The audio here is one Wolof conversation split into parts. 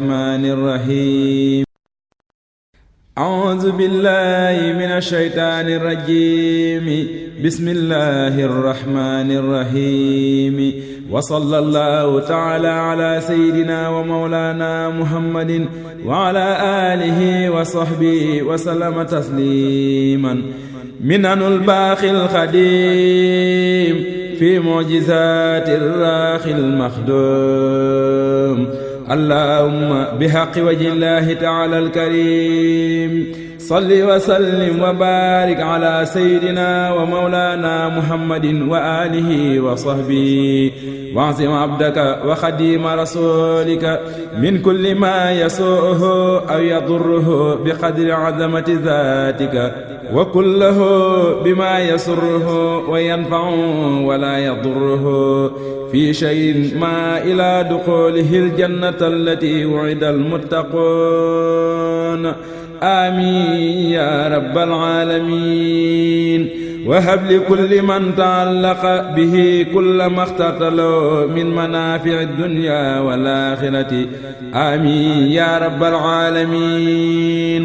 الرحمن الرحيم أعوذ بالله من الشيطان الرجيم بسم الله الرحمن الرحيم وصلى الله تعالى على سيدنا ومولانا محمد وعلى آله وصحبه وسلم تسليما منن الباخي الخديم في معجزات الراخي المخدوم allahumma bihaqi wajillaahi taala alkarim salli wa sallim wa barik ala sayyidina wa mawlana muhammadin wa alihi wa sahbihi wa'zim abdaka wa xadima rasulika min kulli ma yasuuhu aw yadurruhu bi qadri azamati zaatika wa kullahu bima yasurruhu wa yanfa'u wa la yadurruhu fi shayin ma ila duxulihil jannata allati wu'ida almuttaquun amin ya rabbal alamin wahab li kulli man taallaqa bihi kulla maxtatalo min manaafici dunya wal axirati amin ya rabbal alamin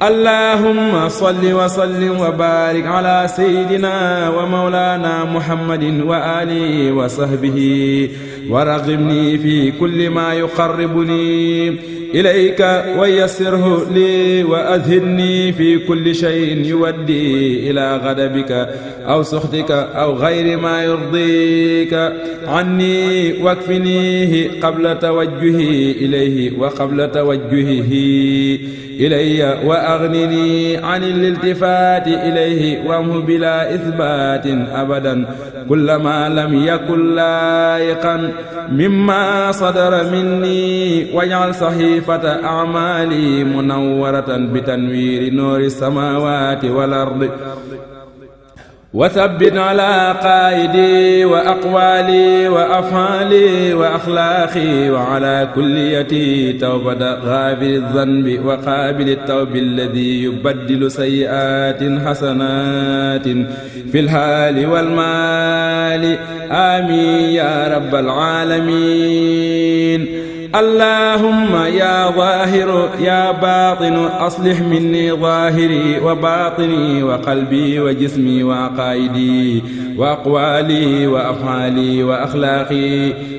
allahumma salli wa sallim wa barik ala sayyidina wa mawlana muhammadin wa alihi wa sahbihi wa raghibni fi kulli ma yuqarribuni ilayka wa yassirhu lii wa adhinni fi kulli shay'in yuwaddi ila ghadabika aw suxtika aw ghayri ma yurdika anni wakfinihi qabla tawajjuhi ilayhi wa qabla tawajjuhihi ilayya wa aghnini an al-iltifaati ilayhi wamhu bila ithbaatin abadan kullama lam yakun laayiqan mimma sadara minni waj'al sahih صحيفة أعمالي منورة بتنوير نور السماوات والأرض وثبت على قائدي وأقوالي وأفعالي وأخلاقي وعلى كليتي توبة غافل الذنب وقابل التوب الذي يبدل سيئات حسنات في الحال والمال آمين يا رب العالمين allahumma ya zahiru ya batinu aslih minni zahiri wa batini wa qalbi wa jismi wa aqaidi wa aqwali wa af'ali wa akhlaqi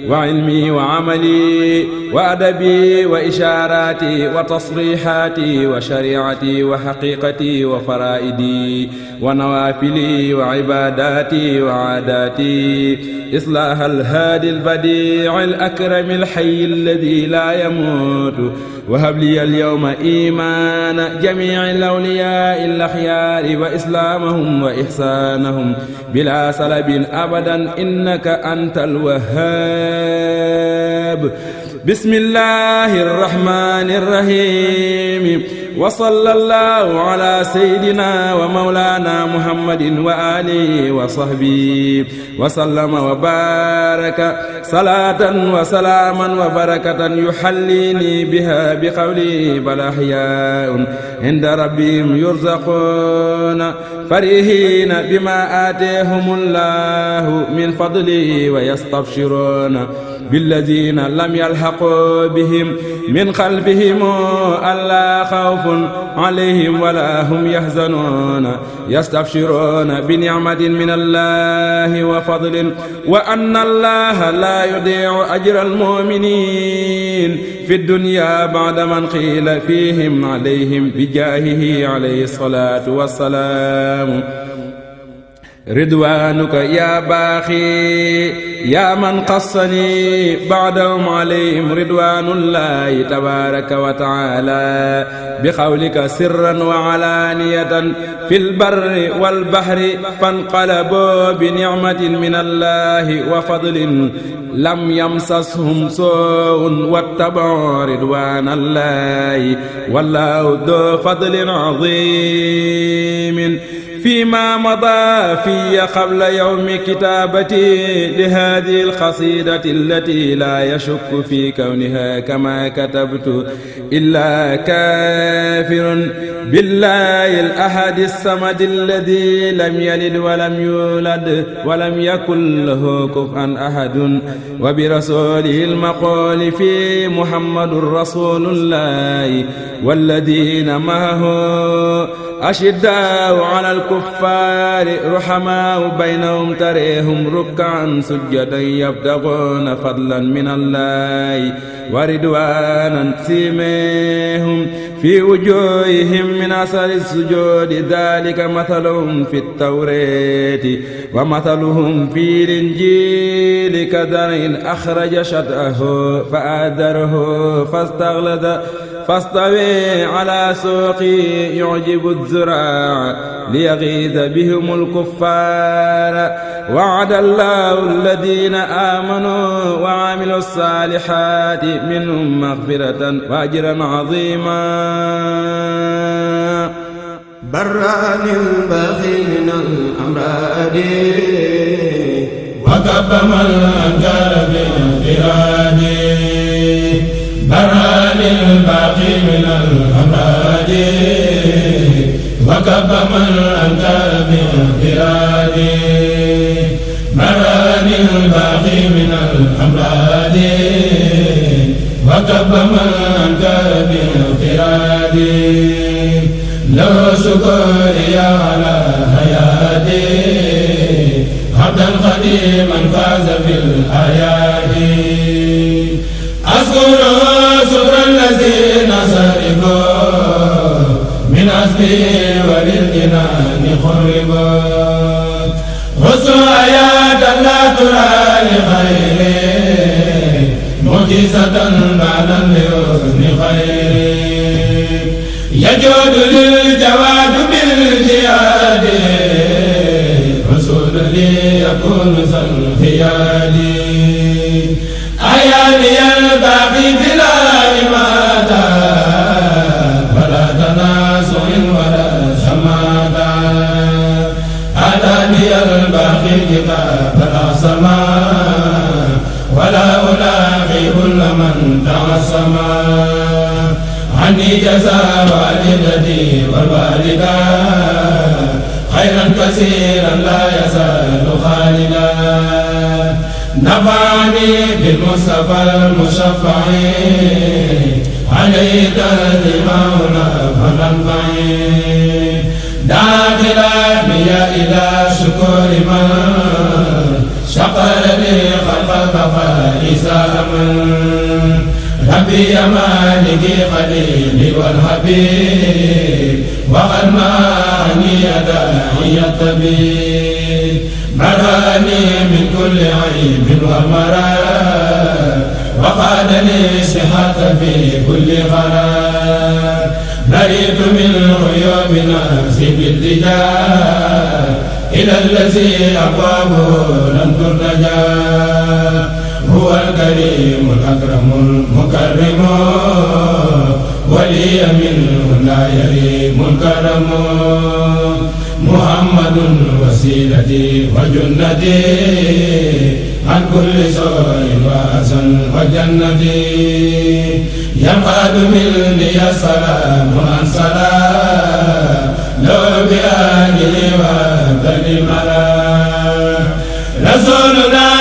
wa ilmi wa amali wa adabi wa ishaaraati wa tasrihaati wa shari'ati wa haqiqati wa faraa'idi wa nawaafili wa ibaadaati wa aadaati islaaha alhaadi albadiici alakrami alhayyi alladi laa yamuutu wahab liya alyawma imaana jamiici lawliyaa il axyaari wa islaamahum wa ixsaanahum bilaa salabin abadan innaka anta alwahaab bismillahi arrahmaani arrahiim wa sallallahu ala sayyidina wa mawlana muhammadin wa alihi wa sahbihi wa sallama wa baraka salatan wa salaaman wa barakatan yuhallini biha bi qawli bal ahya'un inda rabbihim yurzaquna farihina bima atahumullahu min fadlihi wa yastabshiruna billadhina lam yalhaqu bihim min khalfihim alla khawf xawfun alayhim wala hum yaxzanuuna yastabsiruuna bi nicmatin min allahi wa fadlin wa anna allaha laa yudiicu ajra almuminin fi dunya bacda man qiila fihim alayhim bi jaahihi alayhi salaatu wasalaamu ridwaanuka yaa baaxi yaa man xassani baadahum alayhim ridwaanullahi tabaaraka wa taala bi xawlika sirran wa alaaniyatan fil barri wal bahri fanqalaboo bi nicmatin min allahi wa fadlin lam yamsashum soowun wattaboo ridwaanallahi wallaahu doo fadlin aziimin fi ma mada fiya qabla yawmi kitaabati li haadihi alxasidati allati laa yashukku fi kawniha kama katabtu illa kafirun billahi alahadi samadi alladi lam yalid walam yulad walam yakun lahu kufuwan ahadun wa birasulihi almaqooli fi muhammadun rasulullahi walladina maahu أشداء على الكفار رحماء بينهم تريهم ركعا سجدا يبتغون فضلا من الله ورضوانا سيميهم في وجوههم من أثر السجود ذلك مثلهم في التوراة ومثلهم في الإنجيل كزرع أخرج شطأه فآذره فاستغلظ فاستوي على سوقي يعجب الزراع ليغيظ بهم الكفار وعد الله الذين آمنوا وعملوا الصالحات منهم مغفرة وأجرا عظيما بران البخيل من الأمراض وكب من جار بالانفراد بران الباقي من الأمراض وكب من أنت من برادي بران الباقي من الأمراض وكب من أنت من برادي لو شكري على حياتي عبدا قديما فاز في الحياه الوصل وللجنان خربا وسوى يا لا ترى لخير معجزة السماء عني جزاء والدتي والوالدة خيرا كثيرا لا يزال خالدا نفعني بالمصطفى المشفع عليه ترجمعنا فننفعي داخلا بي إلى شكر من شكر لي خلق فإذا من أبي مالك خليلي والحبيب وقد ماني داعي الطبيب براني من كل عيب ومرض وقادني صحة في كل غرار بريت من عيوب نفسي بالرجال إلى الذي أقواه لم ترتجى هو الكريم الأكرم المكرم ولي منه لا يريم الكرم محمد وسيلتي وجنتي عن كل سوء وأسن وجنتي ينقاد مني السلام عن سلام لو بأهله وأبدل الملا رسول الله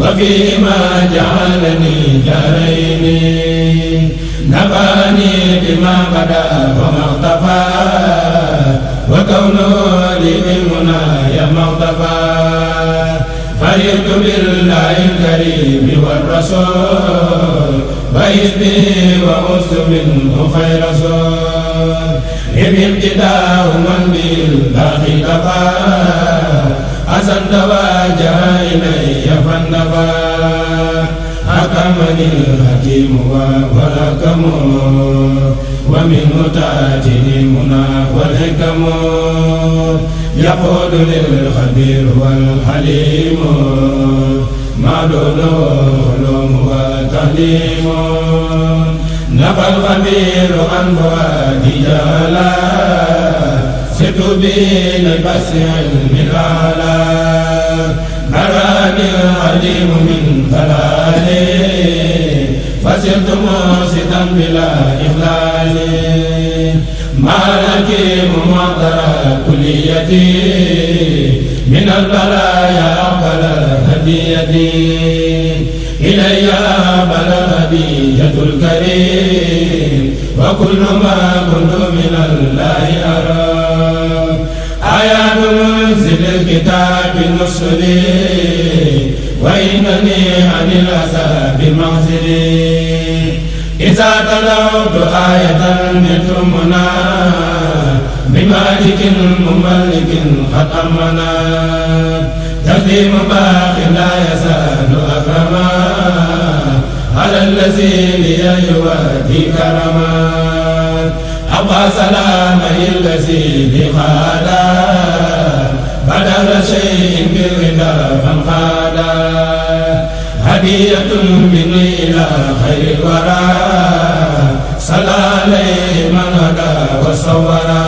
وفيما جعلني دارين نفاني بما بدا وما اختفى وكونه لي بالمنى يا مغتفى فرحت بالله الكريم والرسول بإذنه وأوس منه خير رسول إذ ابتداه من بالله كفى حسنت واجا إلي فالنفا حكمني الحكيم وفلكم ومنه تأتي المنى والحكم يقول للخبير والحليم ما دونه علوم وتعليم نفى الخبير عن فؤاد جلاله سدوا بالبسع بالعلا براني العليم من ضلالي فسرت مرشدا بلا إخلال مالك ممطر كليتي من البلايا أقل هديتي إلي بلغ هدية الكريم وكل ما كنت من الله أرى يا منزل الكتاب نصري وإنني عن العذاب محزني إذا تلوت آية نتمنا بمالك مملك قد أمنا تقديم باق لا يزال أكرما على الذي ليوادي كرما أبا سلام الذي بمالا بدل شيء بالغنى فانقالا هدية مني إلى خير الورى صلى عليه من هدى وصورا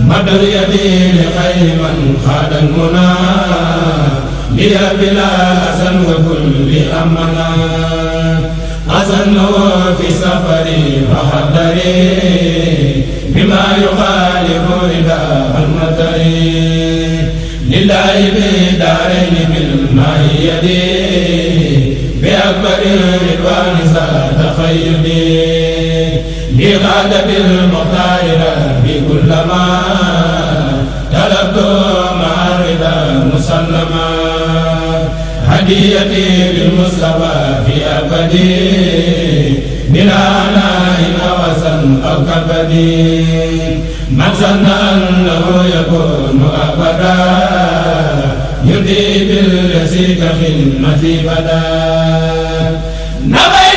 مدر يدي لخير من خاد المنى لي بلا أزل وكل أمنا حسنوا في سفري فحضري بما يخالف رداء المطر لله بدارين بالمعيد بأكبر رضوان سعد خيري لغاد بالمختار ربي كلما طلبت مع الرضا مسلما هديتي بالمصطفى في أبدي بلا نائم وسن أو كبدي من سن أنه يكون أبدا يدي بالذي كخدمتي بدا نبي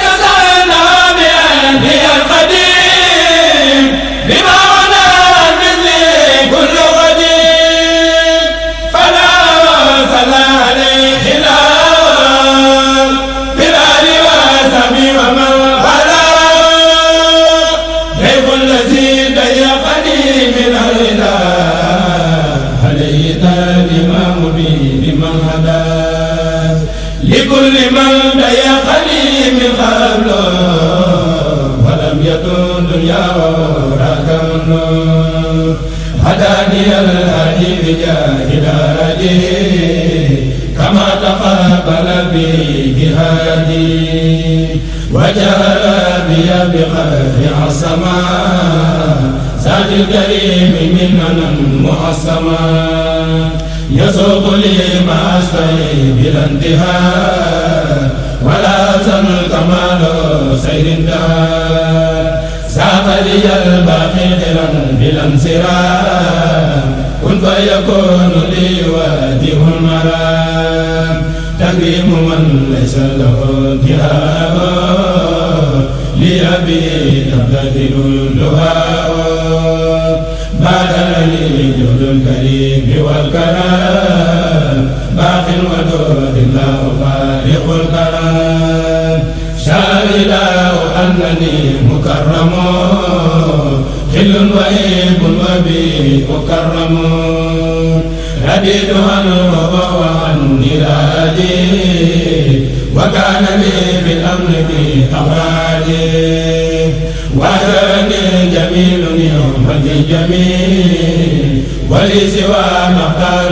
هادي كما تقابل به هادي وجعل بي بخير عصما زاد الكريم ممن معصما يسوق لي ما أشتهي بلا انتهاء ولا أزل كمال سير انتهى ساق لي الباقي خيرا بلا انصراف kun fayakoonu lii waajihul maraam takrimu man laysa lahu dihaaboo li abi tabtadilul duhaaboo baadara li jawdul karim wal karaam baaxin wa doodillaahu faariqul karaam shaarilaahu annani mukarramoo حل وهيب وبي مكرم رديد عنه وعن إرادي وكان لي بالأمر بأفعالي وأتاني جميل يوم الجميل ولي سوى مختار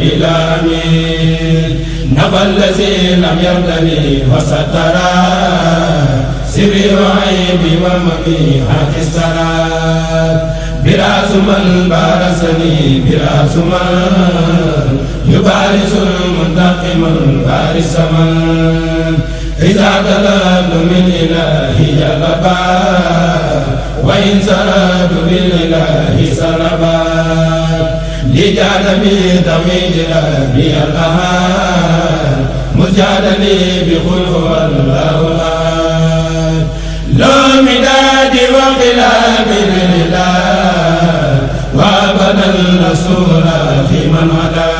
للامي نبى الذي لم يبدني وسترى سري وعيبي ومبيحة السرى براس من بارسني براس من يبارس المنتقم الفارس من إذا طلبت من إلهي لبا وإن سرت بالإله سلبا لجعلني دمي جلبي الأهان مجعلني بخلق الله الآن لو مداد وقلاب لله بدل الصورة في من مدى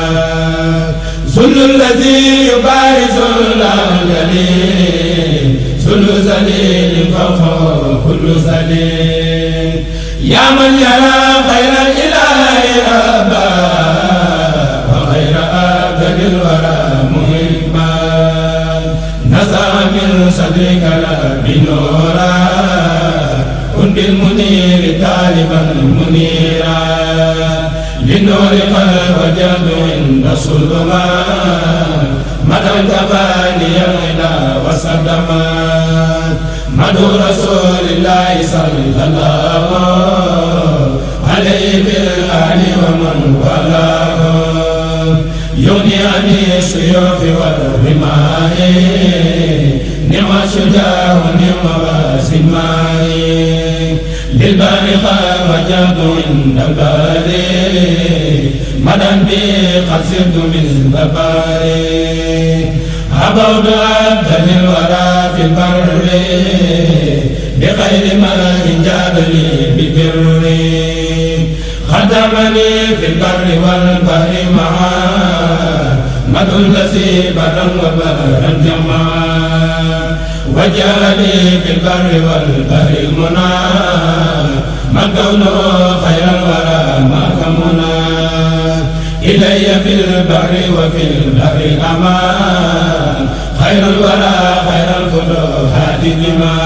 زل الذي يبارز الجليل زل زليل فوق كل زليل يا من يرى خير الإله أبا وغير آدم الورى مهما نزع من صدرك لا بنورا كن بالمنير طالبا منيرا لنور قلب الجد عند سلمان مدى تباني الغنى وسلمان مدى رسول الله صلى الله عليه بالآل ومن والاه يغني عن السيوف والرماح نعم الشجاع نعم باسم للبر وجد عند الباري مدى بي قد سرت من بباري عبود عبدا للورى في البر بغير ما جاب لي ببر خدمني في البر والبر معا مدى الذي برا وبرا جمعا وجعلني في البر والبحر المنى من كونه خير الورى معك منى إلي في البر وفي البحر أمان خير الورى خير الفتوحات لمن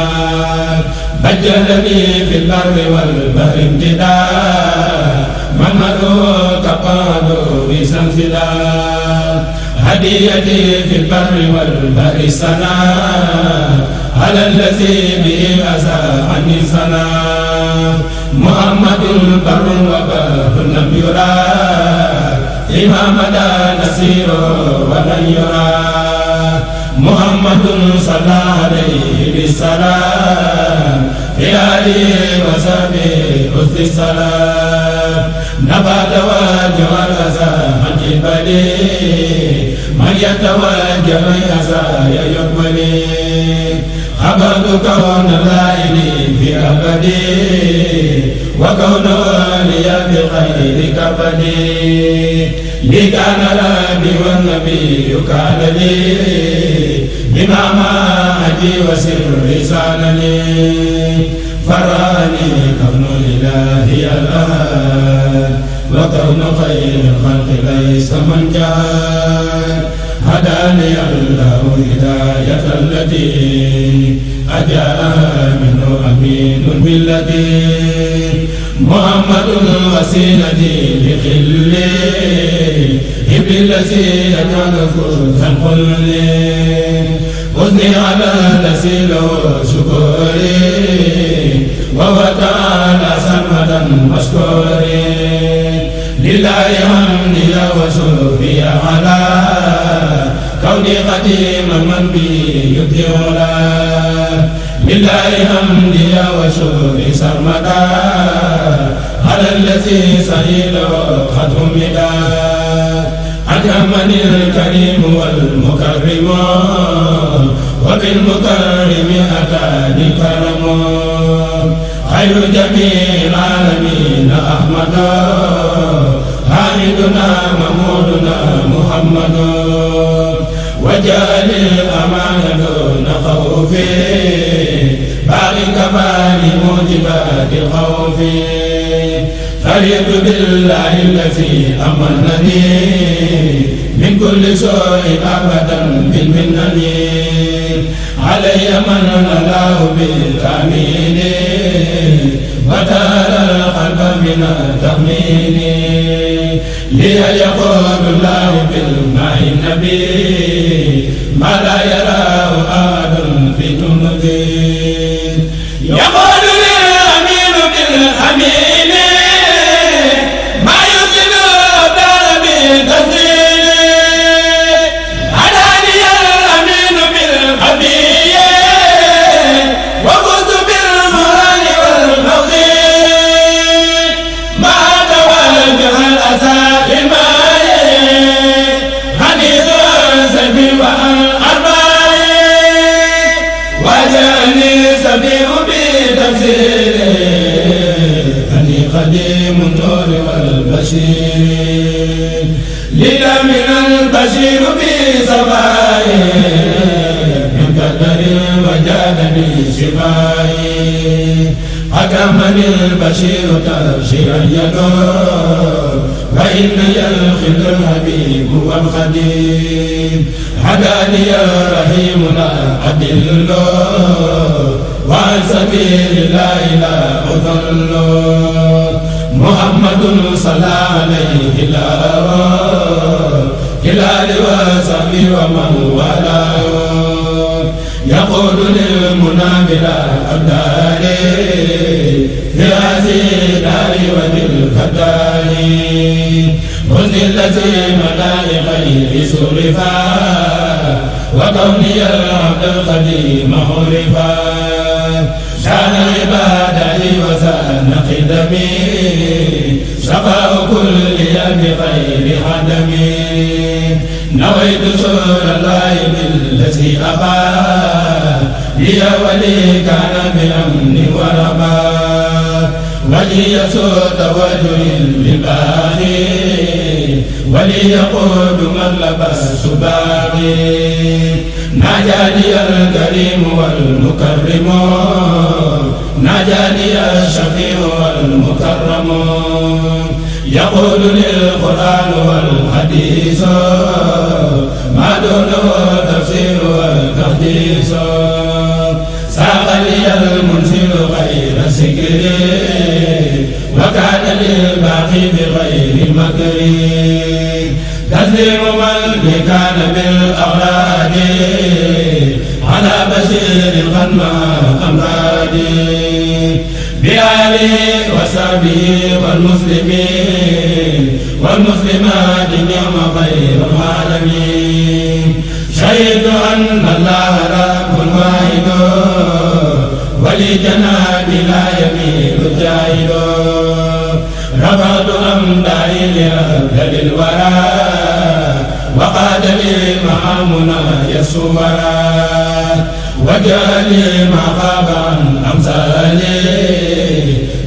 بجلني في البر والبحر امتداد من مدعو تقعد بسمسداد هديتي في البر والبر سنا على الذي به أزى عني سنا محمد البر وبر لم يرى إمامنا نصير ولن يرى محمد صلى عليه بالسلام في آله وصحبه حسن السلام نبات وجه الأزهار يقبلي من يتوجه يسعى يقبلي خبر كون العين في أبدي وكون لي بخير كفدي لي كان ربي والنبي كان لي بمعمادي وسر لسانني فراني كون الإله الأهل ذكرن خير الخلق ليس من جاء هداني الله هداية التي أجاءها منه أمين بالذي محمد وسيلتي لخلي إبل الذي يجعله خلق لي حزني على الذي له شكري وهو تعالى سرمدا مشكوري بالله ومني وسوفي على كوني قديما من بي يبدي ولا بالله حمدي وشكري سرمدا على الذي سهل قدر مداد عن أمن الكريم والمكرم وبالمكرم أتاني كرمه خير جميع العالمين أحمد حامدنا محمودنا محمد وجعل الأمانة نخوف بعد كمال موجبات الخوف فريد بالله الذي أمنني من كل سوء أبدا بالمنن علي من الله بالتأمين وترى القلب من التأمين لي يقول الله بالماء النبي ما لا يراه أحد في المدين يقول لي الأمين بالأمين إلا وعن سبيل لا إله أضل محمد صلى عليه هلال وسبي ومن والاه يقول للمنى بلا أبدال بهذه الدار وبالفتان حزن الذي ملائكه صرفا وكوني العبد القديم عرفا شان عبادتي وسان قدمي شفاء كل يوم غير عدمي نويت شور الله بالتي أبى لي ولي كان بأمن وربا وليسود وجه الباغي وليقود من لبس باغي ناجاني الكريم والمكرم ناجاني الشفيع والمكرم يقول للقرآن والحديث ما دونه تفسير والتحديث ساق لي المنزل غير ذكري وكان للباقي بغير مكري تسليم من كان بالأغراض على بشير قد ما أمرادي بآله وصحبه والمسلمين والمسلمات يوم خير العالمين شهدت أن الله رب واحد ولجناب لا يميل جاهل رفعت أمداي لأبهل الورى وقاد لي مع منايا الصورى وجعلي مخابا أمثالي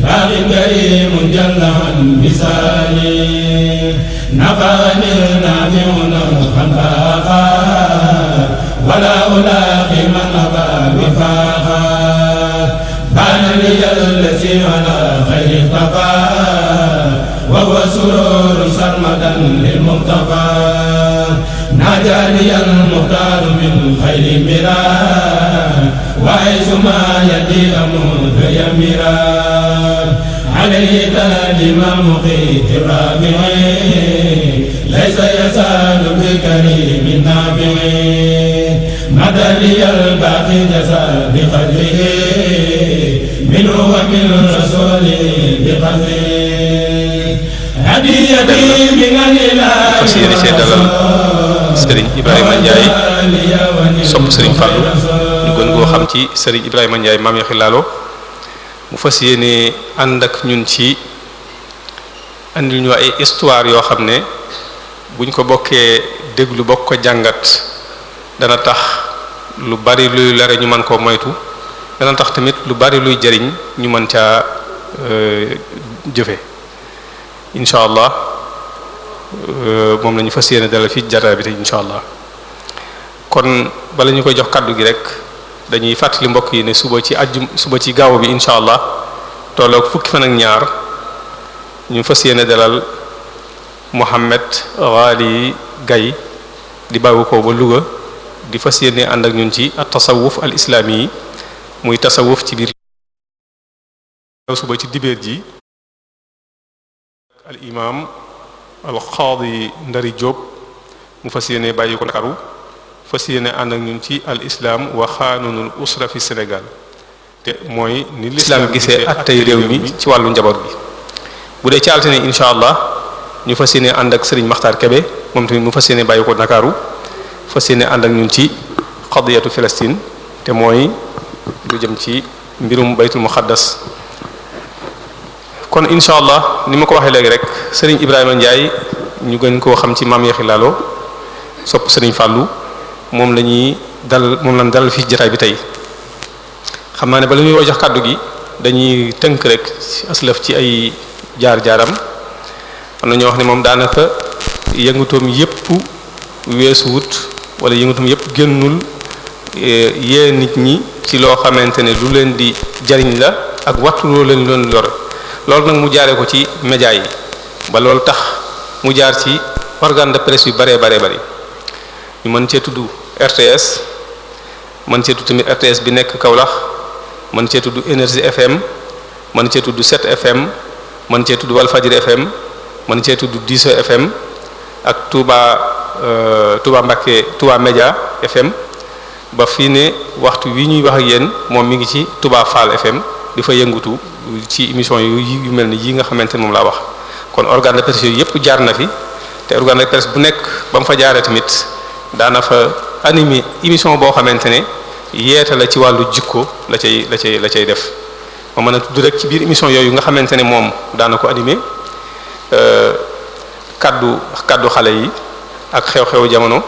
باغ كريم جل عن مثالي نفعني النافعون خنفاقا ولا ألاقي من أبى وفاقا الذي على خير اختفى وهو سرور سرمدا للمقتفى نادى المختار من خير مرا وعيش ما يدير مذ يمرا عليه تاج مقيت الرافع ليس يسال بكريم نافع مدى لي الباقي جسد بقدره منه ومن رسوله بقدره هديتي من fas yéene cee dalal sëriñ Ibrahima Ndiaye sopp sëriñ Fallou ñu gën xam ci sëriñ Ibrahima Ndiaye maam Yaxi Laalo mu fas yéene ànd ak ñun ci andil ñu ay histoire yoo xam ne buñ ko bokkee déglu bokk ko jàngat dana tax lu bari luy lare ñu mën koo moytu dana tax tamit lu bari luy jariñ ñu mën caa euh, jëfe incha euh, moom la ñu fas yéene dalal fii jataa bi kon bala ñu koy jox kàddu gi rek dañuy fàttali mbokk yi ne suba ci ajjum suba ci gaaw bi incha allah tolloog fukki fan ak ñaar ñu fas yéene dalal Mohammed Ghali Gaye di bàyyi ko ba Louga di fas yéene ànd ak ñun ci at tasawuf yi muy tasawuf ci biir ci dibeer ji al mu fas yéene bàyyi ko Ndakaaru fas yéene ànd ak ñun ci al islam wa xaanunul usra fi Sénégal te mooy ni lislaam gisee at tey réew mi ci wàllu njaboot bi bu dee ci altine incha allah ñu fas yéene ànd ak Serigne Makhtar Kebe moom tamit mu fas yéene bàyyi ko Ndakaaru fas yéene ànd ak ñun ci qadiyatu Palestine te mooy lu jëm ci mbirum baytul muqaddas kon incha allah ni ma ko waxee léegi rek sëriñ Ibrahima Ndiaye ñu gën koo xam ci maam Yaxi laalo sopp sëriñ fàllu moom la ñuy dal moom lañ dalal fii jataay bi tey xam naa ne ba la ñuy kàddu gi dañuy tënk rek aslaf ci ay jaar-jaaram am na wax ne moom daanaka yëngatoom yépp weesu wut wala yëngatoom yépp génnul eh, yee nit ñi ci loo xamante ne lu leen di jariñ la ak wattu loo leen doon lor loolu nag mu jaaree ko ci média yi ba loolu tax mu jaar ci organe de presse yu baree baree bari ñu mën cee tuddu RTS mën cee tudd tamit RTS bi nekk Kaolack mën cee tuddu Énergie FM mën cee tudd 7 FM mën cee tudd Walfadjri FM mën cee tuddu Diso FM ak Touba euh, Touba Mbacké tubaa Média FM. ba fii ne waxtu wi ñuy wax ak yéen moom mi ngi ci Touba Fall FM di fa yëngutu ci émission yu yu mel ni yi nga xamante ne moom laa wax kon organe de presse yooyu yëpp jaar na fi te organe de presse bu nekk ba mu fa jaaree tamit daana fa animé émission boo xamante ne yeete la ci wàllu jikko la cay la cay la cay def ma mën a tudd rek ci biir émission yooyu nga xamante ne moom daana ko animé euh, kaddu kàddu xale yi ak xew-xewu jamono.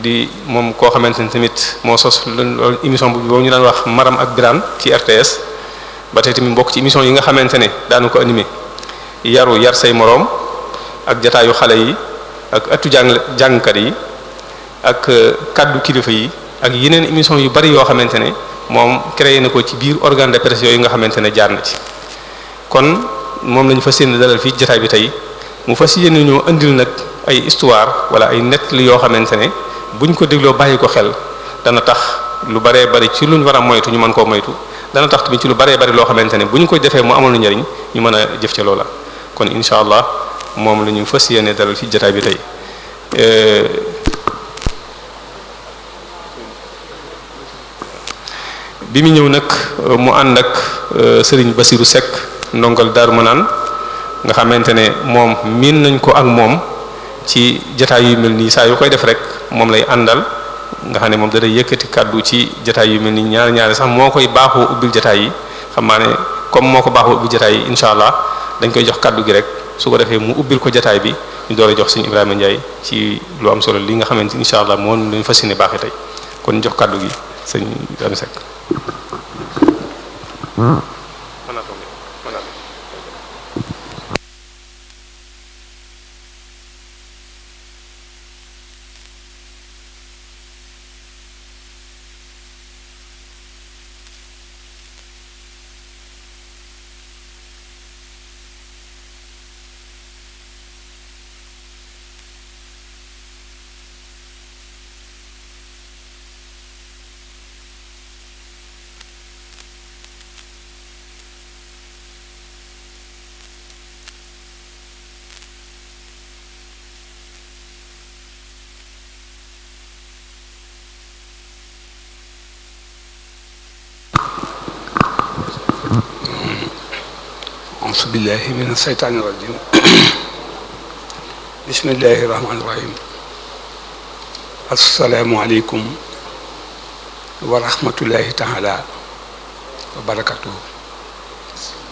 di moom koo xamante ni tamit moo sos loolu émission boobu ñu daan wax Maram ak Birane ci RTS ba tey tamit bokk ci émission yi nga xamante ne daanu ko animé yaru yar say moroom ak jataayu xale yi ak ëttu jàng jàngkat yi ak euh, kaddu kilifa yi ak yeneen émission yu bari yoo xamante ne moom créer na ko ci biir organe de presse yi nga xamante ne jaar na ci kon moom lañu fas yéene dalal fii jataay bi tey mu fas yéene ñoo indil nag ay histoire wala ay nett yoo xamante ne bu buñ ko dégloo bàyyi ko xel dana tax lu baree bari ci luñ war a moytu ñu mën koo moytu dana tax tamit ci lu baree bari loo xamante ne bu ñu ko defee mu amal lu njariñ ñu mën a jëf ca loola kon incha allah moom la ñu fas yéene dalal ci jotaay bi tey euh, bi mu ñëw nag euh, mu ànd ak euh, Serigne Basirou Seck ndongal Darou Manane nga xamante ne moom miin nañ ko ak moom. ci jataay yu mel nii saa yu koy def rek moom lay àndal nga xam ne moom dana yëkkati kàddu ci jataay yu mel nii ñaari ñaari sax moo koy baaxoo ubbil jataay yi xam maa ne comme moo ko baaxoo ubbil jataay yi incha allah dañ koy jox kàddu gi rek su ko defee mu ubbil ko jataay bi ñu door a jox suñu Ibrahima Ndiaye ci lu am solo li nga xamante ni incha allah moo lañu fas yéene baaxee tey kon jox kàddu gi sëñ Ibrahima Seck hmm. ausu billahi min aseytaani irajim bismillahi irahmani irahim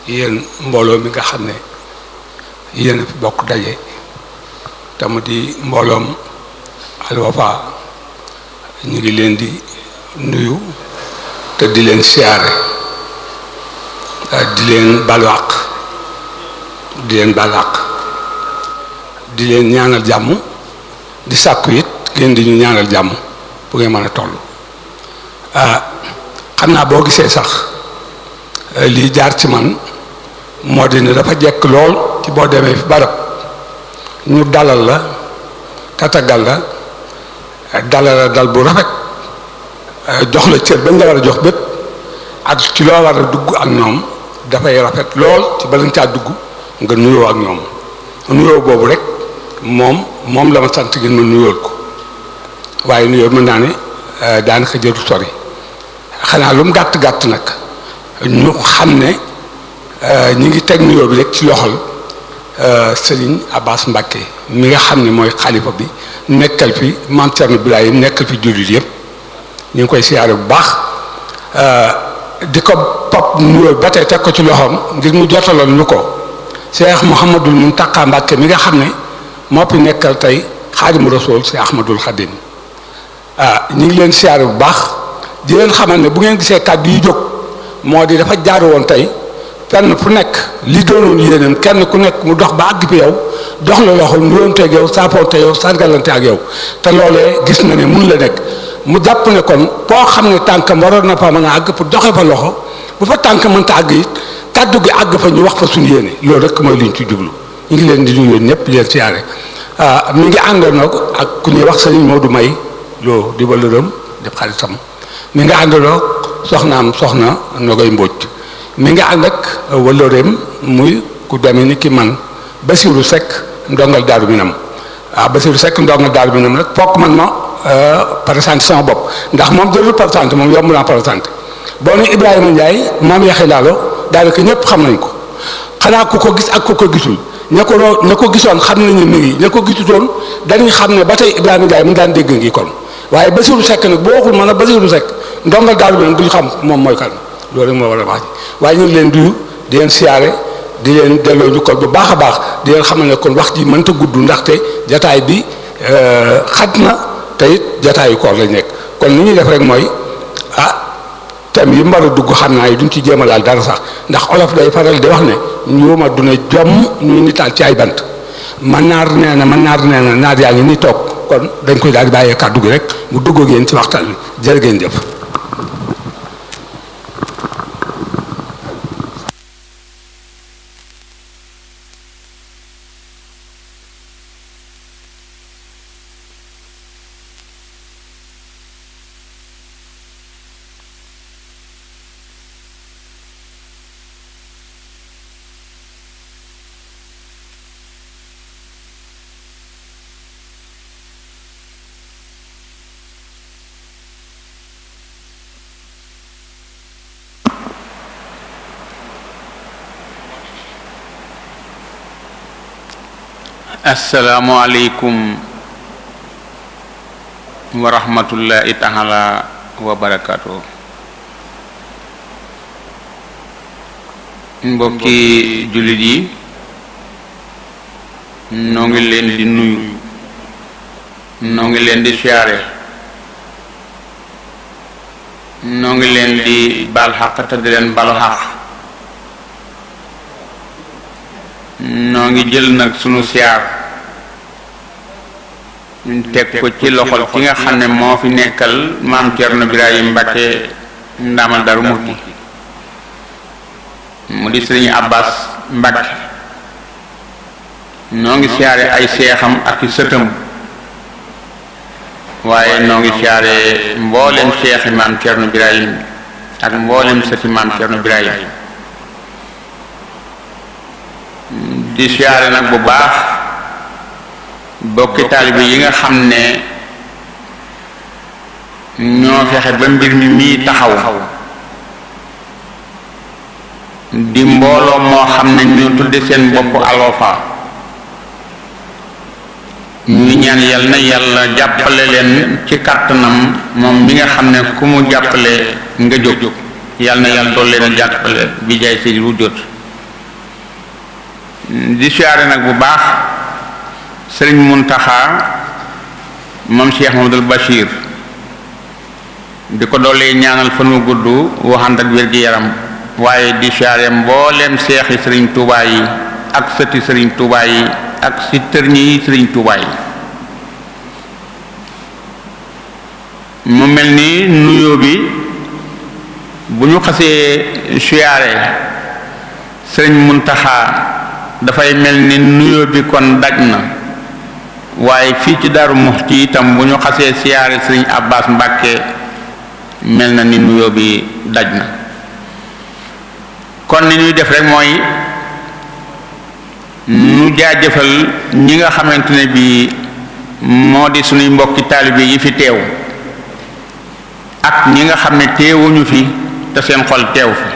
yéen mbooloo mi nga xam ne yéen a fi bokk daje te mu di mbooloom Al Wafa ñu ngi leen di nuyu te di leen siyaare di leen balu di leen baal di leen ñaanal jàmm di sàkku it ngeen di ñu ñaanal jàmm bu ngeen mën a toll ah, xam naa boo gisee sax eh, lii jaar ci man moo di ne dafa jekk lool ci boo demee fi barab ñu dalal la tatagal la eh, dalal la dal bu rafet eh, jox la cër bañ nga war a jox bépp ak ci loo war a dugg ak ñoom dafay rafet lool ci balañ caa dugg nga nuyoo ak ñoom nuyoo boobu rek moom moom la ma sant ngeen ma nuyool ko waaye nuyoo mën naa ne euh, daanaka jëru sori xanaa lu mu gàtt gàtt nag ñu xam ne euh, ñu ngi teg nuyoo bi rek ci loxol euh, Serigne Abbas Mbacke mi nga xam ne mooy xalifa bi nekkal fi maam Thierno Birahim nekkal fi jullit yëpp ñu ngi koy siyaare bu baax di ko pop nuyoo ba teg ko ci loxoom ngir mu jotaloon ñu ko. Cheikh Mouhamadul Mountakha Mbacké mi nga xam ne moo fi nekkal tey Xaadimu Rasuul Cheikh Ahmadul Xadim ah ñu ngi leen siyaare bu baax di leen xamal ne bu ngeen gisee kàddu yi jóg moo di dafa jaar woon tey fenn fu nekk li doonoon yéeneen kenn ku nekk mu dox ba àgg fi yow dox la loxo nuyoonteeg yow saafoonte yow sargalante ak yow te loolee gis na ne mun la nekk mu jàpp ne kon koo xam ne tànkam waroon na fa mën a àgg pour doxe fa loxo. bu fa tànk mënta àgg it kàddu gi àgg fa ñu wax fa suñu yéene loolu rek mooy liñ ci jublu ñu ngi leen di nuyu ñëpp leen siyaare ah, mi ngi àndandoo ko ak ku ñuy wax sëriñ Modou May loo di walëram def xaritam mi ngi àndandoo soxnaam soxna Nogay Mbodj mi ngi ànd ak walëreem muy ku demee ni ki man Basiru Seck ndongal Daaru Minam waaw ah, Basiru Seck ndongal Daaru Minam nag fokk man ma euh, présenté sama bopp ndax moom jëlul présenté moom yomb naa présenté boo ne Ibrahima Ndiaye maam Yaxya Laalo daanaka ñëpp xam nañ ko xanaa ku ko gis ak ku ko gisul ña ko ña ko gisoon xam nañu mi ngi ña ko gisutoon dañuy xam ne ba tey Ibrahima Ndiaye mu daan dégg ngi kon waaye Basiru Seck nag boo waxul man a Basiru Seck ndonga daaru leen duñ xam moom mooy kan loolu moo war a wax waaye ñu leen duyu di leen siyaare di leen delloo ñu kon bu baax a baax di leen xamal ne kon wax ji mënta gudd ndaxte jataay bi euh, xat na tey it jataayu koor lañ nekk kon li ñuy def rek mooy ah thème yi mbar a dugg xam naa yi duñ ci jéem a laal dara sax ndax olof day faral di wax ne ñuuma duna jomm ñuy nitaal ci ay bant ma naar nee na ma naar nee na naar yaa ngi ni toog kon dañ koy daal di bàyyee kàddu rek mu dugg ak yéen ci waxtaan bi jërë ngeen jëf asalaamualeykum wa rahmatullahi taala wa barakaatu mbokki jullit yi noo ngi leen di nuyu noo ngi leen di siyaare noo ngi leen di baal xaq te di leen balu xaq noo jël nag sunu siyaar ñu teg ko ci loxol ki nga xam ne moo fi nekkal maam Thierno Birahim Mbacke ndaamal Darou Mouhty mu di sëriñ Abbas Mbacke noo ngi siyaare ay seexam ak i sëtam waaye noo ngi siyaare mboolem seexi maam Thierno Birahim ak mboolem sëti maam Thierno Birahim di siyaare nag bu baax. bokki taalibe yi nga xam ne ñoo fexe ba mbir mi mii taxaw di mbooloo moo xam ne ñoo tudde seen bopp Alwafa ñu ñaan yal na yàlla jàppale leen ci kàttanam moom mi nga xam ne ku mu jàppale nga jóg yal na yàlla dool leen jàppale bi jaay sëriñ wu jot di siyaare nag bu baax sëriñ Muntaxa moom Cheikh Mamadul Bachir di ko doolee ñaanal fan wu gudd waxand ak wér gi yaram waaye di siyaare mbooleem seexi sëriñ Tuubaa yi ak sëti sëriñ Tuubaa yi ak si tërñi yi sëriñ Tuubaa mu mel ni nuyo bi bu ñu xasee siyaare sëriñ Muntaxa dafay mel ni nuyoo bi kon daj na waaye fii ci daru Daaru Muxti itam bu ñu xasee siyaare sëriñ Abbas Mbàkke mel na ni nuyoo bi daj na kon ni ñuy def rek mooy nu jaajëfal ñi nga xamante ne bii moo di suñuy mbokki taalibe yi fi teew ak ñi nga xam ne teewuñu fi te seen xol teew fi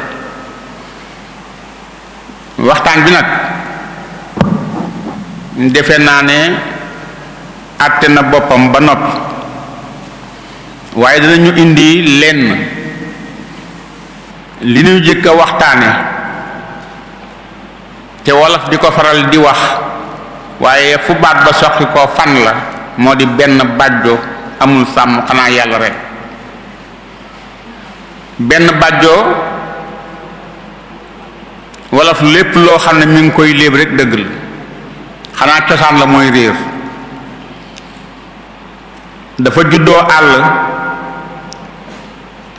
waxtaan bi nag defe naa ne àtte na boppam ba noppi waaye dinañu indi lenn li ñuy jëkk a waxtaane te wolof di ko faral di wax waaye fu baat ba soqi ko fan la moo di benn bàjjo amul sàmm xanaa yàlla rek benn bàjjoo wolof lépp loo xam ne mi ngi koy léeb rek dëgg la xanaa cosaan la mooy réer dafa juddoo àll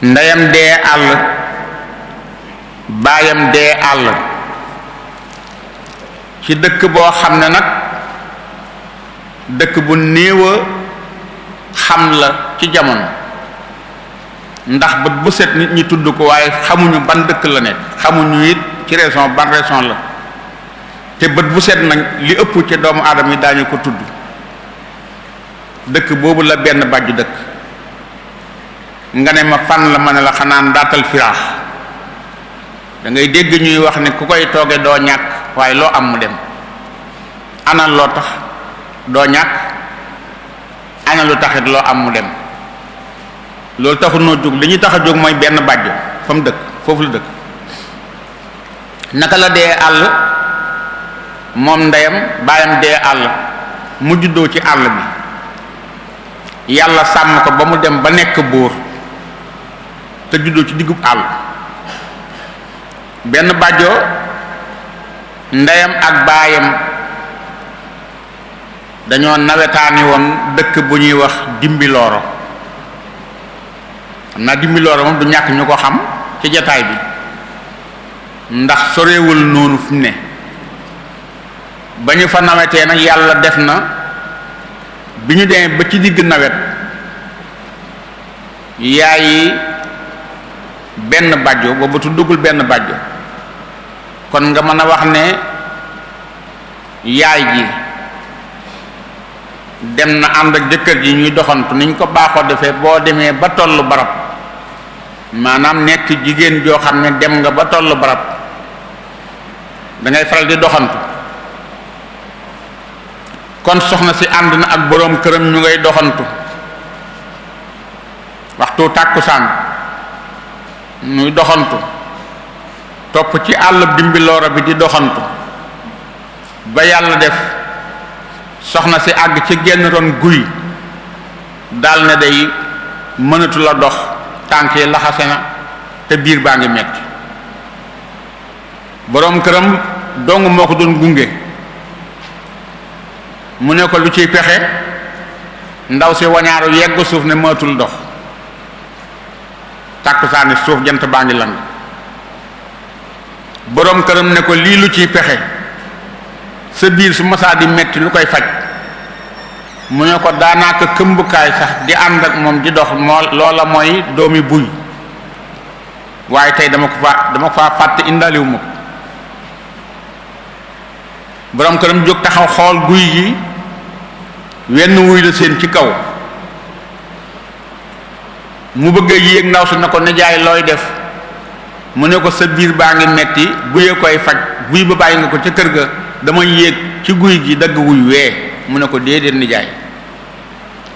ndeyam dee àll baayam dee àll ci dëkk boo xam ne nag dëkk bu néew xam la ci jamono ndax bët bu set nit ñi tudd ko waaye xamuñu ban dëkk la ne xamuñu it ci raison ban raison la te bët bu set nag li ëpp ci doomu aadama yi daañu ko tudd dëkk boobu la benn bàjju dëkk nga ne ma fan la ma ne la xanaan daatal firaax da dégg ñuy wax ni ku koy tooge doo ñàkk waaye loo am mu dem anal loo tax doo ñàkk ana taxit loo am mu dem loolu taxul noo jóg li ñu tax a jóg mooy benn bàjju fa mu dëkk foofu la dëkk naka la dee àll moom ndeyam baayam dee àll mu juddoo ci àll bi yàlla sàmm ko ba mu dem ba nekk buur te juddoo ci diggub àll benn bàjjoo ndeyam ak baayam dañoo nawetaani woon dëkk bu ñuy wax dimbilooro xam naa dimbilooro moom du ñàkk ñu ko xam ci jataay bi ndax sorewul noonu fu ne ba ñu fa nawetee nag yàlla def na bi ñu demee ba ci digg nawet yaay yi benn bàjjo boobu duggul benn bàjjo kon nga mën a wax ne yaay ji dem na ànd ak jëkkër ji ñuy doxantu niñ ko baaxoo defee boo demee ba tollu barab maanaam nekk jigéen joo xam ne dem nga ba tollu barab dangay faral di doxantu kon soxna si ànd na ak boroom këram ñu ngay doxantu waxtu tàkkusaan ñuy doxantu topp ci àll dimbiloora bi di doxantu ba yàlla def soxna si àgg ci genn ron guy dal ne day mënatu la dox tànk yi laxase na te biir baa ngi metti boroom këram dong moo ko doon gunge mu ne ko lu ciy pexe ndaw si wañaaru yegg suuf ne mëtul dox tàkkusaani suuf jant baa ngi lang boroom këram ne ko lii lu ciy pexe sa biir su masaa di metti lu koy faj mu ne ko daanaaka këmbukaay sax di ànd ak moom di dox moo loola mooy doomi buy waaye tey dama ko fa dama ko faa fàtte indaaliwu ko boroom këram jóg taxaw xool guy gi wenn wuy la seen ci kaw mu bëgg yéeg ndaw su na ko nijaay looy def mu ne ko sa biir baa ngi metti buye koy faj buy ba bàyyi nga ko ca kër ga dama yéeg ci guy gi dagg wuy wee mu ne ko déedéet nijaay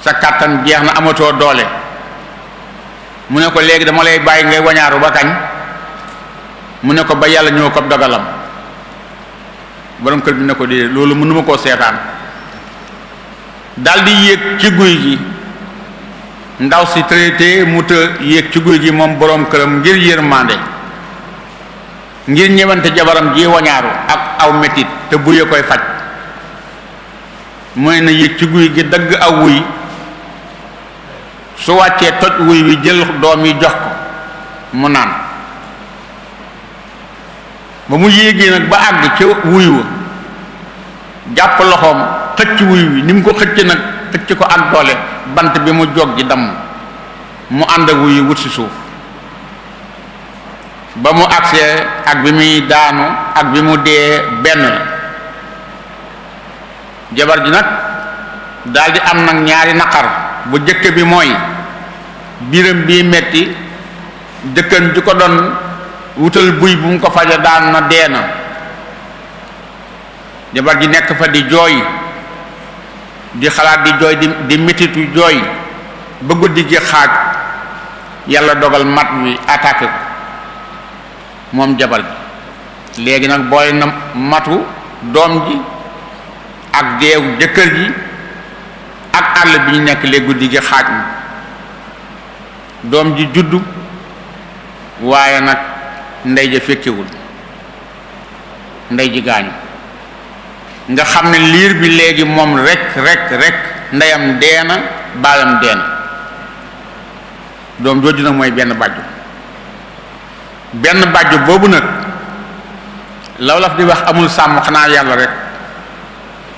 sa kàttan jeex na amatoo doole mu ne ko léegi dama lay bàyyi ngay wañaaru ba kañ mu ne ko ba yàlla ñëw ko dogalam borom kër bi ne ko déedéet loolu mënuma koo seetaan daldi yéeg ci guy gi ndaw si traité mu të yéeg ci guy gi moom boroom këram ngir yërmande ngir ñëwante jabaram ji wañaaru ak aw metit te bu a koy faj mooy na yéeg ci guy gi dagg aw wuy su wàccee toj wuy wi jël doom yi jox ko mu naan ba mu yéegee nag ba àgg ca wuy wa jàpp loxoom xëcc wuyu wi ni mu ko xëcc nag xëcc ko ak bant bi mu jog ji damm mu ànd ak wuyu wut si suuf ba mu agsee ak bi muy daanu ak bi mu dee benn la jabar ji nag daldi am nag ñaari naqar bu jëkk bi mooy biiram bi metti jëkkën ji ko doon wutal buy bu mu ko faja daan na dee na jabar ji nekk fa di jooy di xalaat di jooy di di mititu jooy ba guddi gi xaaj yàlla dogal mat wi attaqué moom jabar bi léegi nag booy na matu doom ji ak deewu jëkkër ji ak àll bi ñu nekk léegi guddi gi xaaj na doom ji juddu waaye nag ndey ja fekkewul ndey ji gaañu nga xam ne liir bi léegi moom rek rekk rek ndeyam deena baayam deena doom jooju nag mooy benn bàjju benn bàjju boobu nag lawlaf di wax amul sàmm xanaa yàlla rek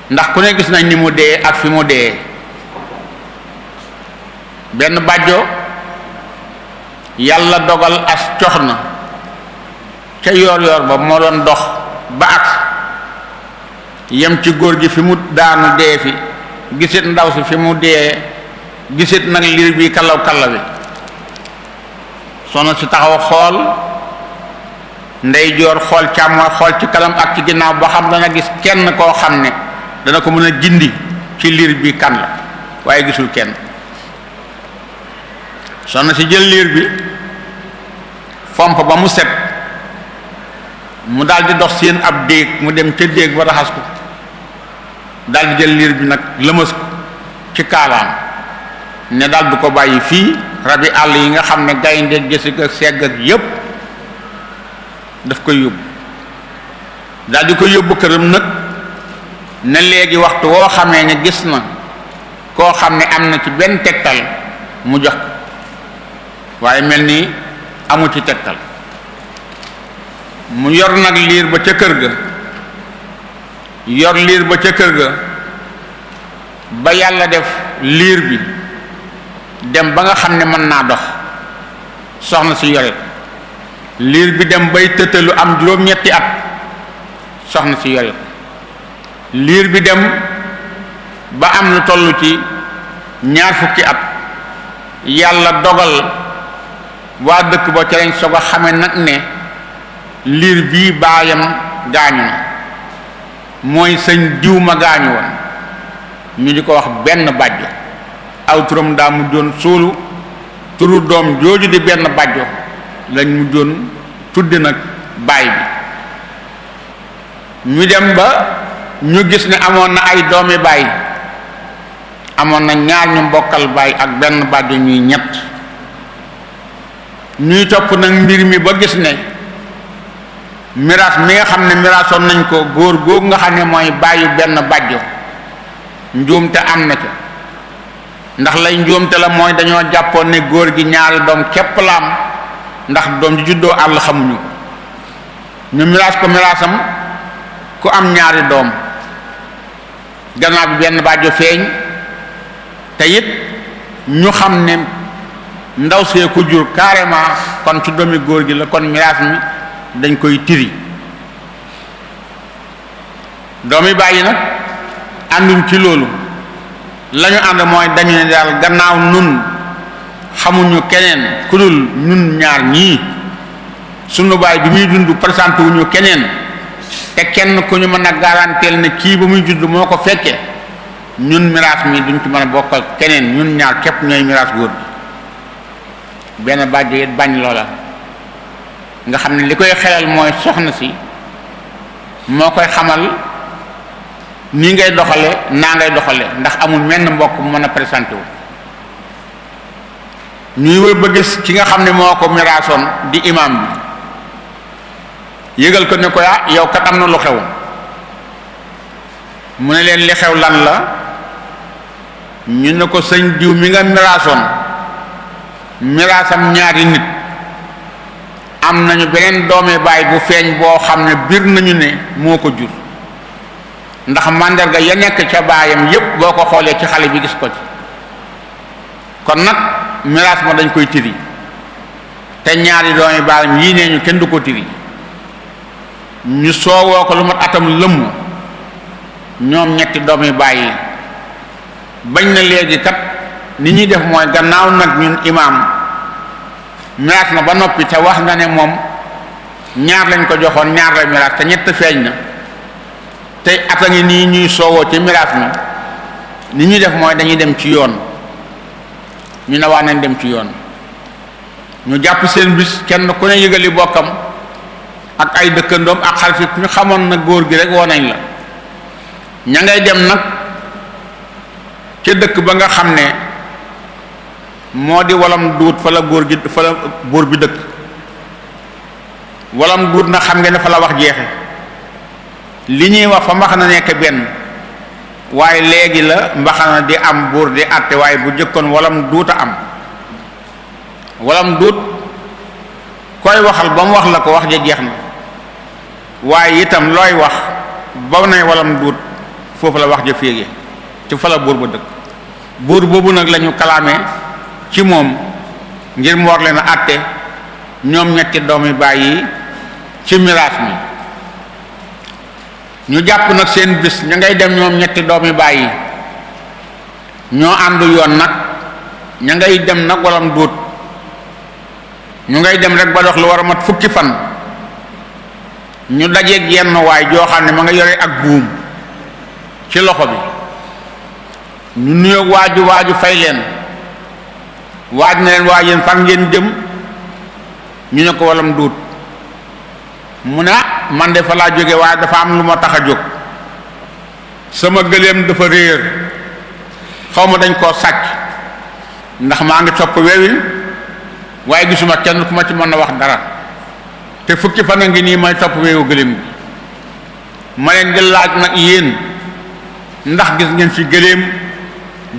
ndax ku ne gis nañ ni mu dee ak fi mu dee benn bàjjo yàlla dogal as cox na ca yoor yoor ba moo doon dox ba ak yem ci góor gi fi mu daanu dee fi gisit ndaw si fi mu dee gisit nag liir bi kallaw kallaw bi soxna si taxaw xool ndeyjoor xool càmmooy xool ci kalam ak ci ginnaaw ba xam dana gis kenn koo xam ne dana ko mën a jindi ci liir bi kan la waaye gisul kenn soxna si jël liir bi fomp ba mu set mu daldi dox seen ab déeg mu dem ca déeg ba raxas ko daldi di jël liir bi nag lëmas ko ci kaalaam ne daal du ko bàyyi fii rabi àll yi nga xam ne gaynde gësig ak segg yépp daf ko yóbbu daldi ko koy yóbbu këram nag ne léegi waxtu woo xamee ne gis na koo xam ne am na ci benn tegtal mu jox ko waaye mel nii amu ci tegtal mu yor nag liir ba ca kër ga yor liir ba ca kër ga ba yàlla def liir bi dem ba nga xam ne mën naa dox soxna si yore liir bi dem bay tëtalu am juróom at soxna si yore liir bi dem ba am lu toll ci ñaar fukki at yàlla dogal waa dëkk ba ca lañ soog a nag ne liir bii baayam gaañu na mooy sëñ diw ma gaañu ñu di ko wax benn bàjjo aw turam daa mu doon suulu turu doom jooju di benn bajo lañ mu doon tudde nag baay bi ñu dem ba ñu gis ne amoon na ay doomi baay amoon na ñaar ñu bokkal baay ak benn bàjjo ñuy ñett ñuy topp nag mbir mi ba gis ne miraas mi nga xam ne miraasoon nañ ko góor góor nga xam ne mooy bàyyi benn bàjjo njuumte am na ca ndax lay njuumte la mooy dañoo jàppoon ne góor gi ñaari doom képp la am ndax doom ji juddoo àll xamuñu ko ñu miraas ko miraasam ku am ñaari doom gannaaw bi benn bàjjo feeñ te it ñu xam ne ndaw see ku jur carrément kon ci doomi góor gi la kon miraas mi dañ koy tiri doomi bàyyi nag ànduñ ci loolu lañu ñu ànd mooy dañu ne daal gannaaw nun xamuñu keneen ku dul ñun ñaar ñii sunu baay bi muy dund présenté wuñu keneen te kenn ku ñu mën a garanteel na kii ba muy judd moo ko fekke ñun miraas mi duñ ci mën a bokkal keneen ñun ñaar képp ñooy miraas góor bi benn bàjjo it bañ loola nga xam ne li koy xelal mooy soxna si moo koy xamal nii ngay doxale naa ngay doxale ndax amul menn mbokk mën a présenté wu ñuy wër ba gis ki nga xam ne moo ko miraasoon di imam bi yëgal ko ne ko ah yow kat am na lu xew mu ne leen li xew lan la ñu ne ko sëñ diw mi nga miraasoon miraasam ñaari nit am nañu beneen doome baay bu feeñ boo xam ne biir nañu ne moo ko jur ndax màndarga ya nekk ca baayam yépp boo ko xoolee ci xale bi gis ko ci kon nag miraas ma dañ koy tiri te ñaari doomi baayam yii nee ñu kenn du ko tiri ñu soowoo ko lu mat atam lëmm ñoom ñetti doomi baay yi bañ na léegi kat ni ñuy def mooy gannaaw nag ñun imaam miraas na ba noppi te wax na ne moom ñaar lañ ko joxoon ñaar la miraas te ñett feeñ na te at a nii ñuy soowoo ci miraas mi ni ñuy def mooy dañuy dem ci yoon ñu ne waa nañ dem ci yoon ñu jàpp seen bis kenn ku ne yëgali bokkam ak ay dëkkandoom ak xarit ñu xamoon na góor gi rek woo nañ la ña ngay dem nag ca dëkk ba nga xam ne moo di walam duut fa la góor gi fa bi dëkk walam duut na xam ngeen ne fa la wax jeexe li ñuy wax fa mbaxana nekk benn waaye léegi la mbaxana di am buur di àtte waaye bu jëkkoon walam duut a am walam duut koy waxal ba mu wax la ko wax ja jeex na waaye itam looy wax ba ne walam duut foofu la wax ja féege ci fa la buur ba dëkk buur boobu nag lañu kalaamee ci moom ngir mu war leen a àtte ñoom ñetti doomi baay ci miraas mi ñu jàpp nag seen bis ñu ngay dem ñoom ñetti doomi bàyyi ñoo ànd yoon nag ña ngay dem nag walam duut ñu ngay dem rek ba dox lu war a mat fukki fan ñu dajeeg yenn waay joo xam ne ma nga yore ak buum ci loxo bi ñu nuyoog waaju waaju fay leen waaj na leen waa yéen fan ngeen jëm ñu ne ko walam duut mu ne man de fa laa jóge waaye dafa am lu ma tax a jóg sama gëléem dafa réer xaw ma dañ koo sàcc ndax maa ngi topp wewi waaye gisuma kenn ku ma ci mën a wax dara te fukki fan a ngi nii may topp weewu gëléem gi ma leen di laaj nag yéen ndax gis ngeen fi gëléem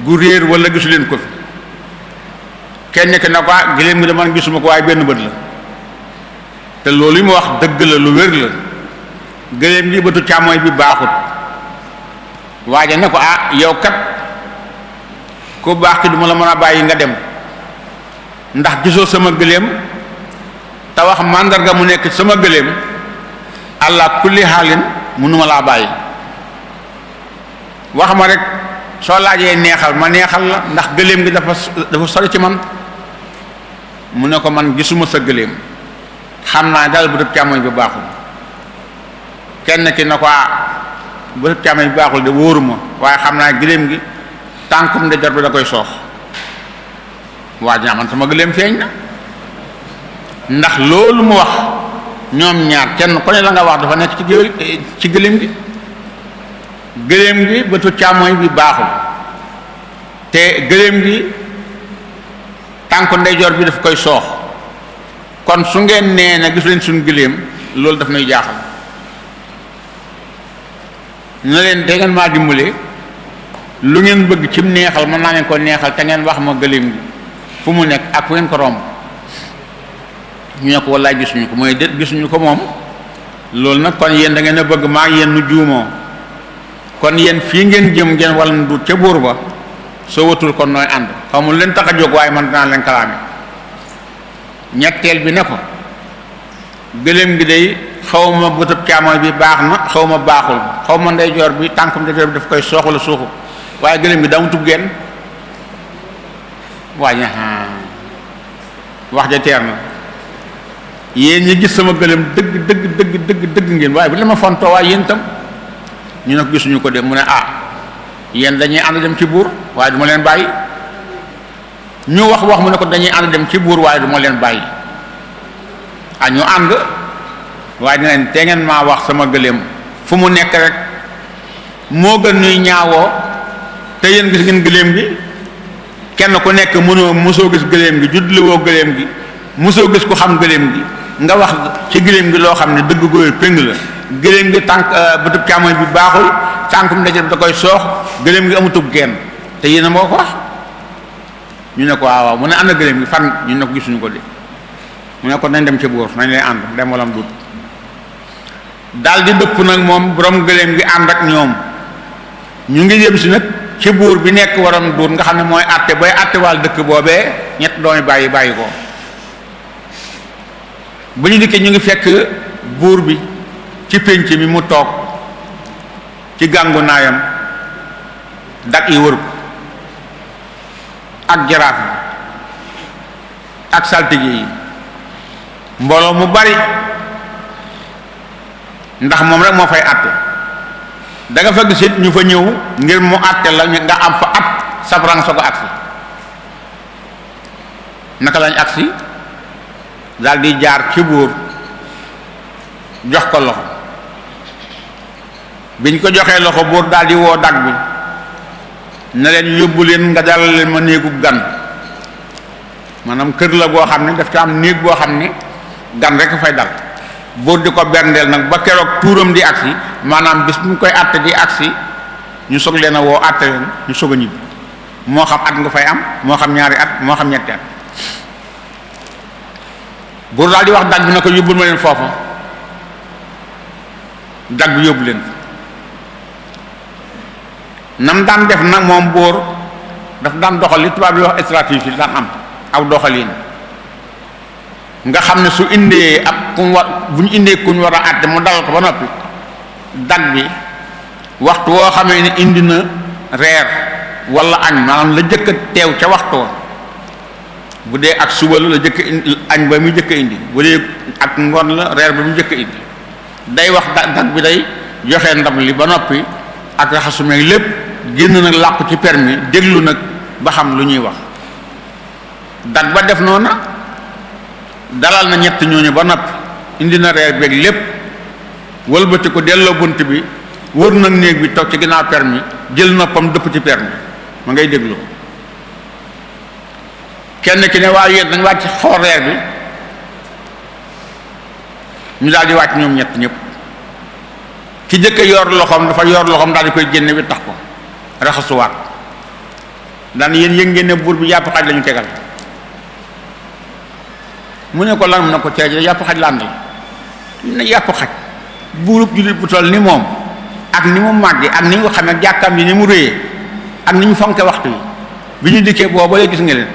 gu réer wala gisu leen ko fi kenn ki na ko ah giléem gi de gisuma ko waaye benn bët la te loolu yi mu wax dëgg la lu wér la gëléem gi bëtu càmmooy bi baaxut waaja na ko ah yow kat ku baax ki duma la mën a bàyyi nga dem ndax gisoo sama gëléem te wax màndarga mu nekk sama gëléem allah kulli xaalin mënuma laa bàyyi wax ma rek soo laajee neexal ma neexal la ndax gëléem gi dafa dafa sori ci man mu ne ko man gisuma sa gëléem xam naa daal bëtëb càmmoñ bi baaxul kenn ki ne ko ah bëtëb càmmoñ bi baaxul de wóoruma waaye xam naa gëléem gi tànkum ndeyjoor bi da koy soox waa ji man sama gëléem feeñ na ndax loolu mu wax ñoom ñaar kenn kone la nga wax dafa nekk ci gël ci gëléem gi gëléem gi bëtu càmmoñ bi baaxul te gëléem gi tànku ndeyjoor bi daf koy soox kon su ngeen nee na gis leen suñu giléem loolu daf nuy jaaxal ne leen te ngeen maa dimbale lu ngeen bëgg ci neexal mën naa leen ko neexal te ngeen wax ma gëléem gi fu mu nekk ak fu ngeen ko romb ñu ne ko wallaay gisuñu ko mooy déet gisuñu ko moom loolu nag kon yéen da ngeen a bëgg maa yéen nu juumoo kon yéen fii ngeen jëm ngeen walla nu du ca buur ba soo watul kon nooy ànd xamul leen tax a jóg waaye man dinaa leen kalaame ñetteel bi ne ko gëléem gi day xaw bëtëb caamoñ bi baax na xaw ma baaxul xaw ma ndeyjoor bi tànkum ndeyjoor bi daf koy soox wala suuxu waaye gëléem gi dama tub genn waaye ja teer na yéen ñi gis sama gëléem ngeen waaye bu la ma fontoo waaye yéen ñu ne gisuñu ko de mu ne ah yéen dañuy ànd dem ci buur waaye du ma leen bàyyi ñu wax wax mu ne ko dañuy ànd dem ci buur waaye du ma leen bàyyi ah ñu ànd waaye dinañ te ngeen maa wax sama gëléem fu mu nekk rek moo gën ñuy ñaawoo te yéen gis ngeen gëléem gi kenn ku nekk mënoo mosoo gis gëléem gi juddlewoo gëléem gi mosoo gis ku xam gëléem gi nga wax ci gëléem gi loo xam ne dëgg gooyu péng la gëléem gi tànk euh, bëtub càmmoñ bi baaxul tànkum ndajëb da koy soox gëléem gi amutub genn te yéen a ma ko wax ñu ne ko waaw mu ne am na gëléem gi fan ñu ne ko gisuñu ko de mu ne ko nañ dem ca buur nañ lay ànd dem walam dut daal di dëpp nag moom boroom gëléem gi ànd ak ñoom ñu ngi yëm si nag ci buur bi nekk waram duut nga xam ne mooy àtte bay àtte waal dëkk boobee ñett doomi bàyyi bàyyi ko bu ñu dikkee ñu ngi fekk buur bi ci pénc mi mu toog ci gàngu naayam dag yi wër ko ak jaraaf yi ak saltige yi mbooloo mu bari ndax moom rek moo fay àtte da fa gisit ñu fa ñëw ngir mu àtte la nga am fa at sabrang soo ko agsi naka lañ agsi daal di jaar ci buur jox ko loxo biñ ko joxee loxo buur daal di woo dag bi na leen yóbbu leen nga dalal ma néegu gan maanaam kër la goo xam ne daf ci am néeg boo xam ne gan rek fay dal boo di ko berndeel nag ba keroog tuuram di agsi maanaam bis bu koy àtte di agsi ñu soog leen a woo àtte leen ñu soog a ñibbi moo xam at nga fay am moo xam ñaari at moo xam ñetti at buur daal di wax dag bi na ko yóbbul ma leen foofa dag bi yóbbu leen nam daan def nag moom buur daf daan doxal li tubaab yi wax stratégie daan am aw doxalin nga xam ne su indee ab ku war bu ñu indee ku ñu war a àtte mu dalal ko ba noppi dag bi waxtu woo xamee ne indi na reer wala añ maanaam la jëkk a teew ca waxtu wa bu dee ak suba la la jëkk indi añ ba mu jëkk indi bu dee ak ngoon la reer ba mu jëkk indi day wax dag bi day joxe ndab li ba noppi ak raxasumeeg lépp génn nag làqu ci permis déglu nag ba xam lu ñuy wax dat ba def noona dalal na ñett ñooñu ba noppi indi na reer beeg lépp wëlbati ko delloo bunt bi wër nag néeg bi toog ci ginnaaw permis jël noppam dëpp ci permi ma ngay déglu kenn ki ne waaye yéen dañ wàcc xool reer bi ñu daal di wàcc ñoom ñett ñëpp ki jëkk yor loxoom dafa yor loxoom daal koy génne tax ko raxasuwaat daan yéen yëg ngeen ne buur bi yàpp xaj lañu ñu tegal mu ne ko lan na ko ceeje yàpp xaj la àndal na yàpp xaj buurub jullit bu ni moom ak ni mu màggee ak ni ñu ko xamee ak jàkkaam ni mu réyee ak ni ñu fonke waxtu yi bi ñu dikkee booba lay gis nga leen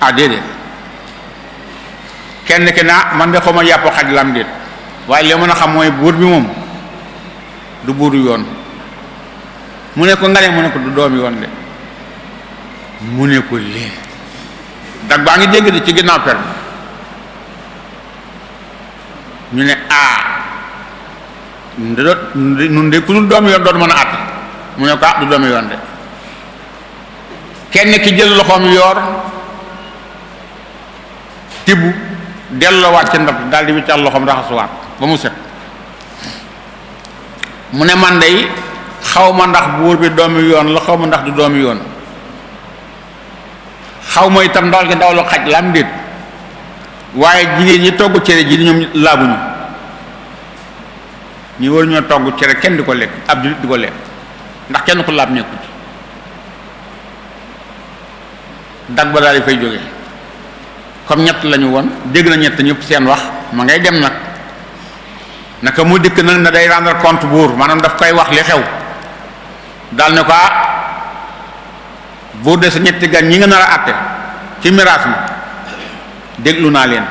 ah déedéet kenn ki naa ah, man de xaw yàpp xaj lam waaye li mën a xam mooy buur bi moom du buuru yoon mu ne ko nga ne mu ne ko du doomi woon de mu ne ko lii dag baa ngi dégg de ci ginnaaw per ñu ne ah nun de ku dul doomi yoon doon mën a àtte mu ne ko ah du doomi yoon de kenn ki jël loxoom yoor tibbu delloowaat ca ndab daldi di wiccal loxoom raxasuwaat ba mu set mu ne man dey xaw ma ndax buur bi doomi yoon la xaw ma ndax du doom yoon xaw ma itam ndaw gi ndaw xaj lam déet waaye jigéen ñi togg cere ji ñoom laabuñu ñu war ñoo togg cere kenn di ko lekk ab jullit di ko lekk ndax kenn ko laab nekku ci dag ba daal di fay jóge comme ñett lañu woon dégg na ñett ñëpp seen wax ma ngay dem nag naka mu dikk nag na day rendre compte buur maanaam daf koy wax li xew dal ne ko ah buur de sa ñetti gan ñi nga nar a àtte ci miraas mi déglu naa leen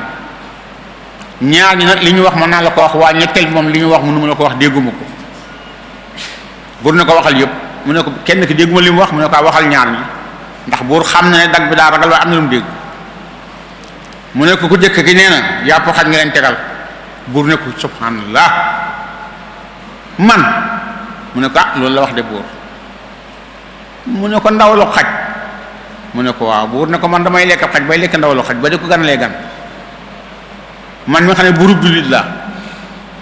ñaar ñi nag li ñu wax ma naa la ko wax waa ñetteel moom li ñu wax mënu ma la ko wax dégguma ko buur ne ko waxal yépp mu ne ko kenn ki dégguma li mu wax mu ko ah, waxal ñaar ndax buur xam na ne dag bi daa am na mu dégg mu ku jëkk ki nee na yàpp xaj nga leen tegal buur ne ko subhanallah man mu ne ko ah loolu la wax de buur mu ne ko ndawlu xaj mu ne ko waaw buur ne ko man damay lekk xaj bay lekk ndawlu xaj ba di ko ganalee gan man mi xam ne buurub jullit laa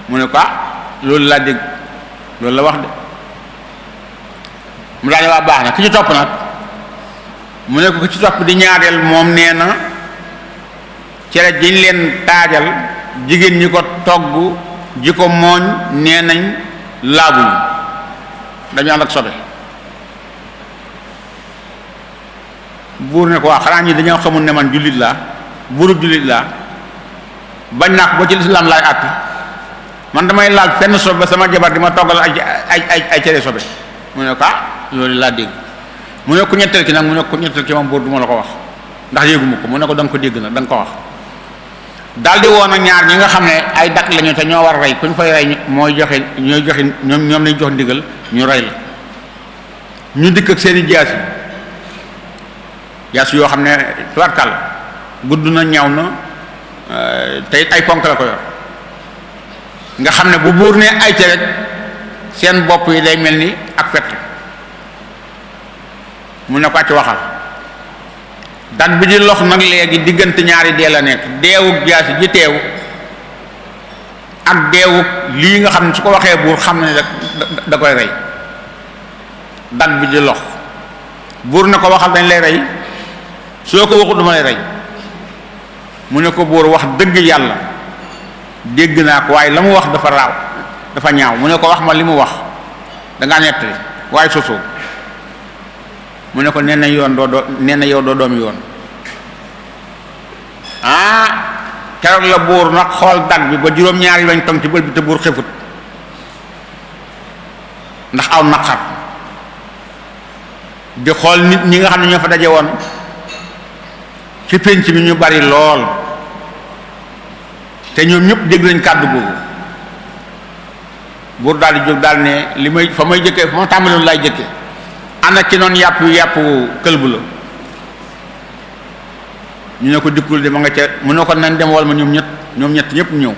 mu ne ko ah loolu laa dégg loolu la wax de mu daal waa baax na ki ci topp nag mu ne ko ki ci topp di ñaareel moom nee na cere jiñ leen taajal jigéen ñi ko togg ji ko mooñ nee nañ laabuñu dañu ànd ak sobe buur ne ko waa xanaa ñi dañoo xamul ne man jullit laa buurub jullit laa bañ naa ko ba ci lislaam laay àtt man damay laal fenn ba sama jabar di ma toggal ay ay ay cere sobe mu ne ko ah loolu laa dégg mu ne ko ñetteel ki nag mu ne ko ñetteel ki moom buur du la ko wax ndax yéeguma ko mu ne ko danga ko dégg nag da ko wax daldi woon ak ñaar ñi nga xam ne ay dakk lañu te ñoo war a rey ku ñu fay rey mooy joxe ñooy joxe ñoom ñoom lañ jox ndigal ñu rey la ñu dikk seeni jaas yi yas yoo xam ne tuwarkal gudd na ñaw na euh, tey ay ponk la ko yor nga xam ne bu buur ne ay ca seen bopp yi day mel ni ak fett mun na ko acc waxal dat bi di lox nag léegi diggante ñaari dee la nekk deewug yi ji teew ak deewug lii nga xam ne su ko waxee buur xam ne da koy rey dat bi di lox buur na ko waxal dañ lay rey soo ko waxul dama lay rey mu ne ko buur wax dëgg yàlla dégg naa ko waaye la mu wax dafa raaw dafa ñaaw mu ne ko wax ma li mu wax dangaa nettali waaye sosoo mu ne ko nee na yoon doo doo nee na yow doo doom yoon ah keroog la buur nag xool dat bi ba juróom-ñaar yi lañ tam ci bët bi te buur xefut ndax aw naqar di xool nit ñi nga xam ne ñoo fa daje woon ci pénc mi ñu bari lool te ñoom ñëpp dégg nañ kàddu googu buur daal di jóg daal ne li may fa may jëkkee fa ma tàmbaloon laay jëkkee ana ci noonu yàpp yàpp këlbu la ñu ne ko dikkul de ma nga ca mu ne ko nañ dem wal ma ñoom ñett ñoom ñett ñëpp ñëw ñu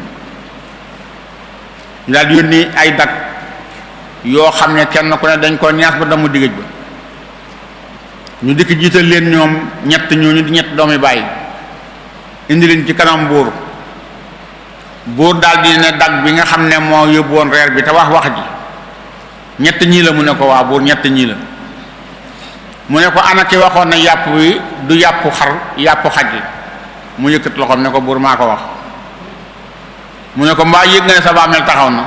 daal di yónni ay dag yoo xam ne kenn ku ne dañ ko ñaas ba damu digéej ba ñu dikk jiital leen ñoom ñett ñooñu di ñett doomi bàyyi indi leen ci kanam buur buur daal di ne dag bi nga xam ne moo yóbbu reer bi te wax wax ji ñett ñiila mu ne ko waa buur ñett ñii la mu ne ko ana ki waxoon na yàpp wi du yàpp xar yàpp xaj mu yëkk loxoom ne ko buur maa ko wax mu ne ko mbaa yëg nga ne sa bàmmeel taxaw na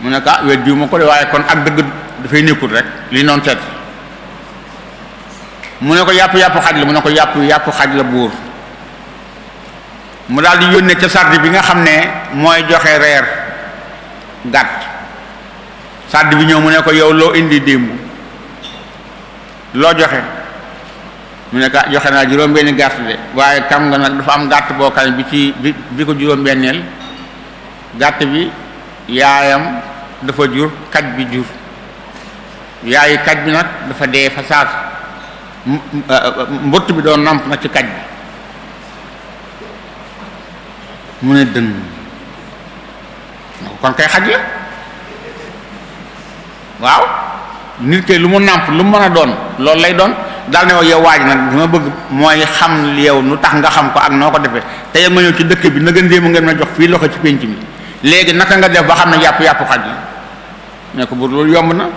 mu ne ko ah wet jiw ma ko de waaye kon ak dëgg dafay nekkul rek li noonu seet mu ne ko yàpp yàpp xaj la mu ne ko yàpp yàpp xaj la buur mu daal di yónnee ca sàdd bi nga xam ne mooy joxe reer gàtt sàdd bi ñëw mu ne ko yow loo indi démb loo joxe mu ne ko ah joxe naa juróom-benn gàtt de waaye kam nga nag dafa am gàtt boo kañ bi ci bi bi ko juróom-benneel gàtt bi yaayam dafa jur kaj bi jur yaayu kaj bi nag dafa dee fa saas mbott bi doon nàmp na ci kaj bi mu ne dënn na ko kon kay xaj la waaw nit kay lu mu nàmp lu mu mën a doon loolu lay doon daal ne yow waaj nag li ma bëgg mooy xam yow nu tax nga xam ko ak noo ko defee te yow nga ñëw ci dëkk bi na gën déema ngeen ma jox fii loxo ci pénc mi léegi naka nga def ba xam ne yàpp-yàpp xaj la ne ko bu loolu yomb na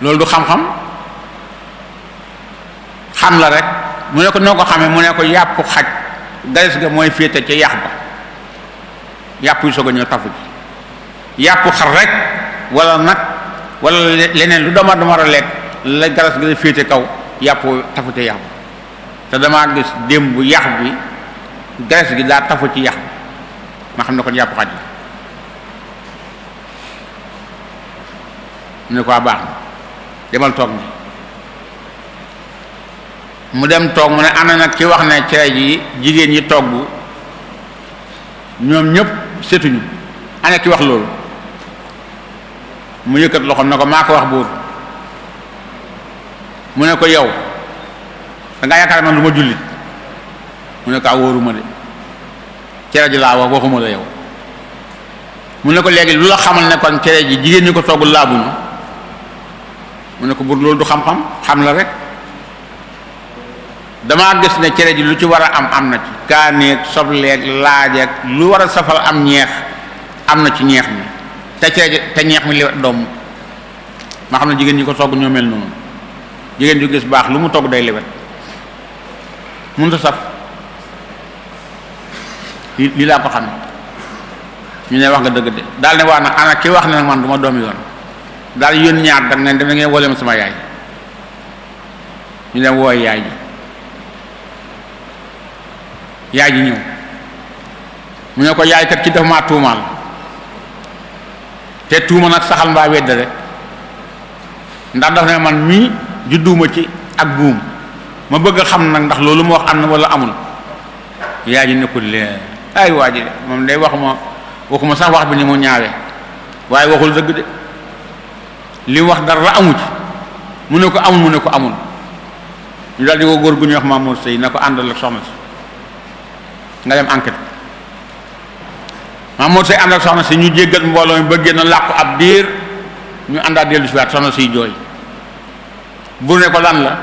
loolu du xam-xam xam la rek mu ne ko noo ko xamee mu ne ko yàpp xaj garis ga mooy féete ca yax ba yàpp yu soog a ñëw tafu ji yàpp rek wala nag wala leneen lu dama dama a lekk la garas ga féete kaw tafu ca yax ba te damaa gis démb yax bi garis gi daa tafu ci yax bi ma xam ne ko yàpp xaj la mu ne ko ah, baax na demal toog mi mu dem toog mu ne ana nag ki wax ne cere ji jigéen ñi togg ñoom ñëpp setuñu ana ki wax loolu mu yëkkat loxoom ne ko maa ko wax buur mu ne ko yow da ngaa yaakaar man du ma jullit mu ne ko aw ah, wóoruma de cere ji laa wax waxuma la yow mu ne ko léegi lu la xamal ne kon cere ji jigéen ñi ko togg laabuñu mu ne ko bur loolu du xam-xam xam la rek damaa gis ne cere ji lu ci war a am am na ci kaaneeg sobleeg laajeek lu war a safar am ñeex am na ci ñeex mi te cere ji te ñeex mi li doom ma xam ne jigéen ñi ko togg ñoo mel noonu jigéen ju gis baax lu mu togg day lewet mun sa saf li laa ko xam ñu ne wax nga dëgg de daal ne waa nag ana ki wax ne nag man du ma doomi yoon daal yónni ñaar dam neen dama ngeen woolee ma sama yaay ñu dem wooy yaay ji yaay ji ñëw mu ne ko yaay kat ci dafa maa tuumaal te tuuma nag saxal mbaa wedd ndax dafa ne man mii judduuma ci ak guum ma bëgg xam nag ndax loolu ma wax am na wala amul yaay ji ne ko leen ay waa ji de moom day waxuma waxuma sax wax bi ni mu ñaawee waaye waxul dëgg de li mu wax dara amu ci mu ne ko amul mu ne ko amul ñu daal woo góor gu ñuy wax Mamour Sey na ko àndal ak soxna si nga dem enquête Mamour Sey ànd ak soxna si ñu jéggal mbooloo mi ba ab diir ñu àndaat dellu si waat siy jooy bu ne ko lan la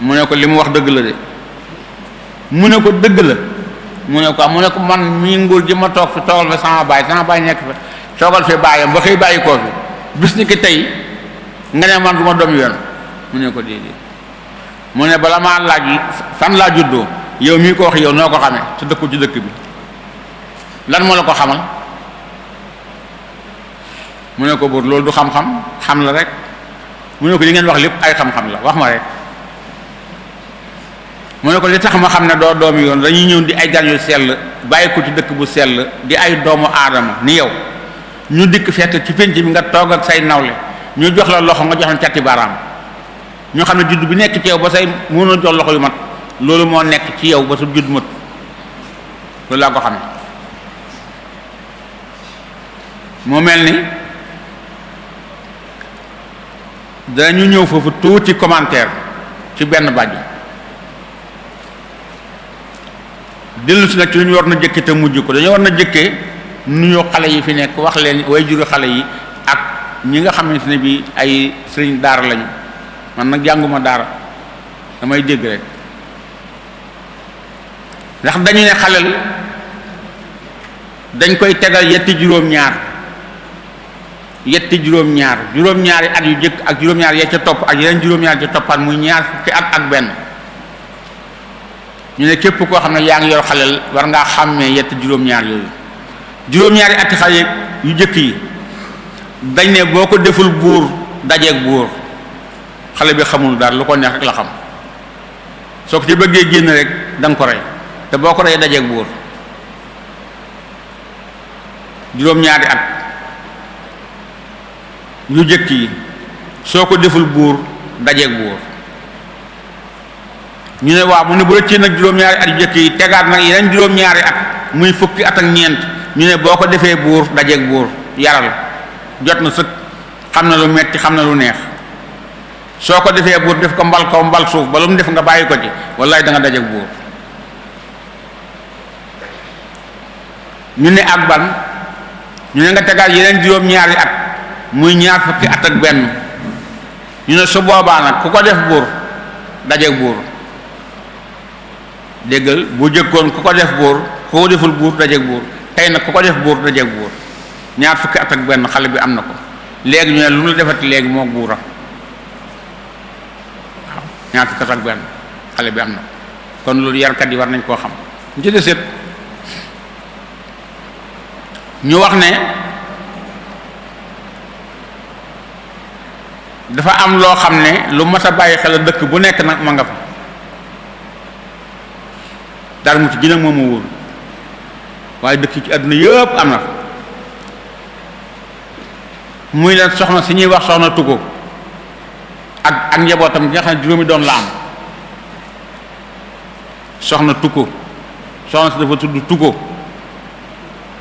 mu ne ko li mu wax dëgg la de mu ne ko dëgg la mu ne ko mu ne ko man mii nguur ji ma toog fi toogal fa sama baay sama baay nekk fa toogal fi baayam ba xëy bàyyi koo fi bis ni ki tey nga ne man ma doom yoon mu ne ko déedéet mu ne bala ma laaj fan laa juddoo yow mii ko wax yow noo ko xamee te dëkku ci dëkk bi lan moo la ko xamal mu ne ko buur loolu du xam-xam xam la rek mu ne ko li ngeen wax lépp ay xam la wax ma rek ko li tax ma xam ne doo doom yoon lañuy ñëw di ay gan yu sell bàyyi ko ci dëkk bu sell di ay doomu aadama ni yow ñu dikk fett ci pénc bi nga toog ak say nawle ñu jox la loxo nga jox leen catti baaraam ñu xam ne judd bi nekk ci yow ba say mënoo jox loxo yu mat loolu moo nekk ci yow ba su judd mat loolu laa ko xam ne moo mel ni dañu ñëw foofu tuuti commentaire ci benn bàjj dellu si nag ci lu ñu war na jëkkee te mujj ko dañu war na jëkkee nuyoo xale yi fi nekk wax leen way juru xale yi ak ñi nga xamante ne bi ay sëriñ daar lañu man nag jànguma daara damay dégg rek ndax dañu ne xalel dañ koy tegal yetti juróom-ñaar yetti juróom-ñaar juróom ñaari at yu jëkk ak juróom-ñaar ya ca topp ak yeneen juróom-ñaar ca toppaat muy ñaar fukki at ak benn ñu ne képp koo xam ne yaa ngi yor xalel war ngaa xàmmee yetti juróom-ñaar yooyu juróom-ñaari atti yu jëkk yi dañ ne boo ko deful buur dajeeg buur xale bi xamul daal lu ko nekk rek la xam soo ko ci bëggee génn rek da ko rey te boo ko rey dajeeg buur juróom-ñaari at yu jëkk yi soo ko deful buur dajeeg buur ñu ne waaw mu ne bu rëccee nag juróom-ñaari at yu jëkk yi tegaat nag yeneen juróom-ñaari at muy fukki at ak ñeent ñu ne boo ko defee buur dajeeg buur yaral jot na sëkk xam na lu metti xam na lu neex soo ko defee buur def ko mbal mbal suuf ba def nga bàyyi ko ci wallaay da nga dajeeg buur ñu ne ak ñu ne nga tegaat yeneen juróom-ñaari at muy ñaar fukki benn ñu ne su boobaa ku ko def buur dajeeg buur déggal bu jëkkoon ku ko def buur koo deful buur dajeeg buur tey nag ku ko def buur dajeeg buur ñaar fukki at ak benn xale bi am na ko léegi ñu ne lu mu la defati léegi moo buura waaw ñaar fukki at ak benn xale bi am na ko kon loolu yarkat yi war nañ koo xam ñu set ñu wax ne dafa am loo xam ne lu mat a bàyyi xel dëkk bu nekk nag ma nga fa dara mu ci gën moom a wóoru waaye dëkk ci àdduna yëpp am na fa muy leen soxna si ñuy wax soxna tugo ak njabootam gi nga xam la am soxna tugo soxna si dafa tudd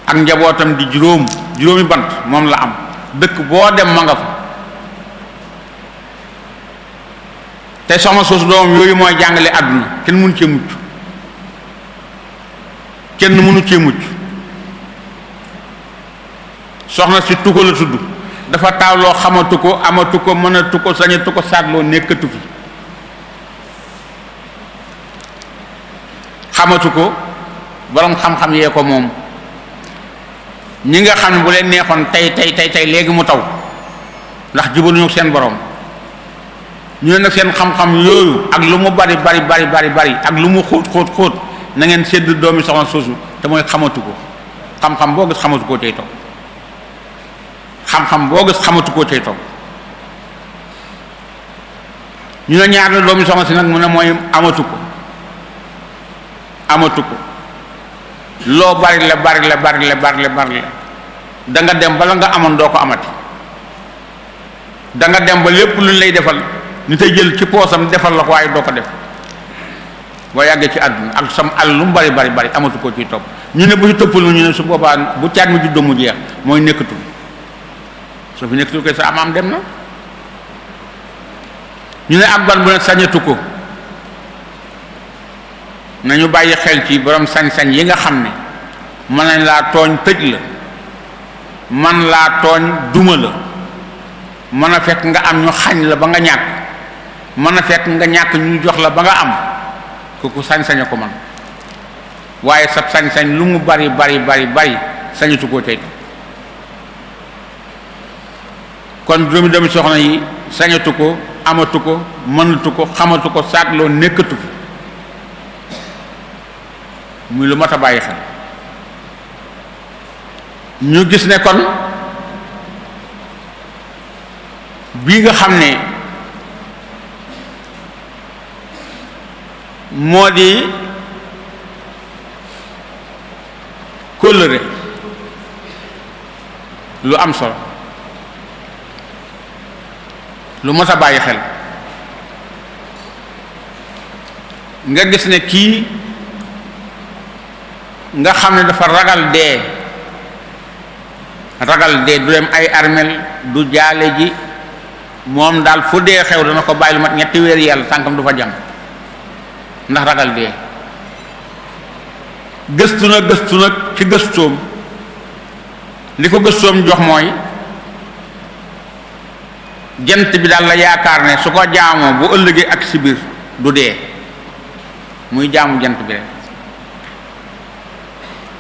ak njabootam di juróom juróomi bant moom la am dëkk boo dem ma fa te soxna soosu doomam yooyu mooy jàngale àdduna kenn mun cee mucc kenn mënu cee mucc soxna si tuko la tudd dafa taawloo xamatu ko amatu ko mënatu ko sañatu ko saatloo nekkatu fi xamatu ko borom xam-xam yee ko moom ñi nga xam ne bu leen neexoon tey tey tey tey léegi mu taw ndax jubaluñu seen boroom ñu ne nag seen xam-xam yooyu ak lu mu bari bari bari bari bari ak lu mu xóot xóot xóot na ngeen séddu doomi soxna soosu te mooy xamatu ko xam-xam boo gis xamatu koo tey toog boo gis xamatu koo tey toog ñu ne ñaar la doomi soxna nag mu ne mooy amatu ko amatu ko loo bari la bari la bari la bari la bari dem bala nga amoon doo ko amati danga nga dem ba lépp luñ lay defal ni tey jël ci poosam defal la ko waaye doo ko def boo yàggee ci àdduna ak sam àll lu mu bari bari bari amatu ko ciy topp ñu ne bu ñu toppal ñu ne su boobaa bu caag mi juddoo mu mooy nekkatu su sa amaam dem na ñu ne ak ban bu sañatu ko nañu bàyyi xel ci boroom sañ-sañ yi nga xam ne mën nañ laa tooñ tëj la man laa tooñ duma la mën a fekk nga am ñu xañ la ba nga ñàkk mën a fekk nga ñàkk ñu jox la ba nga am kooku sañ-sañ a ko man waaye sab sañ-sañ lu mu bari bari bari bari sañatu koo tey kon doomi doomi soxna yi sañatu ko amatu ko mënatu ko xamatu ko saatloo nekkatu fi muy lu mat a bàyyi xel ñu gis ne kon bii nga xam ne moo di kóllëre lu am solo lu mot a bàyyi xel nga gis ne kii nga xam ne dafa ragal dee ragal dee du dem ay armel du jaale ji moom daal fu dee xew dana ko bàyyi lu mat ñetti weer yàlla tànkam du fa jàng ndax ragal dee gëstu na gëstu nag ci gëstoom li ko gëstoom jox mooy jant bi daal la yaakaar ne su ko jaamoo bu ëllëgee ak si biir du dee muy jaamu jant bi rek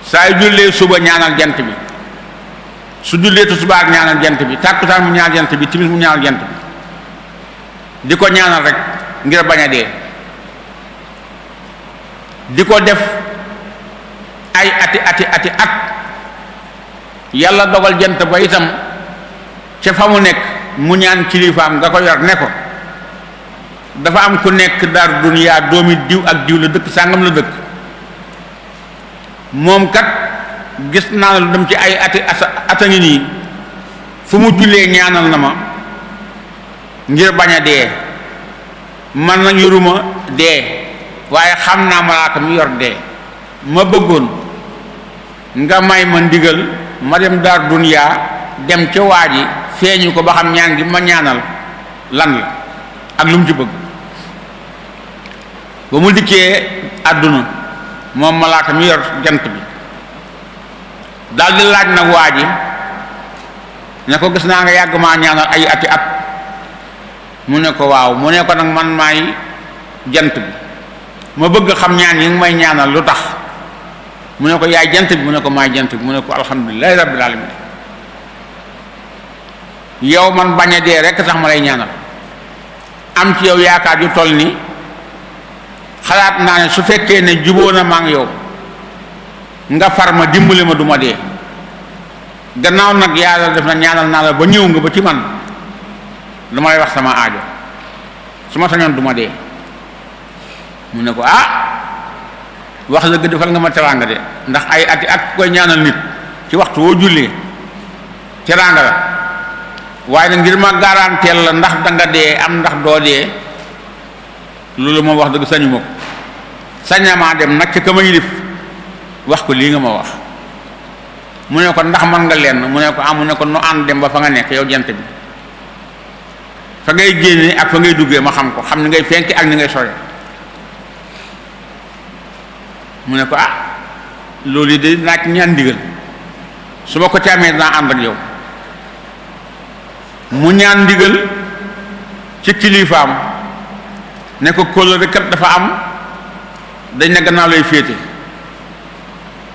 saa yu jullee suba ñaanal jant bi su jullee tisbaar ñaanal jant bi tàkkusaan mu ñaanal jant bi timis mu ñaanal jant bi di ko ñaanal rek ngir bañ a dee di ko def ay ati ati at yàlla dogal jant ba itam ca fa mu nekk mu ñaan kilifaam nga ko yor ne ko dafa am ku nekk dar duniyaa doomi diw ak diw la dëkk sàngam la dëkk moom kat gis naa lu dem ci ay ati ata ngi nii fu mu jullee ñaanal na ma ngir bañ a dee man na yoruma dee waaye xam naa malaaka mi yor de ma bëggoon nga may ma ndigal ma dem daar duniyaa dem ca waa ji feeñu ko ba xam ñaan gi ma ñaanal lan la ak lu mu ci bëgg ba mu dikkee àdduna moom malaaka mi yor jant bi daldi laaj nag waa ji ne ko gis naa nga yàgg maa ñaanal ay ati at mu ne ko waaw mu ne ko nag man may jant bi ma bëgg xam ñaan yi nga may ñaanal lu tax mu ne ko yaay jant bi mu ne ko maay jant bi mu ne ko alhamdulilahi rabbil alamin yow man bañ a dee rek tax ma lay ñaanal am ci yow yaakaar ju toll ni xalaat naa ne su fekkee ne jubóo na maa ngi yow nga far ma dimbali ma duma ma dee gannaaw nag yàlla def na ñaanal naa ba ñëw nga ba ci man dama lay wax sama aajo su ma sañoon du ma dee mu ne ko ah wax la gëdd fal nga ma teraanga de ndax ay ati at ku koy ñaanal nit ci waxtu woo jullee teraanga la waaye nag ngir ma garanteel la ndax danga dee am ndax doo dee loolu moom wax dëgg sañu ma ko sañamaa dem nag ca ka ma yilif wax ko lii nga ma wax mu ne ko ndax man nga leen mu ne ko am ah, mu ne ko nu ànd dem ba fa nga nekk yow jant bi fa ngay génne ak fa ngay duggee ma xam ko xam ni ngay fenk ak ni ngay sore mu ne ko ah loolu yi de naa ci ñaan ndigal su ma ko ci amee dinaa ànd ak yow mu ñaan ndigal ci kilifaam ne ko kóllëre kat dafa am dañ ne gannaaw lay féete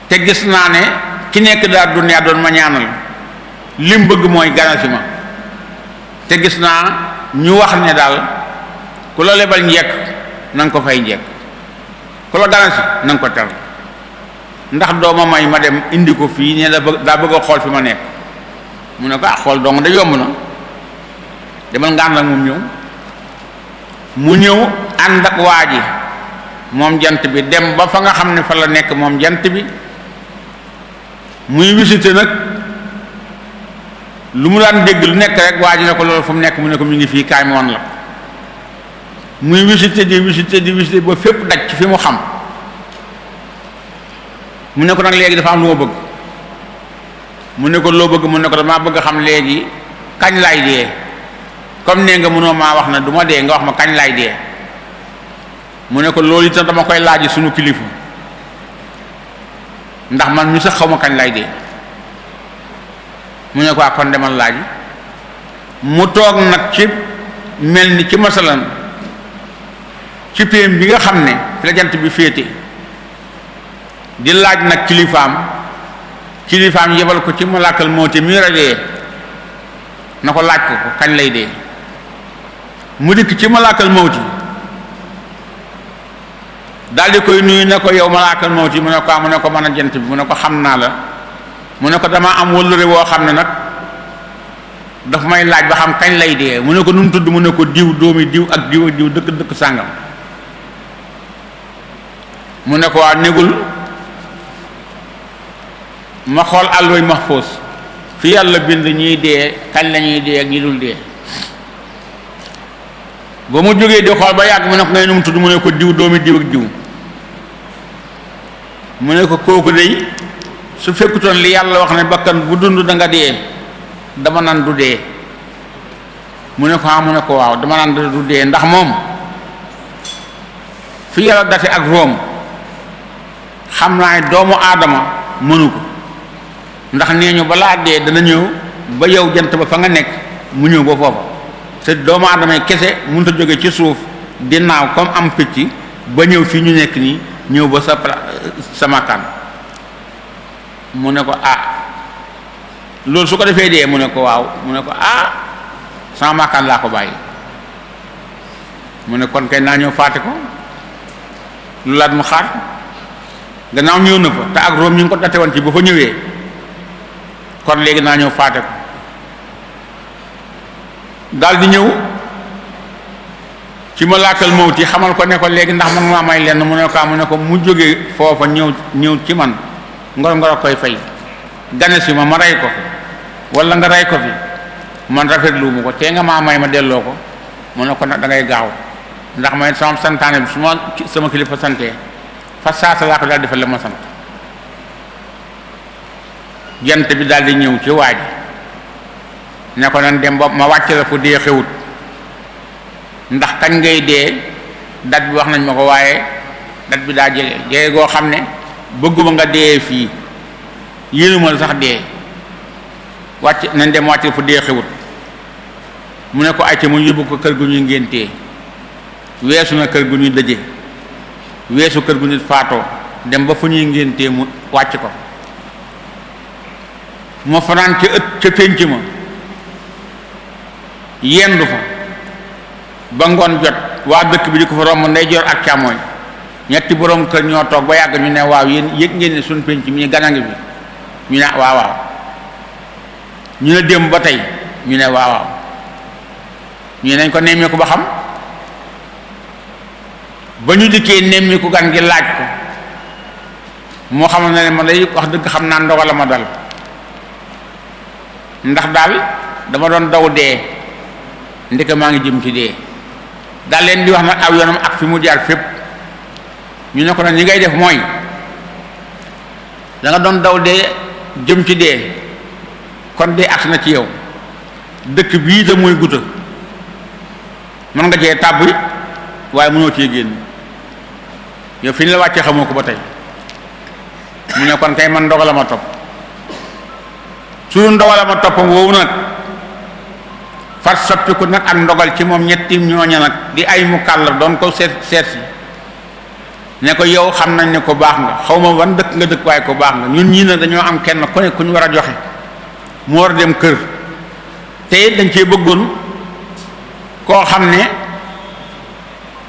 te gis naa ne ki nekk daal duniyaa doon ma ñaanal li mu bëgg mooy gana ma te gis naa ñu wax ne daal ku la lebal njekk na ko fay njekk ku la dara ko teral ndax doo ma may ma dem indi ko fii ne la bëgg daa bëgg xool fi ma nekk mu ne ko ah xool dong da yomb na demal nga ànd ak moom ñëw mu ñëw ànd ak waa ji moom jant bi dem ba fa nga xam ne fa la nekk moom jant bi muy visité nag lu mu daan dégg lu nekk rek waa ji ne ko loolu fu mu nekk mu ne ko mu ngi fii kaay la muy visité di visité di visité ba fépp daj ci fi mu xam mu ne ko nag léegi dafa am lu ma bëgg mu ne ko loo bëgg mu ne ko damaa bëgg xam léegi kañ laay dee comme ne nga mënoo maa wax na duma ma dee nga wax ma kañ laay dee mu ne ko loolu itam dama koy laaj suñu kilifa ndax man ñu sax xaw ma kañ lay dee mu ne ko ah kon demal laaj mu toog nag ci mel ni ci masalan ci péem bi nga xam ne fi la jant bi féete di laaj nag kilifaam kilifaam yebal ko ci malaakal mawti mi radee na ko laaj ko ko kañ lay dee mu dikk ci malaakal mawti daal di koy nuyu ne ko yow malaakal mawti mu ne ko ah, mu ne ko mën a jant bi mu ne ko xam naa la mu ne ko dama am wëllëre woo xam ne nag daf may laaj ba xam kañ lay dee mu ne ko nu mu tudd mu ne ko diw doomi diw ak diw ak diw dëkk dëkk sàngam mu ne ko waa négul ma xool àlluy mahfuz fi yàlla bind ñiy dee kañ lañuy dee ak ñi dul dee ba mu jógee di xool ba yàgg mu ne ko ngay nu mu tudd mu ne ko diw doomi diw ak diw mu ne ko kooku dey su fekkutoon li yàlla wax ne bakkan bu dund danga nga dee dama naan du dee mu ne ko ah mu ne ko waaw dama naan du dee ndax moom fi yàlla date ak Room xam naa ne doomu aadama mënu ko ndax nee ñu balaa dee dana ñëw ba yow jant ba fa nga nekk mu ñëw ba foofa te doomu aadama kese mun a jóge ci suuf di naaw comme am picc ba ñëw fii ñu nekk nii ñëw ba sa samakaan mu ne ko ah loolu su ko defee dee mu ne ko waaw mu ne ko ah sama makaan laa ko bàyyi mu ne kon kay naa ñëw faate ko lu laat mu xaar gannaaw ñëw na fa te ak Rome ñu ngi ko daté woon ci bu fa ñëwee kon léegi naa ñëw faate ko daal di ñëw ci malaakal mawti xamal ko ne ko léegi ndax man maa may lenn mu ne ko ah mu ne ko mu jógee foofa ñëw ñëw ci man ngor ngor koy fay gane si ma ma rey ko walla nga rey ko fi man rafetlu mu ko tee nga maa may ma delloo ko mu ne ko nag dangay gaaw ndax may sama santaane bi su ma sama kilifa santee fa saasa laa ko daal defal la ma jant bi daal ñëw ci waa ne ko nan dem ba ma wàcc la fu dee xewut ndax kañ ngay dee dat bi wax nañ ma ko waaye dat bi daa jege jege goo xam ne bëgguma nga dee fii yéenuma sax dee wàcc nañ dem wàcc la fu dee xewut mu ne ko acca mu yóbbu ko kër gu ñuy ngéntee weesu na kër gu ñuy dëje weesu kër gu nit faatoo dem ba fu ñuy ngéntee mu wàcc ko ma fanaan ca ëtt ca pénc ma yendu fa ba ngoon jot waa dëkk bi di ko fa romb ndeyjoor ak càmmooñ ñetti borom kër ñoo toog ba yàgg ñu ne waaw yéen yëg ngeen ne pénc mi ganangi bi ñu ne waaw ñu ne démb ba tey ñu ne waaw waaw ñu ne nañ ko nemmee ko ba xam ba ñu dikkee nemmi ku gan gi laaj ko moo xamal na ne ma day wax dëgg xam naa ndogala ma dal ndax daal dama doon daw dee ndeke maa ngi jëm ci dee daal leen di wax nag aw yoonam ak fi mu jaar fépp ñu ne ko nag ñi ngay def mooy da doon daw dee jëm ci dee kon dee agsi na ci yow dëkk bii da mooy guta mën nga jee tàbbi waaye mënoo cee génn yow fi ñu la wàccee xamoo ko ba tey mu ne kon kay man ndogala ma topp suñu ndogala ma topp woowu nag far soppiku nag ak ndogal ci moom ñetti ñooña nag di ay mu kàllaf doon ko seet seet si ne ko yow xam nañ ne ko baax nga xaw ma wan dëkk nga dëkk waaye ko baax nga ñun ñii na dañoo am kenn ku ne ku ñu war a joxe mu war dem kër te dañ cee bëggoon koo xam ne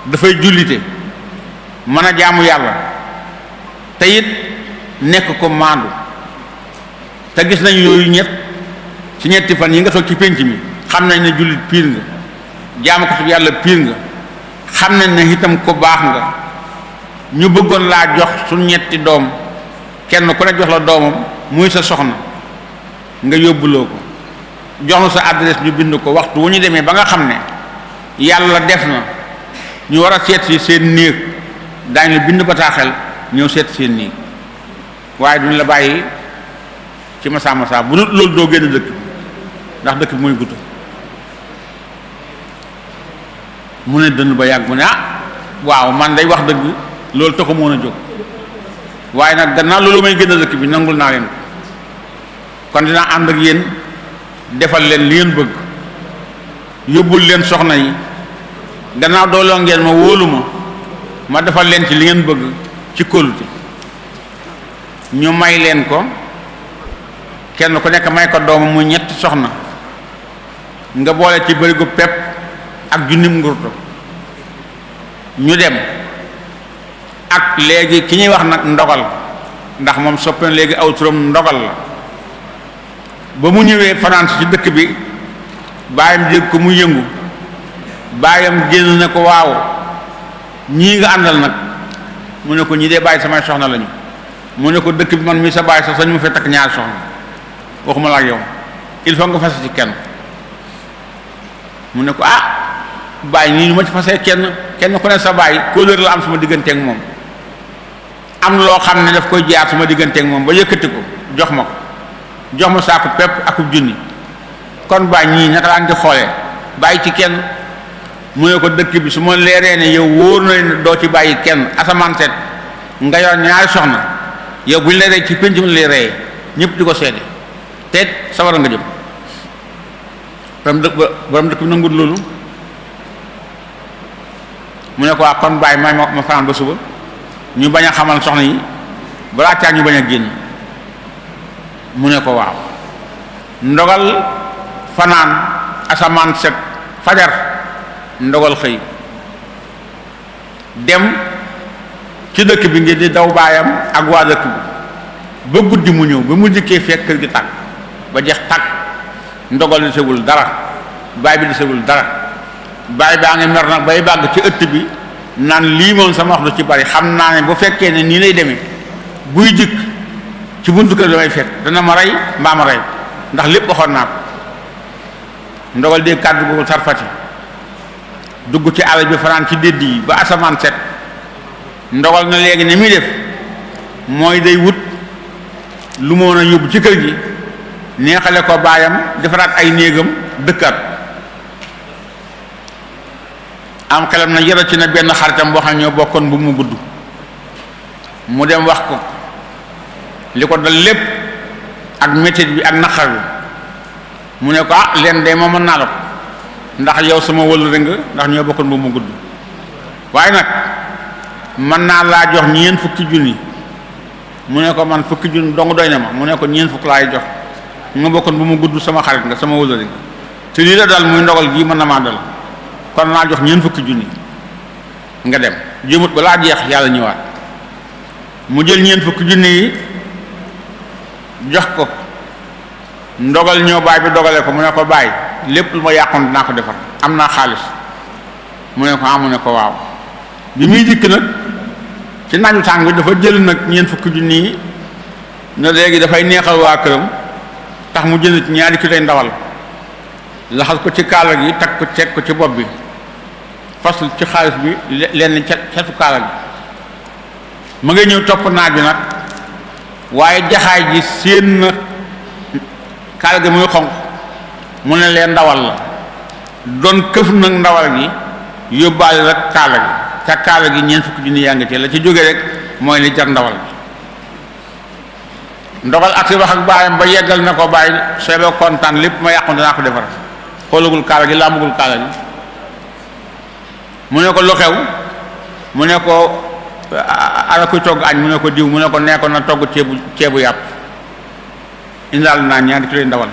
dafay jullite mën a jaamu yàlla te nekk ko maandu te gis nañu yooyu ñett ci ñetti fan yi nga toog ci pénc mi xam nañ ne jullit piir nga jaamu ko su yàlla piir nga xam nañ ne itam ko baax nga ñu bëggoon laa jox suñ ñetti doom kenn ku ne jox la doomam muy sa soxna nga yóbbuloo ko jox na sa adresse ñu bind ko waxtu wu ñu demee ba nga xam ne yàlla def na ñu war a seet si seen néeg daañu bind bataaxel ñëw seet seen nii waaye duñ la bàyyi ci masaa masaa bu dul loolu doo génn dëkk bi ndax dëkk bi mooy gudd mu ne dënn ba yàgg mu ne ah waaw man day wax dëgg loolu taxu moon a jóg waaye nag gannaaw loolu may génn dëkk bi nangul naa leen ko kon dinaa ànd ak yéen defal leen li ngeen bëgg yóbbul leen soxna yi gannaaw dooloo ngeen ma wóolu ma defal leen ci li ngeen bëgg ci kóolute ñu may leen ko kenn ku nekk may ko doomam mu ñetti soxna nga boole ci bërigu pepp ak junnim ngurto ñu dem ak léegi ki ñuy wax nag ndogal ndax moom soppee léegi aw turam ndogal la ba mu ñëwee France ci dëkk bi baayam jëg ko mu yëngu baayam génn na ko waaw ñii nga àndal nag mu ne ko ñi dee bàyyi samay soxna lañu mu ne ko dëkk bi man mii sa bàyyi sax sañ mu fekk ñaar soxna waxuma la ak yow il faut nga fase ci kenn mu ne ko ah bàyyi nii ñu ma ci kenn kenn ku sa bàyyi kóllëre la am suma digganteeg moom am loo xam ne daf koy jaar suma digganteeg moom ba yëkkati ko jox ma ko jox saako pepp akub junni kon bàyyi ñii naka laan di xoolee bàyyi ci kenn mu ne ko dëkk bi su ma leeree ne yow wóor na leen doo ci bàyyi kenn asamaan set nga yor ñaari soxna yow bu ñu la rey ci pénc mu lay reyee ñëpp di ko seede te sawara nga jëm borom dëkk ba borom dëkk bi nangut loolu mu ne ko waa ah kon bàyyi may ma ma fanaan ba suba ñu bañ a xamal soxna yi balaa caa ñu bañ a génn mu ne ko waaw ndogal fanaan asamaan set fajar ndogal xëy dem ci dëkk bi ngir di daw baayam ak waa dëkk bi ba guddi mu ñëw ba mu dikkee fekk kër gi tàkk ba jeex tàkk ndogal di sewul dara baay bi di sewul dara baay baa ngi mer nag bay bàgg ci ëtt bi naan lii moom sama wax du ci bari xam naa ne bu fekkee ne nii lay demee buy dikk ci buntu kër damay fekk dana ma rey mbaa ma rey ndax lépp waxoon naa ko ndogal dee kàddu googu sarfati dugg ci àll bi fanaan ci dédd yi ba asamaan set ndogal na léegi ni muy def mooy day wut lu moon a yóbbu ci kër gi neexale ko baayam defaraat ay néegam dëkkaat am xelam na yoro ci na benn xaritam boo xam ñoo bokkoon bu mu gudd mu dem wax ko li ko dal lépp ak métit bi ak naqar bi mu ne ko ah leen de ma mën naa la ko ndax yow sama wëllëre nga ndax ñoo bokkoon ba mu gudd waaye nag mën naa laa jox ñeent fukki junni mu ne ko man fukki junni dong doy na ma mu ne ko ñeent fukk laay jox nga bokkoon ba mu gudd sama xarit nga sama wëllëre nga te lii la dal muy ndogal gii mën na maa dal kon naa jox ñeent fukki junni nga dem jëmut balaa jeex yàlla ñëwaat mu jël ñeent fukki junni yi jox ko ndogal ñëw baay bi dogale ko mu ne ko bàyyi lépp lu ma yàqoon naa ko defar am naa xaalis mu ne ko amu ah, ne ko waaw bi muy dikk nag ci naaju tàng bi dafa jël nag ñeent fukki junni nii ne léegi dafay neexal waa këram tax mu jënd ci ñaari ki tey ndawal laxas ko ci kaala gi takk ko teg ko ci bopp bi fas ci xaalis bi lenn cetu kaala gi ma nga ñëw topp naaj bi nag waaye jaxaay ji séen na kaala gi muy xonq mu ne leen ndawal la doon këf nag ndawal gi yóbbaale rek kaala gi ca kaala gi ñeent fukki junni yaa ngi la ci jóge rek mooy li jar ndawal gi ndogal ak si wax ak baayam ba yeggal na ko bàyyi soo kontaan lépp ma yàqu danaa ko defar xoolagul kaala gi làmbugul kaala gi mu ne ko lu xew mu ne ko ana kuy togg añ mu ne ko diw mu ne ko nee ko na togg ceebu ceebu yàpp indaal naa ñaari kiloy ndawal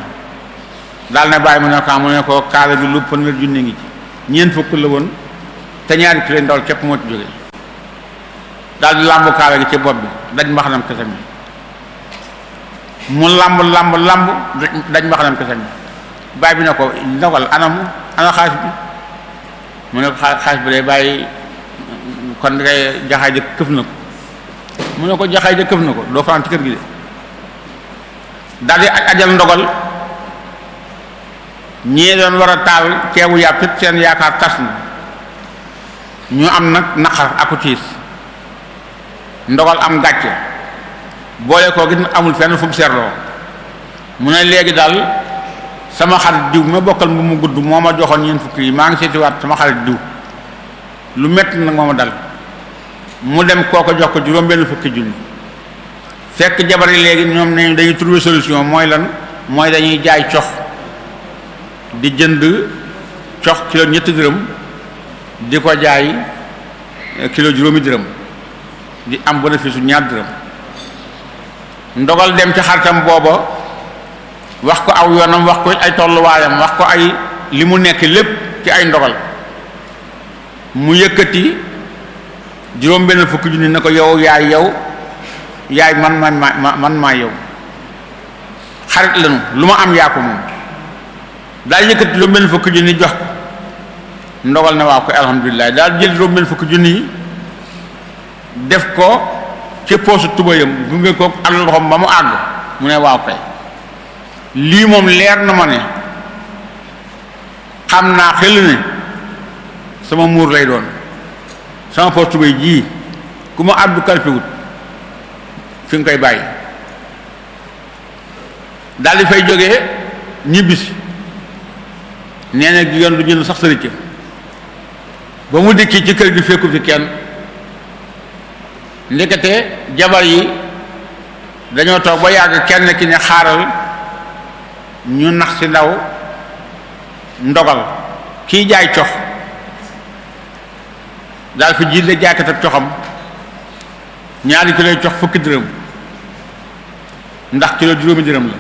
daal na bàyyi mu ne ko mu ne ko kaala bi lu fanweer junne ngi ci ñeent fukk la woon te ñaari kiloy ndawal képp moo ci jóge daal di làmb kaala gi ci bopp bi daj mbaxanam kese mi mu làmb làmb làmb daj mbaxanam kese mi bàyyi bi ne ko ndawal anamu ana xaalis bi mu ne ko xaalis bi day bàyyi kon dangay jaxaay ja këf na ko mu ne ko jaxaay ja këf na ko doo fanaan ci kër gi de daldi ajal ndogal ñii doon war a taal ceebu yàpp seen yaakaar tas na ñu am nag naqar aku ndogal am gàcce boole koo gis amul fenn fu mu mu ne léegi daal sama xarit diw ma bokkal bu mu gudd moo ma joxoon ñeent fukki yi maa ngi seetiwaat sama xarit diw lu mett nag moo ma dal mu dem kooko jox ko juróom benn fukki junni tekk jabar yi léegi ñoom nañu dañuy trouver solution mooy lan mooy dañuy jaay cox di jënd cox kilo ñetti dërëm di ko jaay kilo juróomi dërëm di am bénéfice su ñaar dërëm ndogal dem ci xaritam booba wax ko aw yoonam wax ko ay tolluwaayam wax ko ay li mu nekk lépp ci ay ndogal mu yëkkati juróom benn fukki junni ne ko yow yaay yow yaay man man ma man maa yow xarit lañu lu ma am yaa ko moom daal yëkkati lu mel fukki junni jox ko ndogal na waa ko alhamdulilah daal jël juróom-benn fukki junni yi def ko ci poosu tubayam gunge ko ak loxoom ba mu àgg mu ne waaw kay lii moom leer na ma ne xam naa xel ne sama muur lay doon sama poos tubay jii ku ma àddu kalpiwut fi nga koy bàyyi daldi di fay jógee ñibbisi nee na yoon du jënd sax sa rëcc ba mu dikki ci kër gi fekku fi kenn ndekete jabar yi dañoo toog ba yàgg kenn ki ne xaaral ñu nax ci ndaw ndogal kiy jaay cox daal ko jiit la jaaykata coxam ñaari kilo cox fukki dërëm ndax kilo juróomi dërëm la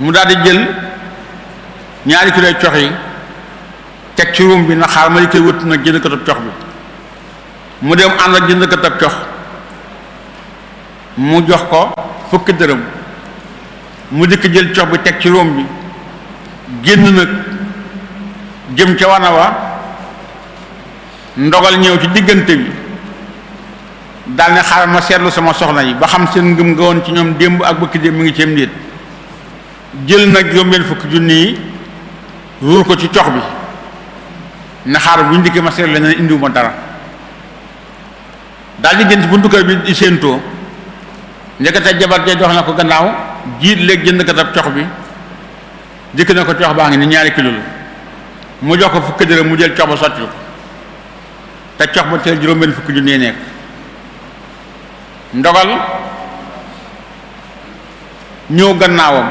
mu daal di jël ñaari kilo cox yi teg ci ruum bi na xaar ma li koy wëtt nag jënd katab cox bi mu dem ànd ak jënd katab cox mu jox ko fukki dërëm mu dikk jël cox bi teg ci ruum bi génn nag jëm ca wana wa ndogal ñëw ci diggante bi daal ne xaar ma seetlu sama soxna yi ba xam seen ngëm nga woon ci ñoom démb ak bëkki démb mu ngi ceem déet jël nag juróom-benn fukki junni yi ruur ko ci cox bi ne xaaral bu ñu dikkee ma seetlu la ne indiwuma dara daal di gën ci buntu bi di séentoo njëkkate jabar jee jox na ko gannaaw jiit léeg jënd katab cox bi dikk na ko cox baa ngi ni ñaari kilo la mu jox ko fukki dërëm mu jël cox ba sotti te cox ba teel juróom-benn fukki junni yi nekk ndogal ñëw gannaawam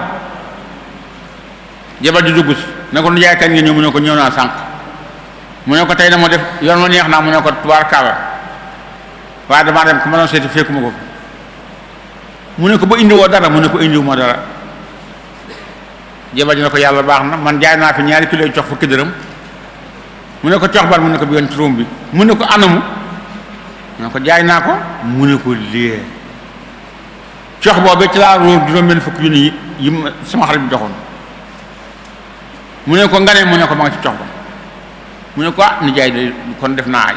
jabar ju dugg si ne ko nu yaay kañ mu ne ko ñëw naa sànq mu ne ko tey na dama def yoon ma neex naa mu ne ko tubaar kaaba waaye damaa dem ko ma doon seeti fekkuma ko mu ne ko ba indiwoo dara mu ne ko indiwuma dara jabar ji ne ko yàlla baax na man jaay naa fi ñaari kilo jox fukki dërëm mu ne ko cox bal mu ne ko bi yoon turóom bi mu ne ko anamu ñoo ko jaay naa ko mu ne ko lée cox boobu ci laa róor juróom benn fukki junni yi sama xarit bi joxoon mu ne ko nga ne mu ne ko ma nga ci cox ba mu ne ko ah ni jaay de kon def naa ay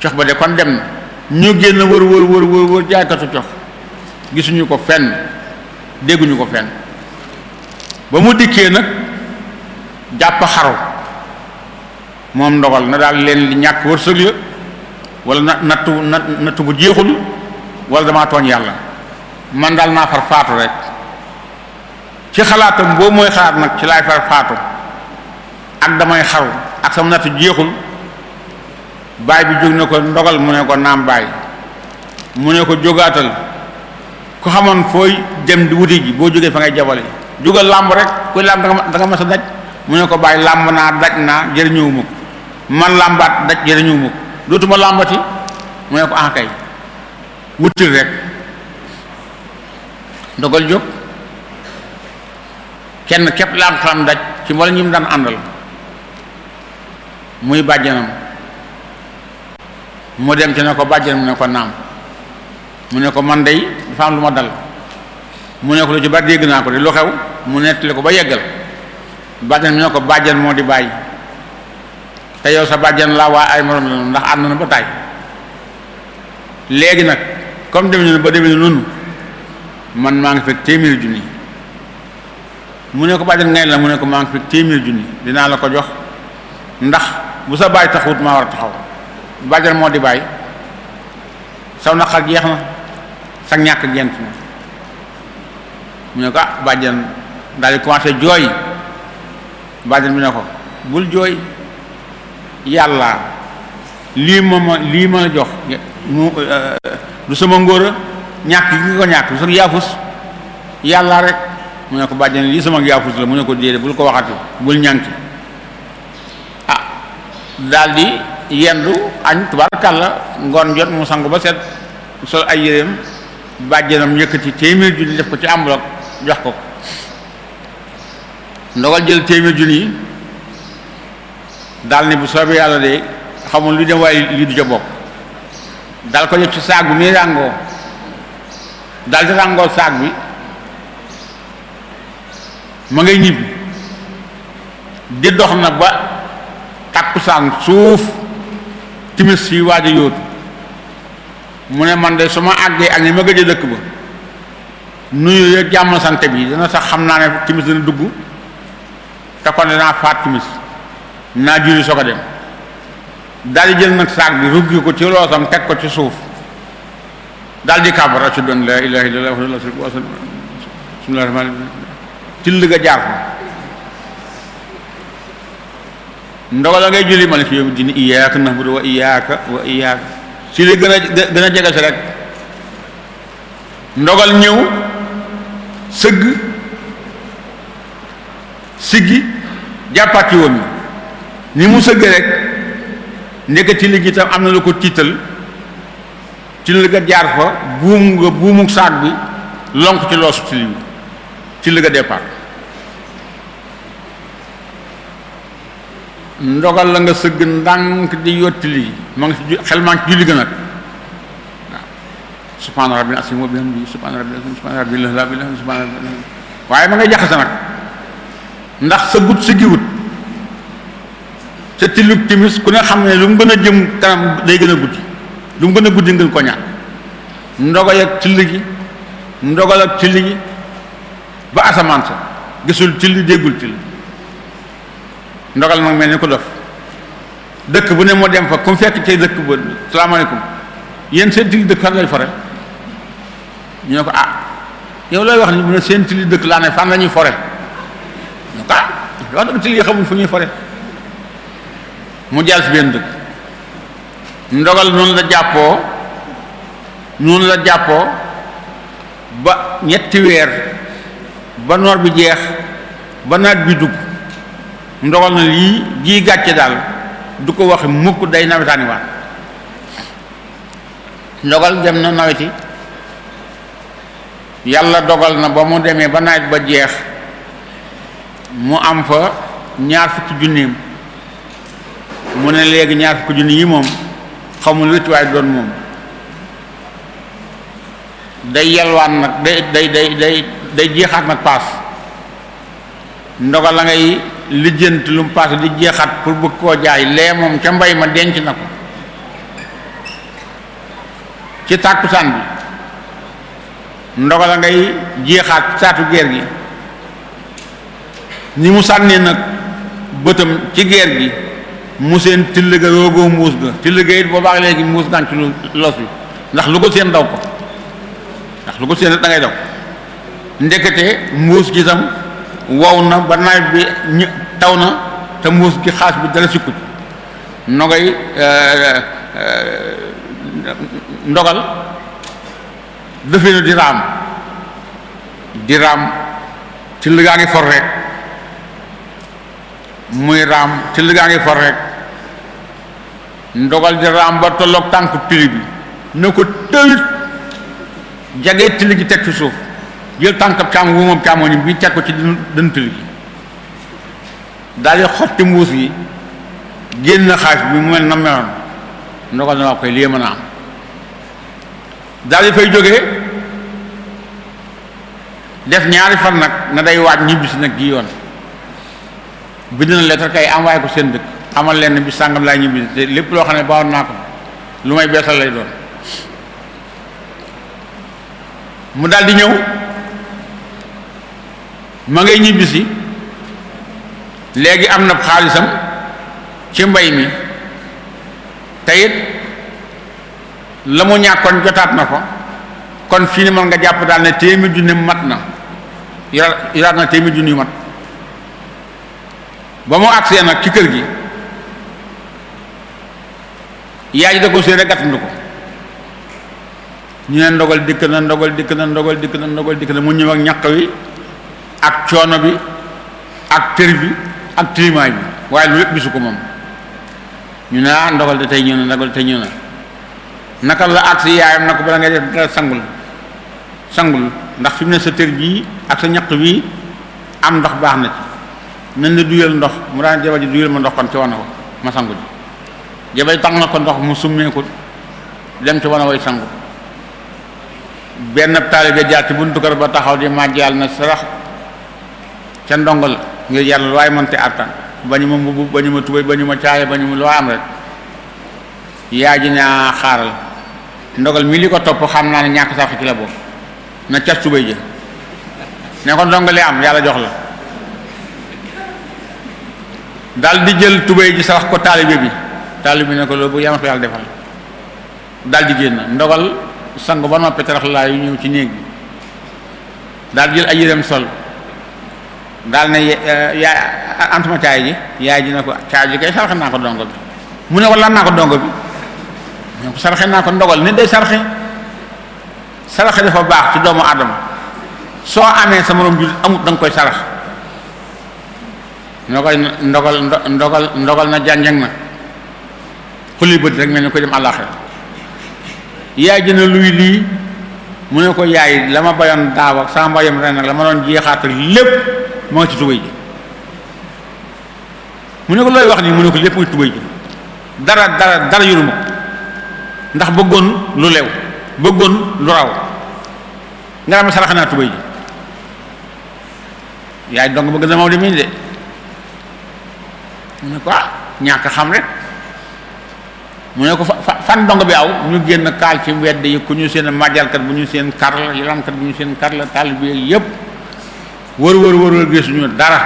cox ba de kon dem na ñu génn wër wër wër wër wër jaaykatu cox gisuñu ko fenn dégguñu ko fenn ba mu dikkee nag jàpp xaru moom ndogal na daal leen li ñàkk wërsëg ya wala na nattu bu jeexul wala damaa tooñ yàlla man daal naa far faatu rek ci xalaatam boobu mooy xalaat nag ci laay far faatu ak damay xaru ak sama nattu jeexul baay bi jóg ne ko ndogal mu ne ko naam baay mu ne ko jógaatal ku xamoon fooy dem di wuti ji boo jógee fa ngay jabale jógal làmb rek kuy làmb da nga daj mu ne ko bàyyi làmb naa daj naa jëriñëwuma ko man làmbaat daj jëriñëwuma ko dootuma làmbati mu ne ko ah kay wutil rek dogal jóg kenn képp la xalam daj ci mboolem ñi mu daan àndal muy bàjjanam mu dem ci ne ko bàjjan mu ne ko naam mu ne ko man dey dafa am lu ma dal mu ne ko lu ci bari dégg naa ko de lu xew mu nettali ko ba yeggal bàjjan mu ne ko bàjjan moo di bàyyi te yow sa bàjjan laa waa ay morom la ndax ànd na ba taay léegi nag comme dem ñu ba demee ne noonu man maa ngi fekk téeméer junni mu ne ko bàjjan ngay la mu ne ko maa ngi fekk téeméeri junni dinaa la ko jox ndax bu sa baay taxawut maa war a taxaw bàjjan moo di baay saw naqar jeex na sa ñàkk gent na mu ne ko ah bàjjan daal di commencé jooy bàjjan bi ne ko bul jooy yàlla lii ma ma lii ma la jox mu euh, du sama ngóora ñàkk gi ko ñàkk du sama yaafus yàlla rek mu ne ko bàjjan lii sama yaafus la mu ne ko déedéet bul ko waxati bul ñànki ah daal di yendu añ tubaarkàlla ngoon jot mu sangu ba set sol ay yéreem bàjjanam yëkkati téeméer junni def ko ci enveloppe jox ko ndogal jël téeméer junni daal ne bu soobee yàlla de xamul lu dem waaye yu du ca bokk daal ko yëg ci saag bi muy ràngoo daal di ràngoo saag bi ma ngay ñibbi di dox na ba takkusaan suuf timis yi waaj a yóotu mu ne man de su ma àggee ak ni ma gëj a dëkk ba nuyu yëg jàmm sante bi dana sax xam naa ne timis dana dugg te kon danaa faat timis naa julli soo ko dem daldi di jël nag saak bi ruggi ko ci loosam teg ko ci suuf daal di kàbbara ci doon la ilaha illallah wa bismillah rahmaan till ga jaar fa ndoga la ngay julli malik yawmi din iyyaka na'budu wa iyyaka wa iyyaka ci li gën a gën a jege si rek ndogal ñëw sëgg siggi jàppaat ci woon ni mu sëgg rek nekk ci liggéey tam am na lu ko tiital ci la nga jaar fa buum nga buumu saag bi lonk ci loosu ci bi ci la nga ndogal la nga sëgg ndànk di yotti lii ma ngi si xel maa ngi ci julli gën nag waaw subhaana rabbil asiim wa bihamdihi subhaana rabbil asiim subhaana rabbil la waaye ma ngay jaxase nag ndax sa gut te tilug timis ku ne xam ne lu mu gën a jëm kanam day gën a guddi lu mu gën a guddi ngeen ko ñaan ndogal ak tilli gi ndogal ak tilli gi ba asamaan sa gisul tilli déggul tilli ndogal nag mel ni ko dof dëkk bu ne moo dem fa ku mu fekk tey dëkk ba salaamaaleykum yéen seen tilli dëkk fan lay fore ñu ko ah yow looy wax ni mu ne seen tilli dëkk laa ne fan la ñuy fore ñu ko ah wax dëgg tilli yi xamul fu ñuy fore mu jàll si benn dëkk ndogal noonu la jàppoo noonu la jàppoo ba ñetti weer ba noor bi jeex ba naat bi dugg ndogal na lii gii gàcce daal du ko wax mukk day nawetaani waat ndogal dem na naweti yàlla dogal na ba mu demee ba naaj ba jeex mu am fa ñaar fukki junneem mu ne léegi ñaar fukki junni yi moom xamul wétuwaay doon moom day yalwaan nag day day day day day jeexaat nag paas ndogal la ngay lijjant lu mu paas di jeexaat pour bëgg koo jaay lee moom ca mbay ma denc na ko ci tàkkusaan bi ndogal la ngay jeexaat saatu geer gi ni mu sànnee nag bëtam ci geer gi mu seen till ga roogoo muus ga till ga it boobaa léegi muus naan ci los bi ndax lu ko seen daw ko ndax lu ko seen da ngay daw ndekete muus wow na ba nawet bi ñë taw na te mbuus gi xaas bi dala sikkut nogay eh, eh, ndogal dafee na di raam di ngi for muy raam till gaa ngi for rek ndogal dina am ba tolloog tànku tili bi na ko tëwit jege tili gi teg ci suuf jël tànkab càmm wu moom càmmoñam bi teg ko ci dën tili gi daal di xotti mbuus gi génn xaalis bi mu mel na meloon ndogal na wax koy lii mën a am daal di fay jógee def ñaari fan nag nga day waaj ñibbisi nag gi yoon bind na lettre kay envoyé ko seen dëkk amal leen bi sàngam laay ñibbi te lépp loo xam ne baawoon naa ko lu may beesal lay doon mu daldi ñëw ma ngay ñibbisi léegi am na xaalisam ci mbay mi te it la mu ñàkkoon jotaat na ko kon fii ni mën nga jàpp daal ne téeméer junni mat na yoraat yoraat na téeméer junni mat ba mu agsee nag ci kër gi yaay ji da ko seen rek ko ñu ne ndogal dikk na ndogal dikk na ndogal dikk na ndogal dikk na mu ñëw ak ñaq wi ak coono bi ak tër bi ak tilimaay bi waaye lu lépp gisu ko moom ñu ne ah ndogal da tey ñëw na ndogal tey ñëw na naka la ak yaayam na ko bala ngay def dara sangul sangul ndax fi mu ne sa tër bii ak sa ñaq bii am ndox baax na ci nañ la duyal ndox mu daan jabar ji duyal ma ndox kon ci wax na ko ma sangu ji jabay tàng na ko ndox mu summeeku dem ci wana way sangu benn taalibe jaar ci buntu kër ba taxaw di màjjal na sarax ca ndongal ngir yàlla lu waay mënte attan ba ñu ma mbubb ba ñu ma tubay ba ñu ma caaya ba ñu ma am rek yaa ji naa ah, xaaral ndogal mii li ko topp xam naa ne ñàkk sax ci la boobu na cas tubay ji ne ko ndongali am yàlla jox la dal di jël tubay ji sax ko taalibe bi taali bi ne ko loolu bu yama ko yàlla defal daal di génn ndogal sangu ba noppi tarax laa ñëw ci néeg bi daal jël ay yërëm sol daal ne yaa antuma caay ji yaay ji ne ko caay ji kay sarxe naa ko dongo bi mu ne ko lan naa ko dongo bi mu ne ko sarxe naa ko ndogal nit day sarxe saraxe dafa baax ci doomu aadama soo amee sa moroom jullit amut da koy sarax ndogal ndogal ndogal ndogal na jànjan na xulli bët rek mel ni ko dem àllaaxira yaay ji ne luy lii mu ne ko yaay la ma bayoon daaw ak sama mbayam nag la ma doon jeexaatal lépp moo ci tubéy ji mu ne ko looy wax nii mu ne ko lépp nga tubéy ji dara dara dara yuru ndax bëggoon lu lew bëggoon lu raw nga dama sarax naa ji yaay dong bëgg na Maodo mii de mu ne ko ah ñàkk xam rek mu ne ko fa fan dong bi aw ñu génn kaal ci wedd yi ku ñu seen majalkat bu ñu seen kar la yalankat bu ñu seen kar la taalibe yépp wër wër wër wër gisuñu dara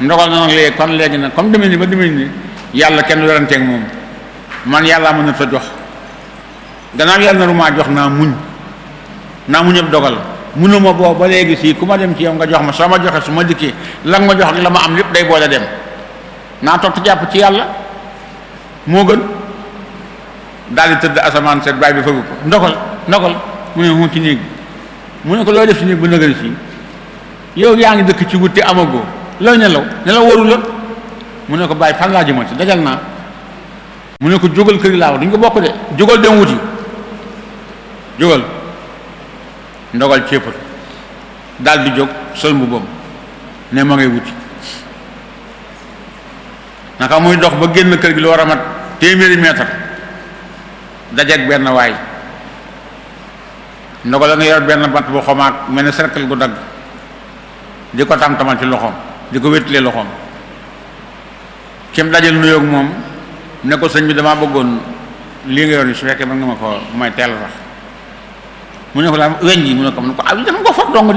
ndogal na nag kon léegi nag comme demee ni ba demee ni yàlla kenn weranteeg moom man yàllaa mën na ta jox gannaaw yàlla na rumaa jox naa muñ naa muñ ab dogal munuma boo ba léegi si ku ma dem ci yow nga jox ma soo ma joxe su ma dikkee lan ma jox ak la ma am lépp day boole dem naa toog jàpp ci yàlla moo gën daal di tëdd asamaan set baay bi fëgg ko ndogal ndogal mu ne moom ci néeg bi mu ne ko looy def ci néeg ba nëgëri fii yow yaa ngi dëkk ci wutte amagoo looy nelaw nelaw waru mu ne ko bàyyi fan laa jëmal ci dajal naa mu ne ko jógal kër laaw dañ ko bokk de jógal dem wuti jógal ndogal céppal daal di jóg sol bu boobu ne ma ngay wuti naka muy dox ba génn kër gi lu war a mat téeméeri mètre dajeeg benn waay ndogo la nga yor benn bant bu xomaag mel ni cercle gu dagg di ko tam-tamal ci loxoom di ko wétlee loxoom kim dajal nuyoog moom ne ko sëñ bi damaa bëggoon lii nga yor ni su fekkee mën nga ko may teel sax mu ne ko laa weñ ji mu ne ko ko ah dama ko foog dong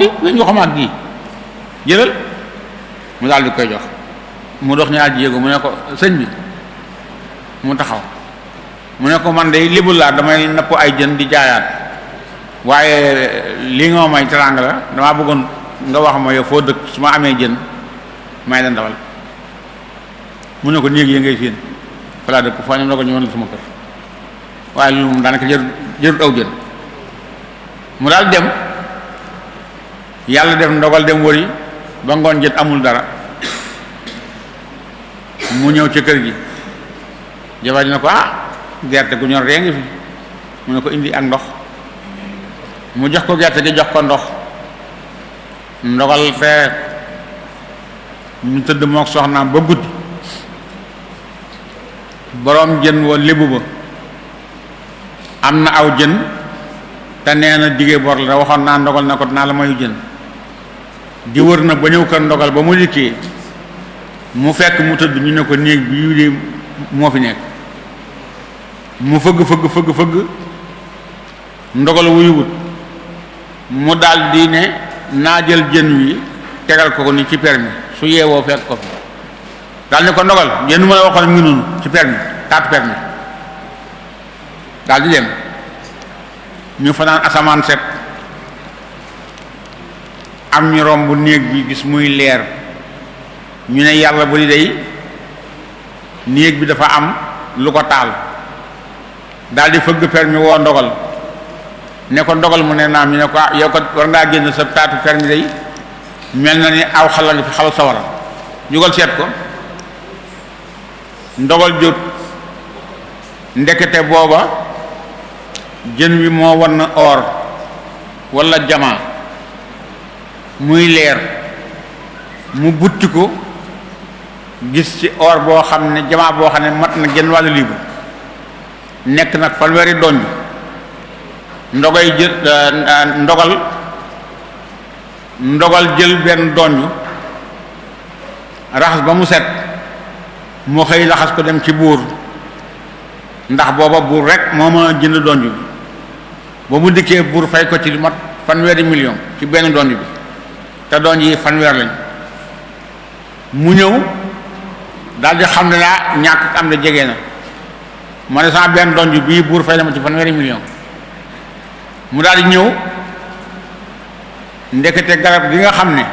mu daal di koy jox mu dox ñaar jéego mu ne ko sëñ bi mu taxaw mu ne ko man day libu laa damay napp ay jën di jaayaat waaye lii nga may teraanga la damaa bëggoon nga wax ma yow foo dëkk su ma amee jën may la ndawal mu ne ko néeg yi ngay fiin fa dëkk foo ñoom la ko ñëwoon la sama kër waaye loolu moom daanaka jërut jërut aw jën mu daal dem yàlla def ndogal dem wëri ba ngoon jën amul dara mu ñëw ci kër gi jabar ji na ko ah gerte gu ñor ree ngi fi mu ne ko indi ak ndox mu jox ko gerte gi jox ko ndox ndogal fee ñu tëdd mook soxnaam ba guddi boroom jën wa lébu ba am na aw jën te nee na jigée bor la waxoon naa ndogal na ko naa la mayu jën di wër nag ba ñëw kër ndogal ba mu dikkee mu fekk mu tëdd ñu ne ko néeg bi yu moo fi nekk mu fëgg fëgg fëgg fëgg ndogal wuyuwut mu daal di ne naa jën wi tegal ko ko ni ci permi su yeewoo fekk ko fi daal ko ndogal jën ma la waxoon mi ngi noonu ci permi taatu permi daal di dem ñu fanaan asamaan set am ñu romb néeg bi gis muy leer ñu ne yàlla bu di day néeg bi dafa am lu ko taal daal di fëgg permi woo ndogal ne ko ndogal mu ne naa ñu ne ko ah yow war ngaa génn sa taatu permi day mel na ni aw xala nga fi xaw sawara jugal seet ko ndogal jot ndekete booba jën wi moo war na or walla jamaa muy leer mu butti ko gis ci or boo xam ne jamaa boo xam ne mat na genn wàllu liibu nekk nag fanweeri doñ ndogay jël euh, euh, ndogal ndogal jël benn doñ raxas ba mu set moo xëy laxas ko dem ci buur ndax booba buur rek moo mën a jënd donj bi ba mu dikkee buur fay ko ci lu mat fanweeri million ci benn donj bi te donj yi fanweer lañ mu ñëw daldi xam ne laa ñàkk am na jege na ma ne sama benn donj bii buur fay na ma ci fanweeri million mu daal di ñëw ndekete garab gi nga xam ne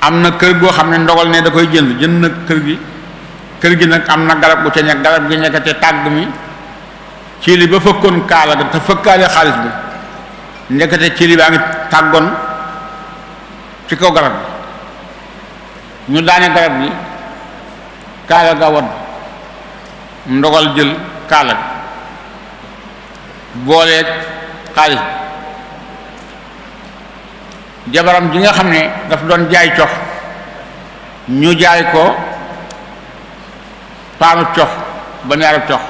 am na kër goo xam ne ndogal ne da koy jënd jënd na kër gi kër gi nag am na garab gu ca nekk garab gi nekkate tàgg mi ci li ba fëkkoon kaala ga te fëkkaale xaalis bi ndekete ci baa ngi tàggoon ci kaw garab gi ñu daane garab gi kaala ga wadd ndogal jël kaala booleeg xaalis jabaram ji nga xam ne daf doon jaay cox ñu jaay ko paanub cox ba ñaarub cox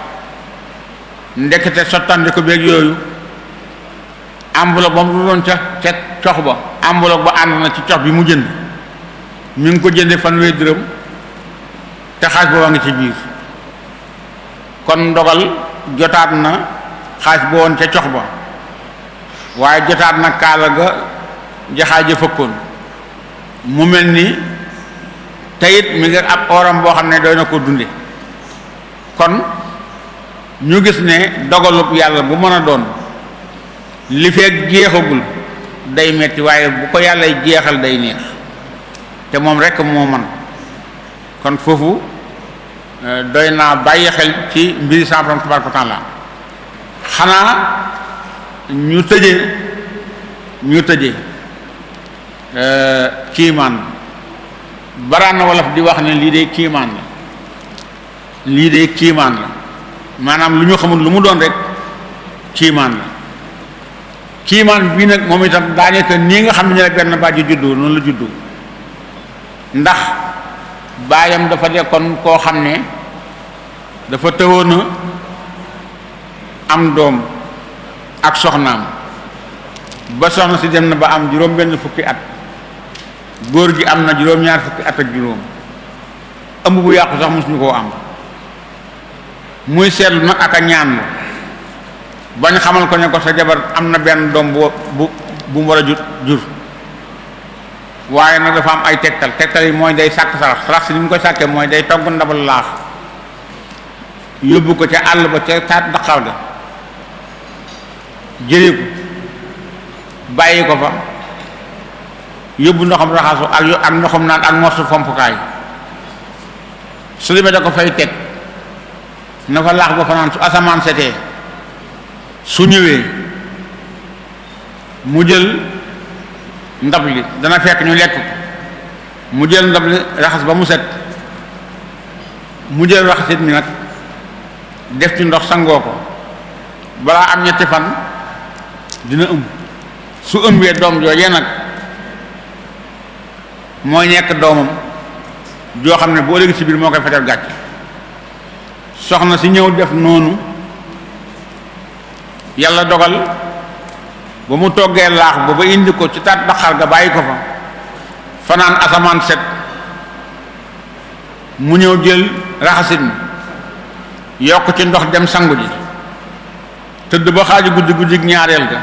ndekete sottandi ko beeg yooyu ambulog ba mu doon ca ca cox ba ambulog ba ànd na ci cox bi mu jënd mu ngi ko jënde fanweeri dërëm te xaalis booba ngi ci biir kon ndogal jotaat na xaaj ba woon ca cox ba waaye jotaat na kaala ga jaxaaj ja fëkkoon mu mel ni teyit mi ngi ab oram boo xam ne doy na ko dunde kon ñu gis ne dogalub yàlla bu mën a doon li feeg jeexagul day metti waaye bu ko yàllay jeexal day neex te moom rekk moo man kon foofu Euh, doy naa bàyyi xel ci mbiri sa borom tabaraka taala xanaa ñu tëje ñu tëje euh, kiimaan baraan na wolof di wax ne lii de kiimaan la lii de kiimaan la maanaam lu ñu xamul lu mu doon rek kiimaan la kiimaan bii nag moom itam daanaka nii nga xam ne ne benn baaj ju noonu la juddu ndax baayam dafa nekkoon koo xam ne dafa tëwoon na am doom ak soxnaam ba soxna si dem na ba am juróom benn fukki at góor gi am na juróom ñaar fukki at ak juróom ëmb bu yàqu sax mosuñu koo am muy seetlu na ak a ñaan la bañ xamal ko ne ko sa jabar am na benn doom bu bu bu mu war a jur jur waaye nag dafa am ay tegtal tegtal yi mooy day sàkk sarax sarax si ni mu ko sàkkee mooy day togg ndabal laax yóbbu ko ca àll ba ca taat ndaxaw la jëlee ko bàyyi ko fa yóbbu ndoxam raxasu ak yu naan ak morsu fompukaay su demee ko fay teg na fa laax ba fanaan su asamaan setee su ñëwee mu jël ndab li dana fekk ñu lekk mu jël ndab li raxas ba mu set mu jël raxasit mi nag def ci ndox sangoo ko balaa am ñetti fan dina ëmb su ëmbee doom joojee nag mooy nekk doomam joo xam ne boo léegi ci biir moo koy fajal gàcc soxna si ñëw def noonu yàlla dogal ba mu toggee laax ba ba indi ko ci taat daqaar ga bàyyi ko fa fanaan asamaan set mu ñëw jël raxasit mi yokk ci ndox dem sangu ji tëdd ba xaaju guddi guddi ñaareel ga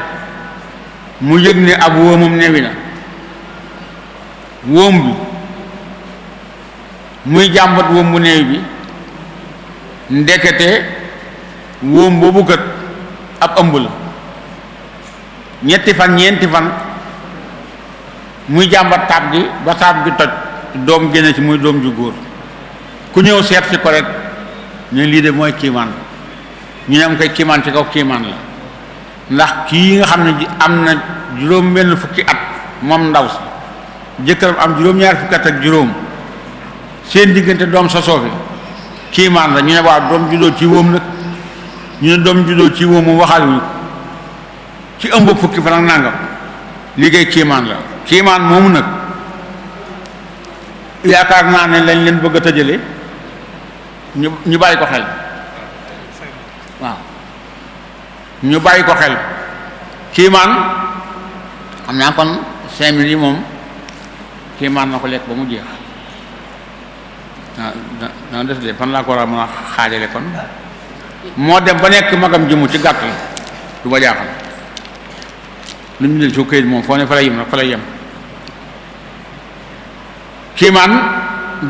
mu yëg ni ab wóomam newi na wóom bi muy jàmbat wóom bu neew bi ndekete wóom boobu kat ab ëmb la ñetti fan ñeenti fan muy jàmbat taab gi ba taab gi toj doom génne ci muy doom ju góor ku ñëw seet si ko rek ñu lii de mooy kiimaan ñu ne am koy kiimaan ci kaw kiimaan la ndax kii nga xam ne am na juróom benn fukki at moom ndaw si jëkkëram am juróom-ñaar fukki at ak juróom seen diggante doom sosoo fi kiimaan la ñu ne waaw doom juddoo ci wóom nag ñu ne doom juddoo ci wóom moom waxaal ñu ci ëmb fukki fan ak nangam liggéey kiimaan la kiimaan moomu nag yaakaar naa ne lañ leen bëgg a tëjale ñu ñu bàyyi ko xel waaw ñu bàyyi ko xel kiimaan am naa kon cinq minutes yi moom kiimaan na ko lekk ba mu jeex ah dana des de fan laa ko war a mën a xaajale kon moo dem ba nekk magam jëmu ci gàtt du ba jaaxal lu ñu leen su këyit moom foo ne fa lay yem rek fa lay yem kiimaan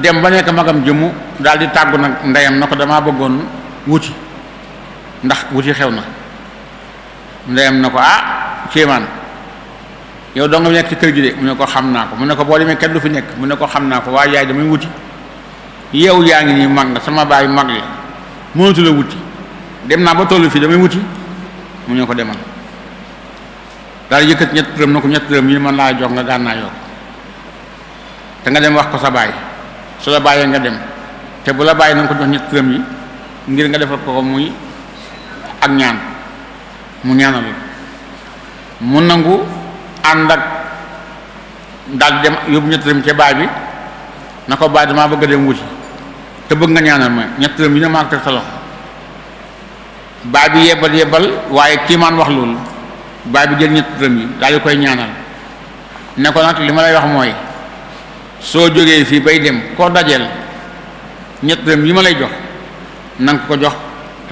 dem ba nekk magam jëmu dal di tàggu nag ndeyam na ko damaa bëggoon wuti ndax wuti xew na ndeyam na ko ah kéemaan yow doo nga nekk kër gi de mu ne ko xam naa ko mu ne ko boo demee kenn du fi nekk mu ne ko xam naa ko waaye yaay damay wuti yow yaa ngi nii mag nga sama baay mag la mënatu la wuti dem naa ba tollu fii damay wuti mu ne ko demal daal yëkkat ñett dërëm na ko ñett dërëm yi man laa jox nga daan naa yokk te nga dem wax ko sa baay su la bàyyee nga dem te bu la bàyyi na ko jox ñett rëm yi ngir nga defal ko muy ak ñaan mu ñaanal mu nangu ànd ak daal dem yóbbu ñett dërëm ca baay bi na ko baay damaa bëgg a dem wuti te bëgg nga ñaanal ma ñett dërëm yi ne maa ko teg sa loxo baay bi yebal yebal waaye kiimaan wax loolu baay bi jël ñett dërëm yi daal di koy ñaanal ne ko li ma lay wax mooy soo jógee fii bay dem koo dajeel ñett dem yi ma lay jox nanga ko jox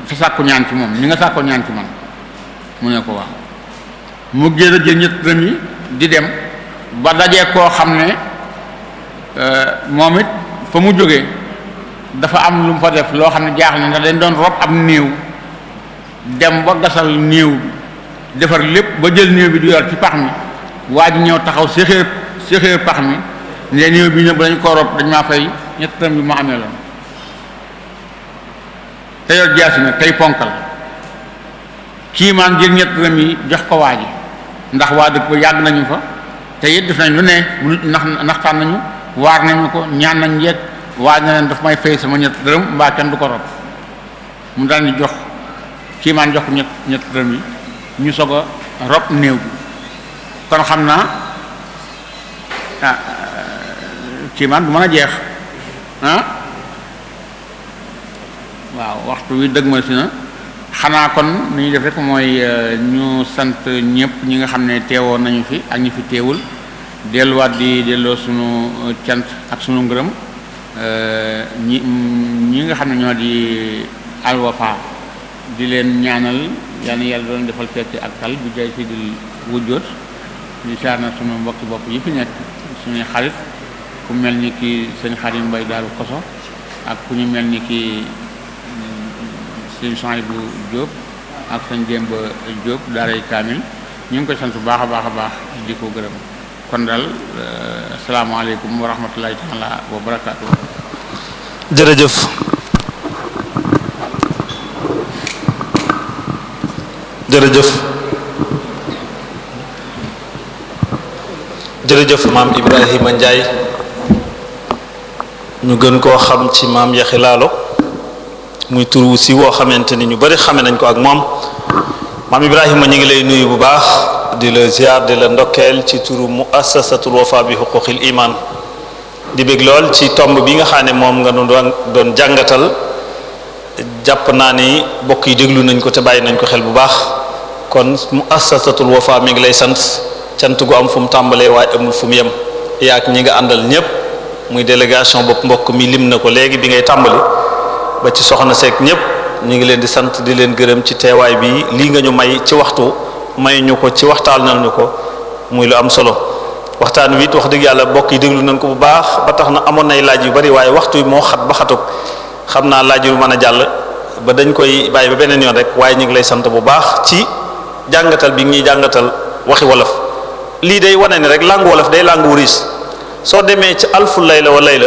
te sàkku ñaan ci moom ni nga sàkku ñaan ci man mu ne ko waaw mu génn a jël ñett dem yi di dem ba dajee koo xam ne euh, moom it fa mu jógee dafa am lu mu fa def loo xam ne jaaxal na ndax dañ doon rob am néew dem ba gasal néew defar lépp ba jël néew bi du yor ci pax mi waa ji ñëw taxaw séxéer séxéer pax mi leen yow bi na bu lañ ko rob dañ maa fay ñett dërëm bi ma amee loon te yor jaasi tey ponkal kii maan jël ñett dërëm yi jox ko waa ndax waa dëkk ba yàgg nañu fa te it def nañ nañu waar nañu ko ñaan nañ waa na leen daf may fay sama ñett dërëm mbaa kenn du ko rob mu daal jox kiimaan maan jox ko ñett ñett dërëm yi ñu soog a rob néew bi kon xam naa ah, kiimaan bu ma a jeex waaw waxtu wi dëgg ma si na xanaa kon ni ñu def rek mooy euh, ñu sant ñëpp ñi nga xam ne teewoon nañu fi ak ñu fi teewul delluwaat di delloo sunu euh, cant ak sunu ngërëm euh, ñi ñi nga xam ne ñoo di alwafa di leen ñaanal yal na yàlla doon defal fekk ak tal bi jaay si di wujjoot di saar na sunu mbokki bopp yi fi nekk suñuy xarit ku mel ni ki sëñ Xarim Mbay Daaru Koso ak ku mel ni ki sëñ Sohaybu Jóob ak sëñ Demba Jóob ñu ngi koy sant bu baax a baax a baax di ko gërëm kon daal euh, jërëjëf jërëjëf ñu gën koo xam ci maam yaxi laalo muy tur si woo xamante ni ñu bari xame nañ ko ak moom maam Ibrahima ñu ngi lay nuyu bu baax di la ziar di la ndokkeel ci turu mu muassasatul wafa bi xuquqil imaan di bég lool ci tomb bi nga xam ne moom nga doon doon jàngatal jàpp naa ni bokk yi déglu nañ ko te bàyyi nañ ko xel bu baax kon muassasatul wafa mi ngi lay sant cant gu am fu mu tàmbalee waaye amul fu mu yem yaak ñi nga àndal ñépp muy délégation bopp mbokk mi lim na ko léegi bi ngay tàmbali ba ci soxna seek ñëpp ñu ngi leen di sant di leen gërëm ci teewaay bii lii nga ñu may ci waxtu may ñu ko ci waxtaan nañu ñu ko muy lu am solo waxtaan wi it wax dëgg yàlla bokk yi déglu nañ ko bu baax ba tax na amoon nay laaj yu bari waaye waxtu yi moo xat ba xatug xam naa laaj yu mën a jàll ba dañ koy bàyyi ba beneen yoon rek waaye ñu ngi lay sant bu baax ci jàngatal bi ñuy jàngatal waxi wolof lii day wane rek langue day langue soo demee ci alfu layla wa layla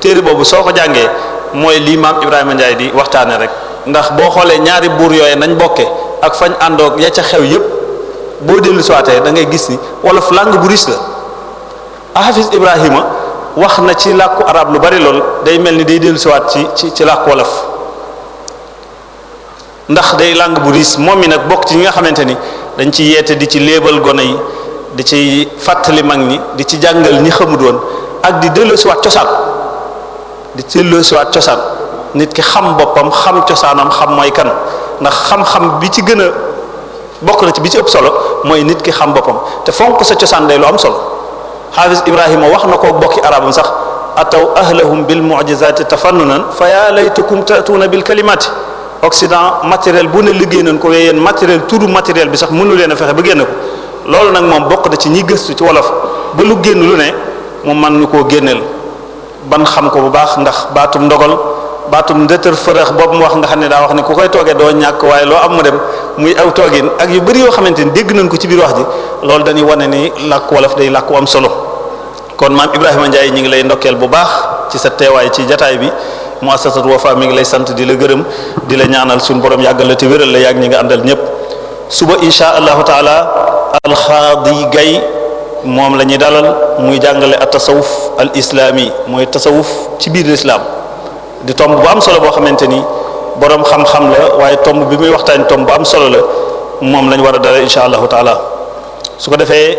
téere boobu soo ko jàngee mooy lii maam Ibrahima Ndiaye di waxtaane rek ndax boo xoolee ñaari buur yooyu nañ bokke ak fañ àndoog ya ca xew yépp boo dellu siwaatee da ngay gis ni wolof langue bu riche la Hafiz Ibrahima wax na ci làkku arab lu bari lool day mel ni day dellu ci ci ci làkk wolof ndax day langue bu riche moom mi nag bokk ci ñi nga xamante ni dañ ci yeete di ci léebal gone yi di ci fàttali mag ñi di ci jàngal ñi xamu doon ak di delloosiwaat cosaan di delloosiwaat cosaan nit ki xam boppam xam cosaanam xam mooy kan ndax xam-xam bi ci gën a bokk na ci bi ci ëpp solo mooy nit ki xam boppam te fonk sa cosaan day lu am solo xaafis ibrahima wax na ko bokki arabam sax ataw ahlahum bil mu'jizati tafannunan fa yaa laytukum tatuna bil kalimati occident matériel bu ne liggéey nañ ko waaye yéen matériel tudu matériel bi sax mënu leen a fexe ba génn ko loolu nag moom bokk na ci ñi gëstu ci wolof ba lu génn lu ne mu man ñu koo génneel ban xam ko bu baax ndax baatum ndogal baatum ndëtër fërëx boobu mu wax nga xam ne daa wax ne ku koy toogee doo ñàkk waaye loo am mu dem muy aw toogin ak bëri yoo xamante ni dégg nañ ko ci biir wax ji loolu dañuy wane ni làkk wolof day làkk am solo kon maam Ibrahima Ndiaye ñi ngi lay ndokkeel bu baax ci sa teewaay ci jataay bi muassasat Wafa mi ngi lay sant di la gërëm di la ñaanal suñu borom yàggal la te wéral la yàgg ñi nga àndal ñëpp suba alxaadi gay moom la ñuy dalal muy jàngale at tasawuf al islaami mooy tasawuf ci biir lislaam di tomb bu am solo boo xamante ni boroom xam-xam la waaye tomb bi muy waxtaan tomb bu am solo la moom lañu war a dalal incha allahu taala su ko defee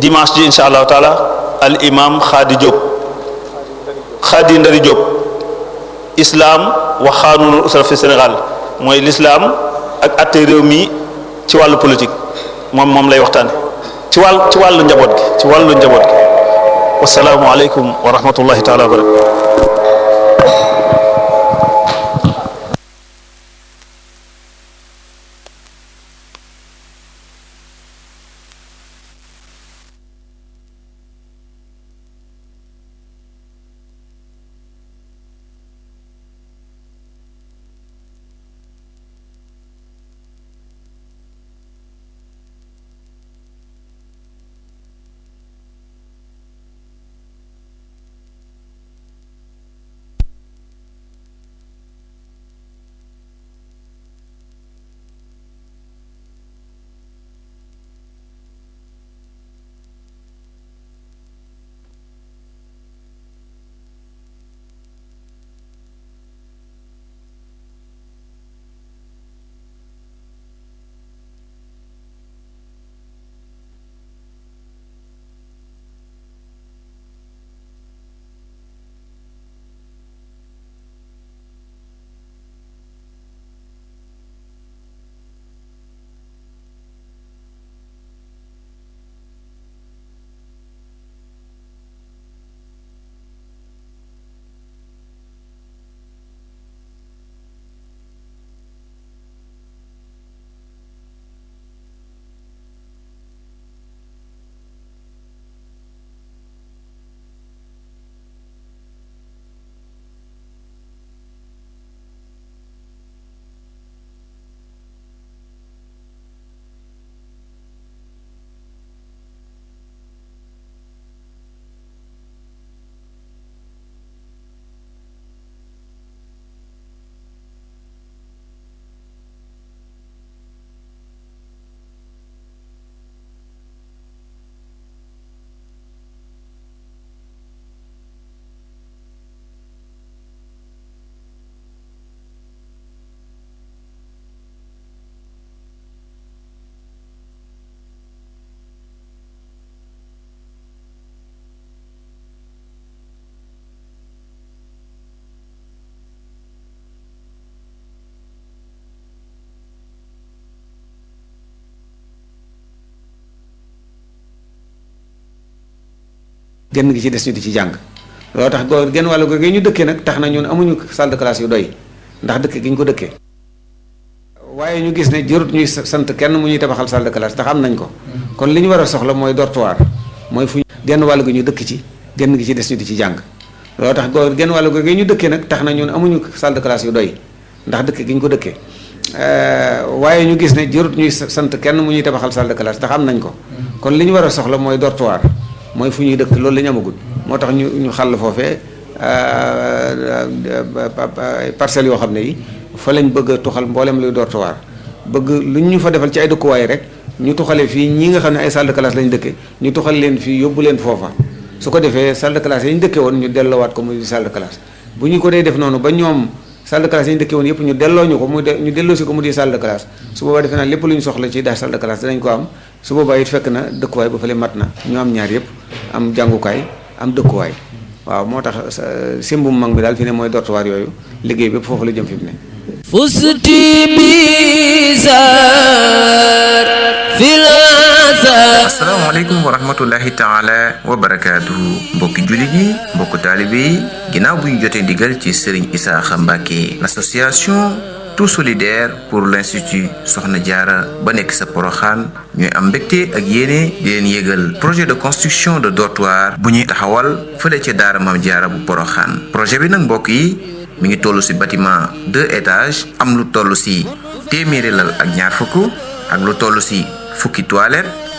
dimanche ji incha allahu taala al imam xaadi jóob xaadi Ndari Diop islaam wa xaanunul usra fi Sénégal mooy lislaam ak atte réew mi ci wàll politique. moom moom lay waxtaane ci wàll ci wàllu njaboot gi ci wàllu njaboot gi wasalaamu aleykum wa rahmatullahi taala wa barakatu genn gi ci des ñu ci jàng loolu tax goo genn wàllu googee ñu dëkkee tax na ñun amuñu salle yu doy ndax dëkk gi ñu ko dëkkee waaye ñu gis ne jërut ñuy sant kenn mu ñuy tabaxal salle de classe am nañ ko kon li ñu war a soxla mooy dortoir mooy fu genn wàllu gi ñu dëkk ci genn gi ci des ñu di ci jàng loo tax goo genn wàllu googee ñu dëkkee nag tax na ñun amuñu salle de classe ndax dëkk gi ko dëkkee euh, waaye ñu gis ne jërut ñuy sant kenn mu ñuy tabaxal salle de classe am nañ ko kon li ñu war a soxla mooy dortoir mooy fu ñuy dëkk loolu la ñu amagul moo tax ñu ñu xàll foofee euh, euh, euh, parcelles yoo xam ne yi fa lañ bëgg a tuxal mboolem luy dortoir bëgg lu ñu fa defal ci ay dëkkuwaay rek ñu tuxale fii ñi nga xam ne ay salle de lañ dëkke ñu tuxal leen fii yóbbu leen foofa su ko defee salle de classe yi ñu dëkke woon ñu delloowaat ko muy salle de bu ñu ko dee def noonu ba ñoom salle de classe yi ñu dëkkee woon yëpp ñu delloo ñu ko mu ñu delloo si ko mu di salle de classe su boobaa defe naa lépp lu ñu soxla ci daa salle de classe ko am su boobaa it fekk na dëkkuwaay ba fële mat na ñu am ñaar yëpp am jàngukaay am dëkkuwaay waaw moo tax simbum mag mi daal fi ne mooy dortuwaar yooyu liggéey bépp foofu la jëm fi ne fusti bizar asalaamaaleykum wa rahmatullahi taala wa barakaatuhu mbokki jullit yi mbokk taalibe ginnaaw bu ñu jotee ndigal ci Serigne Isaaxa Mbàkke l'association tout solidaire pour l'institut Soxna Jaara ba nekk sa Poroxaan ñooy am mbégte ak yéene di leen yëgal projet de construction de dortoir bu ñuy taxawal fële ca daara Maam Jaara bu Poroxaan projet bi nag mbokk yi mi ngi toll ci bâtiment deux étages am lu toll ci téeméeri lal ak ñaar fukk ak lu toll ci fukki toilette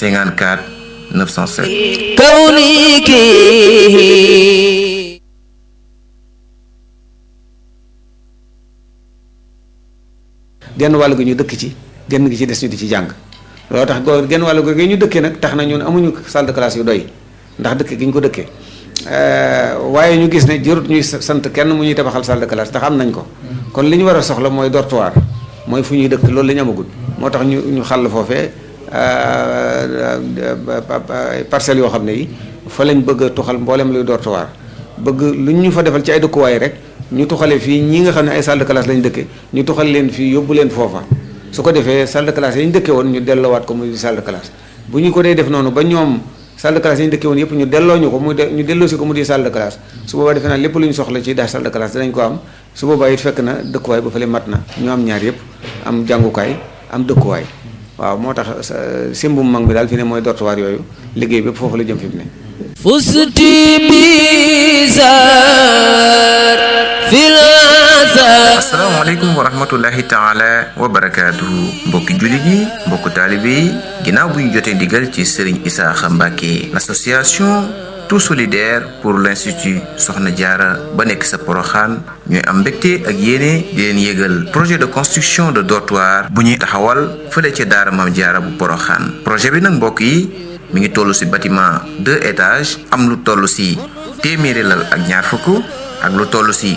54 907 kawniki genn wàll gi ñu dëkk ci genn gi ci des ñu di ci jàng loolu tax go genn wàll gi ñu dëkkee nag tax na ñun amuñu salle de classe yu doy ndax dëkk gi ñu ko dëkkee waaye ñu gis ne jërut ñuy sant kenn mu ñuy tabaxal salle de classe ndax am nañ ko kon li ñu war a soxla mooy dortoir mooy fu ñuy dëkk loolu la ñu amagul moo tax ñu ñu xàll foofee Euh, parcelles yoo xam ne yi fa lañ bëgg a tuxal mboolem luy dortoir bëgg lu ñu fa defal ci ay dëkkuwaay rek ñu tuxale fii ñi nga xam ne ay salle de classe lañ dëkke ñu tuxal leen fii yóbbu leen foofa su ko defee salle de classe yi ñu dëkke woon ñu delloowaat ko muy salle de classe bu ñu ko dee def noonu ba ñoom salle de classe dëkke woon yëpp ñu delloo ñu ko muy ñu delloo si ko mu di salle de classe defe naa lépp lu ñu soxla ci daa salle de classe dinañ ko am su boobaa it fekk na dëkkuwaay ba fële mat na ñu am ñaar yëpp am jàngukaay am dëkkuwaay waaw moo tax simbum mag mi daal fi ne mooy dortuwaar yooyu liggéey bépp foofu la jëm fi ne fusti bizar fil asalaamaaleykum wa rahmatullahi taala wa barakaatuhu mbokki jullit yi mbokku taalibe yi ginnaaw bu ñu jotee digal ci Serigne Isaaxa Mbàkke l'association tout solidaire pour l'institut Soxna Jaara ba nekk sa Poroxaan ñooy am mbégte ak yéene di leen yëgal projet de construction de dortoir bu ñuy taxawal fële ca daara Maam Jaara bu Poroxaan projet bi nag mbokk yi mi ngi toll ci bâtiment deux étages am lu toll ci téeméeri lal ak ñaar fukk ak lu toll ci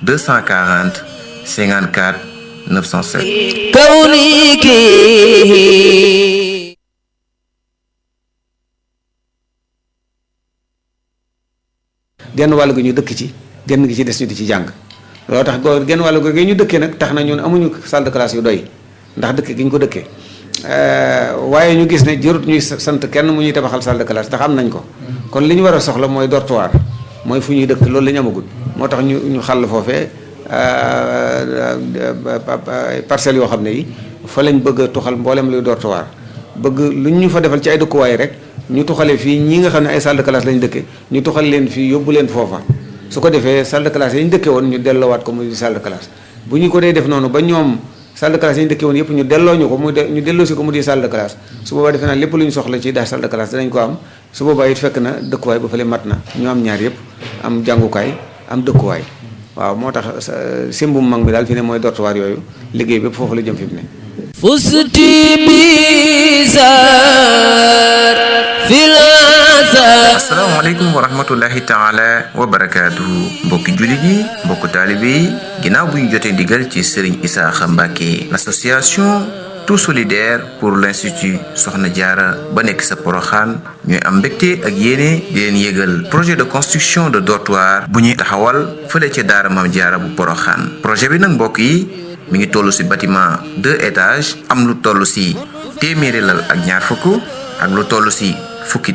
240 54 907 kawniki genn wàll gi ñu dëkk ci genn gi ci des ñu di ci jàng loo tax go genn wàll googu ñu dëkkee nag tax na ñun amuñu salle de classe yu doy ndax dëkk gi ñu ko dëkkee euh, waaye ñu gis ne jërut ñuy sant kenn mu ñuy tabaxal salle de classe ndax am nañ ko kon li ñu war a soxla mooy dortoir mooy fu ñuy dëkk loolu la ñu amagul moo tax ñu ñu xàll foofee euh, euh, euh, parcelles yoo xam ne yi fa lañ bëgg a tuxal mboolem luy dortoir bëgg lu ñu fa defal ci ay dëkkuwaay rek ñu tuxale fii ñi nga xam ne ay salle de classe lañ dëkke ñu tuxal leen fii yóbbu leen foofa su ko defee salle de classe yi ñu dëkke woon ñu delloowaat ko muy salle de classe bu ñu ko dee def noonu ba ñoom salle de classe yi ñu dëkkee woon yëpp ñu delloo ñu ko mu de ñu delloo si ko mu di salle de classe su boobaa defe naa lépp lu ñu soxla ci daa salle de classe ko am su boobaa it fekk na dëkkuwaay ba fële mat na ñu am ñaar yëpp am jàngukaay am dëkkuwaay waaw moo tax simbum mag mi daal fi ne mooy dortoir yooyu liggéey bépp foofu la jëm fi mu ne fusti bizar asalaamaaleykum wa rahmatullahi taala wa barakaatuhu mbokki jullit yi mbokku taalibe yi ginnaaw bu ñu jotee digal ci Serigne Isaaxa Mbàkke l'association tout solidaire pour l'institut Soxna Jaara ba nekk sa Poroxaan ñooy am mbégte ak yéene di leen yëgal projet de construction de dortoir bu ñuy taxawal fële ca daara Maam Jaara bu Poroxaan projet bi nag mbokk yi mi ngi toll ci bâtiment deux étages am lu toll ci téeméeri lal ak ñaar fukk ak lu toll ci fukki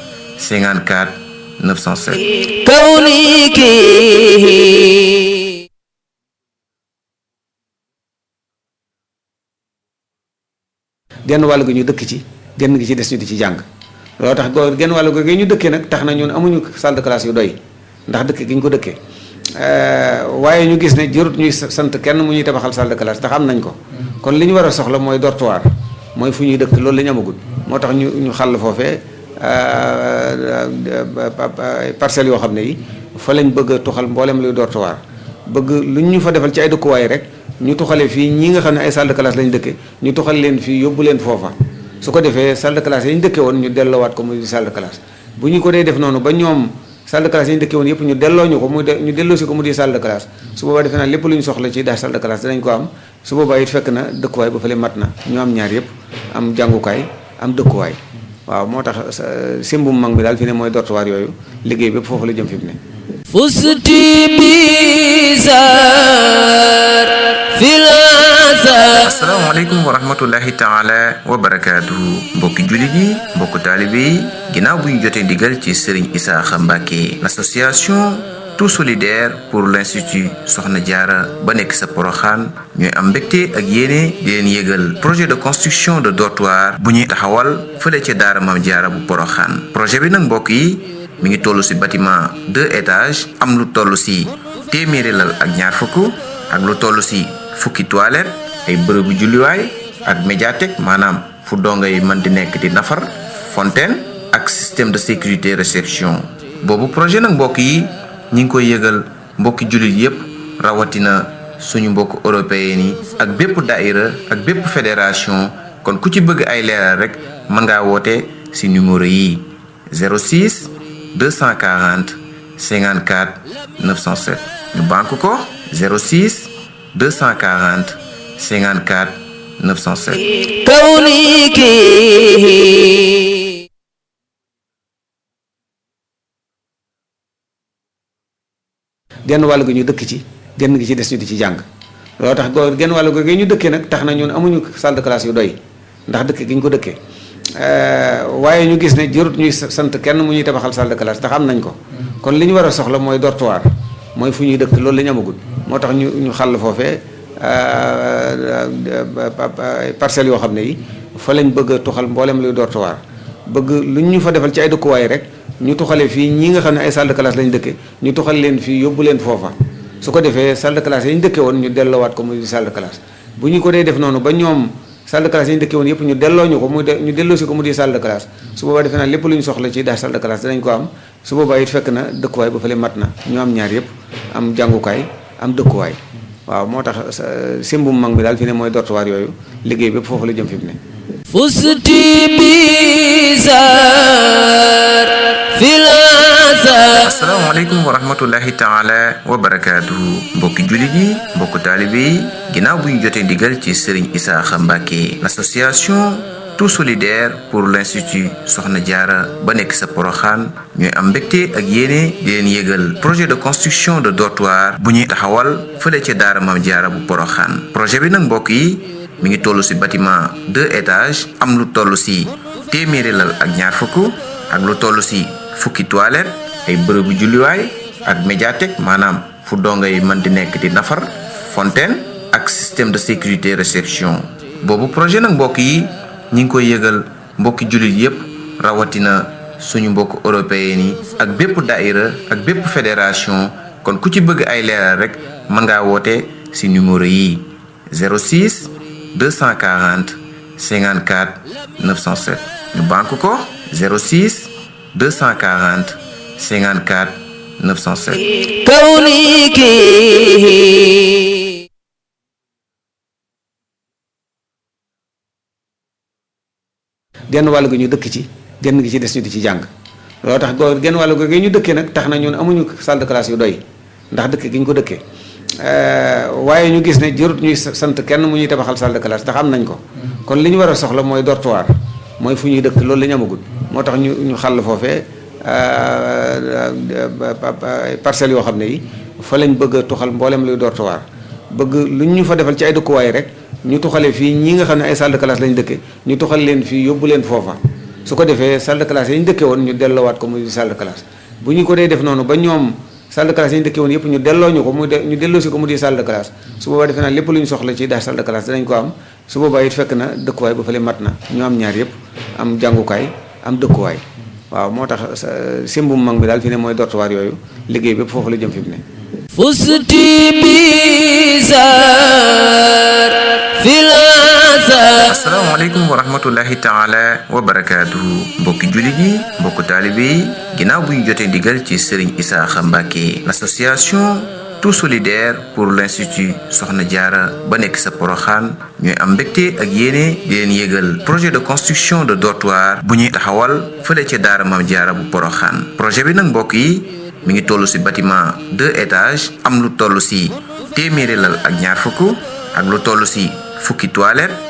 54 907 kawniki genn wàll gi ñu dëkk ci genn gi ci des ñu di ci jàng loolu tax go genn wàll gi ñu dëkkee nag tax nañu ñun amuñu salle de classe yu doy ndax dëkk gi ñu ko dëkkee euh, waaye ñu gis ne jërut ñuy sant kenn mu ñuy tabaxal salle de classe ndax am nañ ko kon li ñu war a soxla mooy dortoir mooy fu ñuy dëkk loolu la ñu amagul moo tax ñu ñu foofee Euh, parcelles yoo xam ne yi fa lañ bëgg a tuxal mboolem luy dortoir bëgg lu ñu fa defal ci ay dëkkuwaay rek ñu tuxale fii ñi nga xam ne ay salle de classe dëkke ñu tuxal leen fii yóbbu leen foofa su ko defee salle de classe yi dëkke woon ñu delloowaat ko muy salle de classe bu ñu ko dee def noonu ba ñoom salle de classe dëkke woon yëpp ñu delloo ñu ko muy ñu delloo si ko mu di salle de classe su boobaa defe naa lépp lu ñu soxla ci daa salle de classe dinañ ko am su boobaa it fekk na dëkkuwaay ba fële mat na ñu am ñaar yëpp am jàngukaay am dëkkuwaay waaw moo tax simbum mag mi daal fi ne mooy dortuwaar yooyu liggéey bépp foofu la jëm fi mu ne fusti bizar fil azar asalaamaaleykum wa rahmatullahi taala wa mbokki jullit yi mbokku taalibe yi ginnaaw bu ñu jotee digal ci sëriñ Isaaxa Mbàkke l'association tout solidaire pour l'institut Soxna Jaara ba nekk sa poroxaan ñooy am mbégte ak yéene di leen yëgal projet de construction de dortoir bu ñuy taxawal fële ca daara Maam Jaara bu poroxaan projet bi nag mbokk yi mi ngi toll ci bâtiment deux étages am lu toll ci téeméeri lal ak ñaar fukk ak lu toll ci fukki toilette ay bërëbu julliwaay ak médiathèque maanaam fu dongo yi man di nekk di nafar fontaine ak système de sécurité réception boobu projet nag mbokk ñi ngi koy yëgal mbokki jullit yépp rawatina suñu mbokk européen yi ak bépp daïra ak bépp fédération kon ku ci bëgg ay leeral rek mën ngaa woote ci numéro yi 06 240 54 907 ñu bank ko 06 240 54 907 kawniki genn wàll gi ñu dëkk ci genn gi ci des ñu di ci jàng loolu tax go genn wàll gi ñu dëkkee nag tax na ñun amuñu salle de classe yu doy ndax dëkk gi ñu ko dëkkee euh, waaye ñu gis ne jërut ñuy sant kenn mu ñuy tabaxal salle de classe ndax am nañ ko kon li ñu war a soxla mooy dortoir mooy fu ñuy dëkk loolu la ñu amagul moo tax ñu ñu xàll foofee euh, parcelles yoo xam ne yi fa lañ bëgg a tuxal mboolem luy dortoir bëgg lu ñu fa defal ci ay dëkkuwaay rek ñu tuxale fii ñi nga xam ne ay salle de classe dëkke ñu tuxal leen fii yóbbu leen foofa su ko defee salle de classe yi dëkke woon ñu delloowaat ko muy salle de classe bu ñu ko dee def noonu ba ñoom salle de classe yi yëpp ñu delloo ñu ko ñu delloo si ko mu di salle de su boobaa defe naa lépp lu ñu soxla ci daa salle de classe danañ ko am su boobaa it fekk na dëkkuwaay ba fële mat na ñu am ñaar yëpp am jàngukaay am dëkkuwaay waaw moo tax simbum mag mi daal fi ne mooy dortoir yooyu liggéey bépp foofu la jëm fi mu فزت بزار في العزاء asalaamaaleykum wa wa barakaatuhu mbokki jullit yi mbokku taalibe yi ginnaaw bu ñu jotee ndigal ci Serigne Isaaxa Mbàkke l'association tout solidaire pour l'institut Soxna Jaara ba nekk sa Poroxaan ñooy am mbégte ak yéene di leen yëgal projet de construction de dortoir bu ñuy taxawal fële ca daara Maam Jaara bu Poroxaan projet bi nag mbokk yi mi ngi toll si batiment de étage am lu toll si téeméeri lal ak ñaar fukk ak lu toll si fukki toilette ay bërëbu julliwaay ak médiathèque maanaam fu dongo yi mën di nekk di nafar fontaine ak système de sécurité réception boobu projet nag mbokk yi ñu ngi koy yëgal mbokki jullit yépp rawatina suñu mbokk européen yi ak bépp daïra ak bépp fédération kon ku ci bëgg ay leeral rek mën ngaa woote si numéro yi 06 240 54 907 ñu banque ko 06 240 54 907 kawniki genn wàll gi ñu dëkk ci genn gi ci des ñu di ci jàng loo tax goo genn wàll gi ñu dëkkee nag tax na ñun amuñu salle de classe yu doy ndax dëkk gi ñu ko dëkkee Euh, waaye ñu gis ne jërut ñuy sant kenn mu ñuy tabaxal salle de classe ndax am nañ ko kon li ñu war a soxla mooy dortoir mooy fu ñuy dëkk loolu la ñu amagul moo tax ñu ñu xàll foofee euh, euh, parcelles yoo xam ne yi fa lañ bëgg a tuxal mboolem luy dortoir bëgg lu ñu fa defal ci ay dëkkuwaay rek ñu tuxale fii ñi nga xam ne ay salle de classe lañ dëkke ñu tuxal leen fii yóbbu leen foofa su ko defee salle de classe yi ñu dëkke woon ñu dellowaat ko muy salle de bu ñu ko dee def salle de classe yi ñu dëkkee woon yëpp ñu delloo ñu ko mu de ñu delloo si ko mu di salle de classe su boobaa defe naa lépp lu soxla ci daal salle de danañ ko am su boobaa it fekk na dëkkuwaay ba fële mat na ñu am ñaar yëpp am jàngukaay am dëkkuwaay waaw moo tax simbum mag mi daal fi ne mooy dortoir yooyu liggéey bépp foofu la jëm fi ne fusti bizar fil asalaamaaleykum wa rahmatullahi taala wa barakaatuhu mbokki jullit yi mbokk taalibe ginnaaw bu ñu jotee ndigal ci Serigne Isaaxa Mbàkke l'association tout solidaire pour l'institut Soxna Jaara ba nekk sa poroxaan ñooy am mbégte ak yéene di leen yégal projet de construction de dortoir bu ñuy taxawal fa ca daara Maam Jaara bu poroxaan projet bi nag mbokk yi mi ngi toll ci bâtiment deux étages am lu toll ci téeméeri lal ak ñaar fukk ak lu toll ci fukki toilette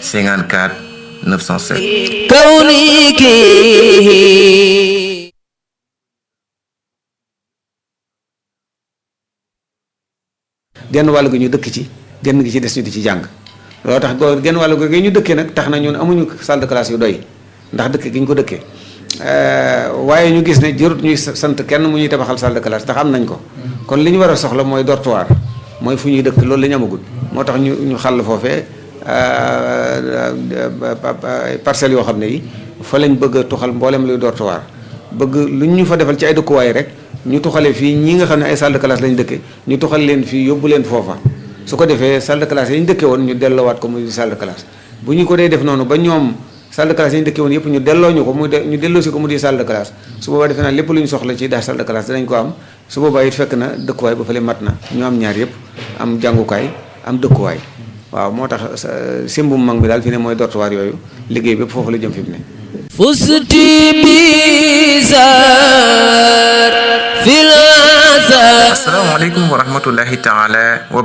54 907 kawniki genn wàll gi ñu dëkk ci genn gi ci des ñu di ci jàng loo tax goo genn wàll gi ñu dëkkee nag tax na ñun amuñu salle de classe yu doy ndax dëkk gi ñu ko dëkkee euh, waaye ñu gis ne jërut ñuy sant kenn mu ñuy tabaxal salle de classe ndax am nañ ko kon li ñu war a soxla mooy dortoir mooy fu ñuy dëkk loolu la ñu moo tax ñu ñu xàll foofee Euh, euh, parcelles yoo xam ne yi fa lañ bëgg a tuxal mboolem luy dortoir bëgg lu ñu fa defal ci ay dëkkuwaay rek ñu tuxale fii ñi nga xam ne ay salle de classe lañ dëkke ñu tuxal leen fii yóbbu leen foofa su ko defee salle de classe yi ñu dëkke woon ñu delloowaat ko muy salle de classe bu ñu ko dee def noonu ba ñoom salle de classe yi dëkke woon yëpp ñu delloo ñu ko ñu delloo si ko mu di salle de classe su boobaa defe naa lépp lu ñu soxla ci daa salle de classe danañ ko am su boobaa it na dëkkuwaay ba fale mat na ñu am ñaar yëpp am jàngukaay am dëkkuwaay waaw moo tax simbum mag mi daal fi ne mooy dortuwaar yooyu liggéey bépp foofu la jëm fi mu ne fusti bizar fil asalaamaaleykum wa rahmatullahi taala wa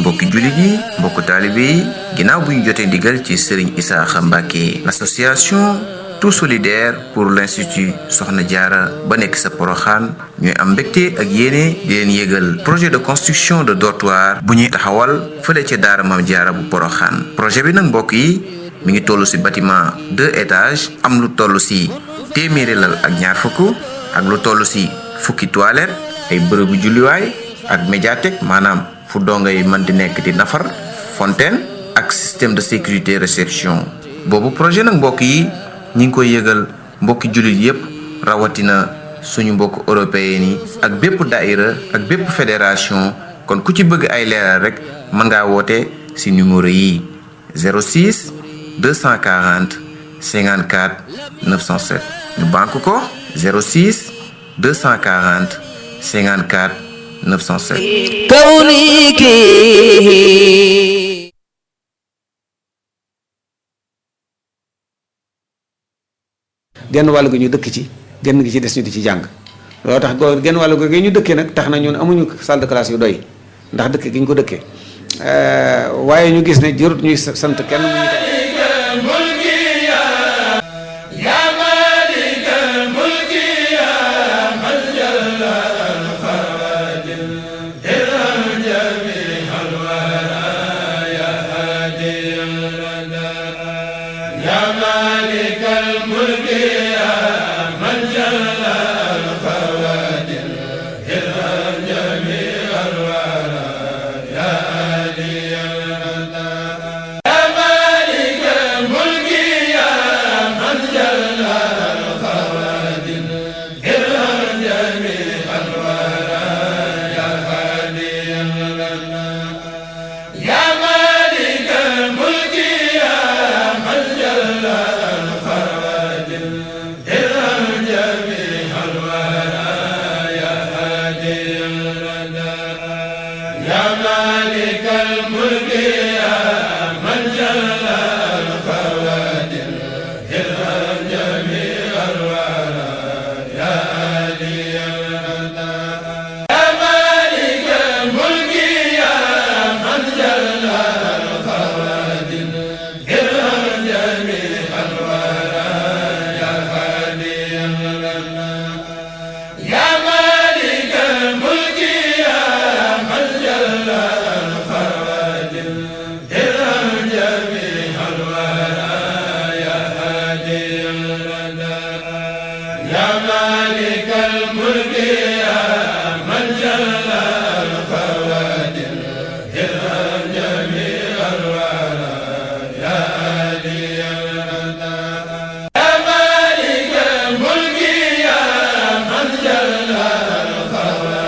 mbokki julli gi mbokk taalibe yi ginnaaw bu ñu jotee digal ci Serigne Isaaxa Mbàkke l'association tout solidaire pour l'institut Soxna Jaara ba nekk sa poroxaan ñooy am mbégte ak yéene di leen yëgal projet de construction de dortoir bu ñuy taxawal fële ca daara Maam Jaara bu poroxaan projet bi nag mbokk yi mi ngi toll ci bâtiment de étage am lu toll ci téeméeri lal ak ñaar fukk ak lu toll ci fukki toilette ay bërëbu julliwaay ak médiathèque maanaam fu dongo yi man di nekk di nafar fontaine ak système de sécurité réception boobu projet nag mbokk ñi ngi koy yëgal mbokki jullit yépp rawatina suñu mbokk européen yi ak bépp daïra ak bépp fédération kon ku ci bëgg ay leeral rek mën ngaa woote ci numéro yi 06 240 54 907 ñu banque ko 06 240 54 907 kawni kii genn wàll gi ñu dëkk ci genn gi ci des ñu di ci jàng loo tax go genn wàll gi ñu dëkkee nag tax na ñun amuñu salle de classe yu doy ndax dëkk gi ñu ko dëkkee euh, waaye ñu gis ne jërut ñuy sant kenn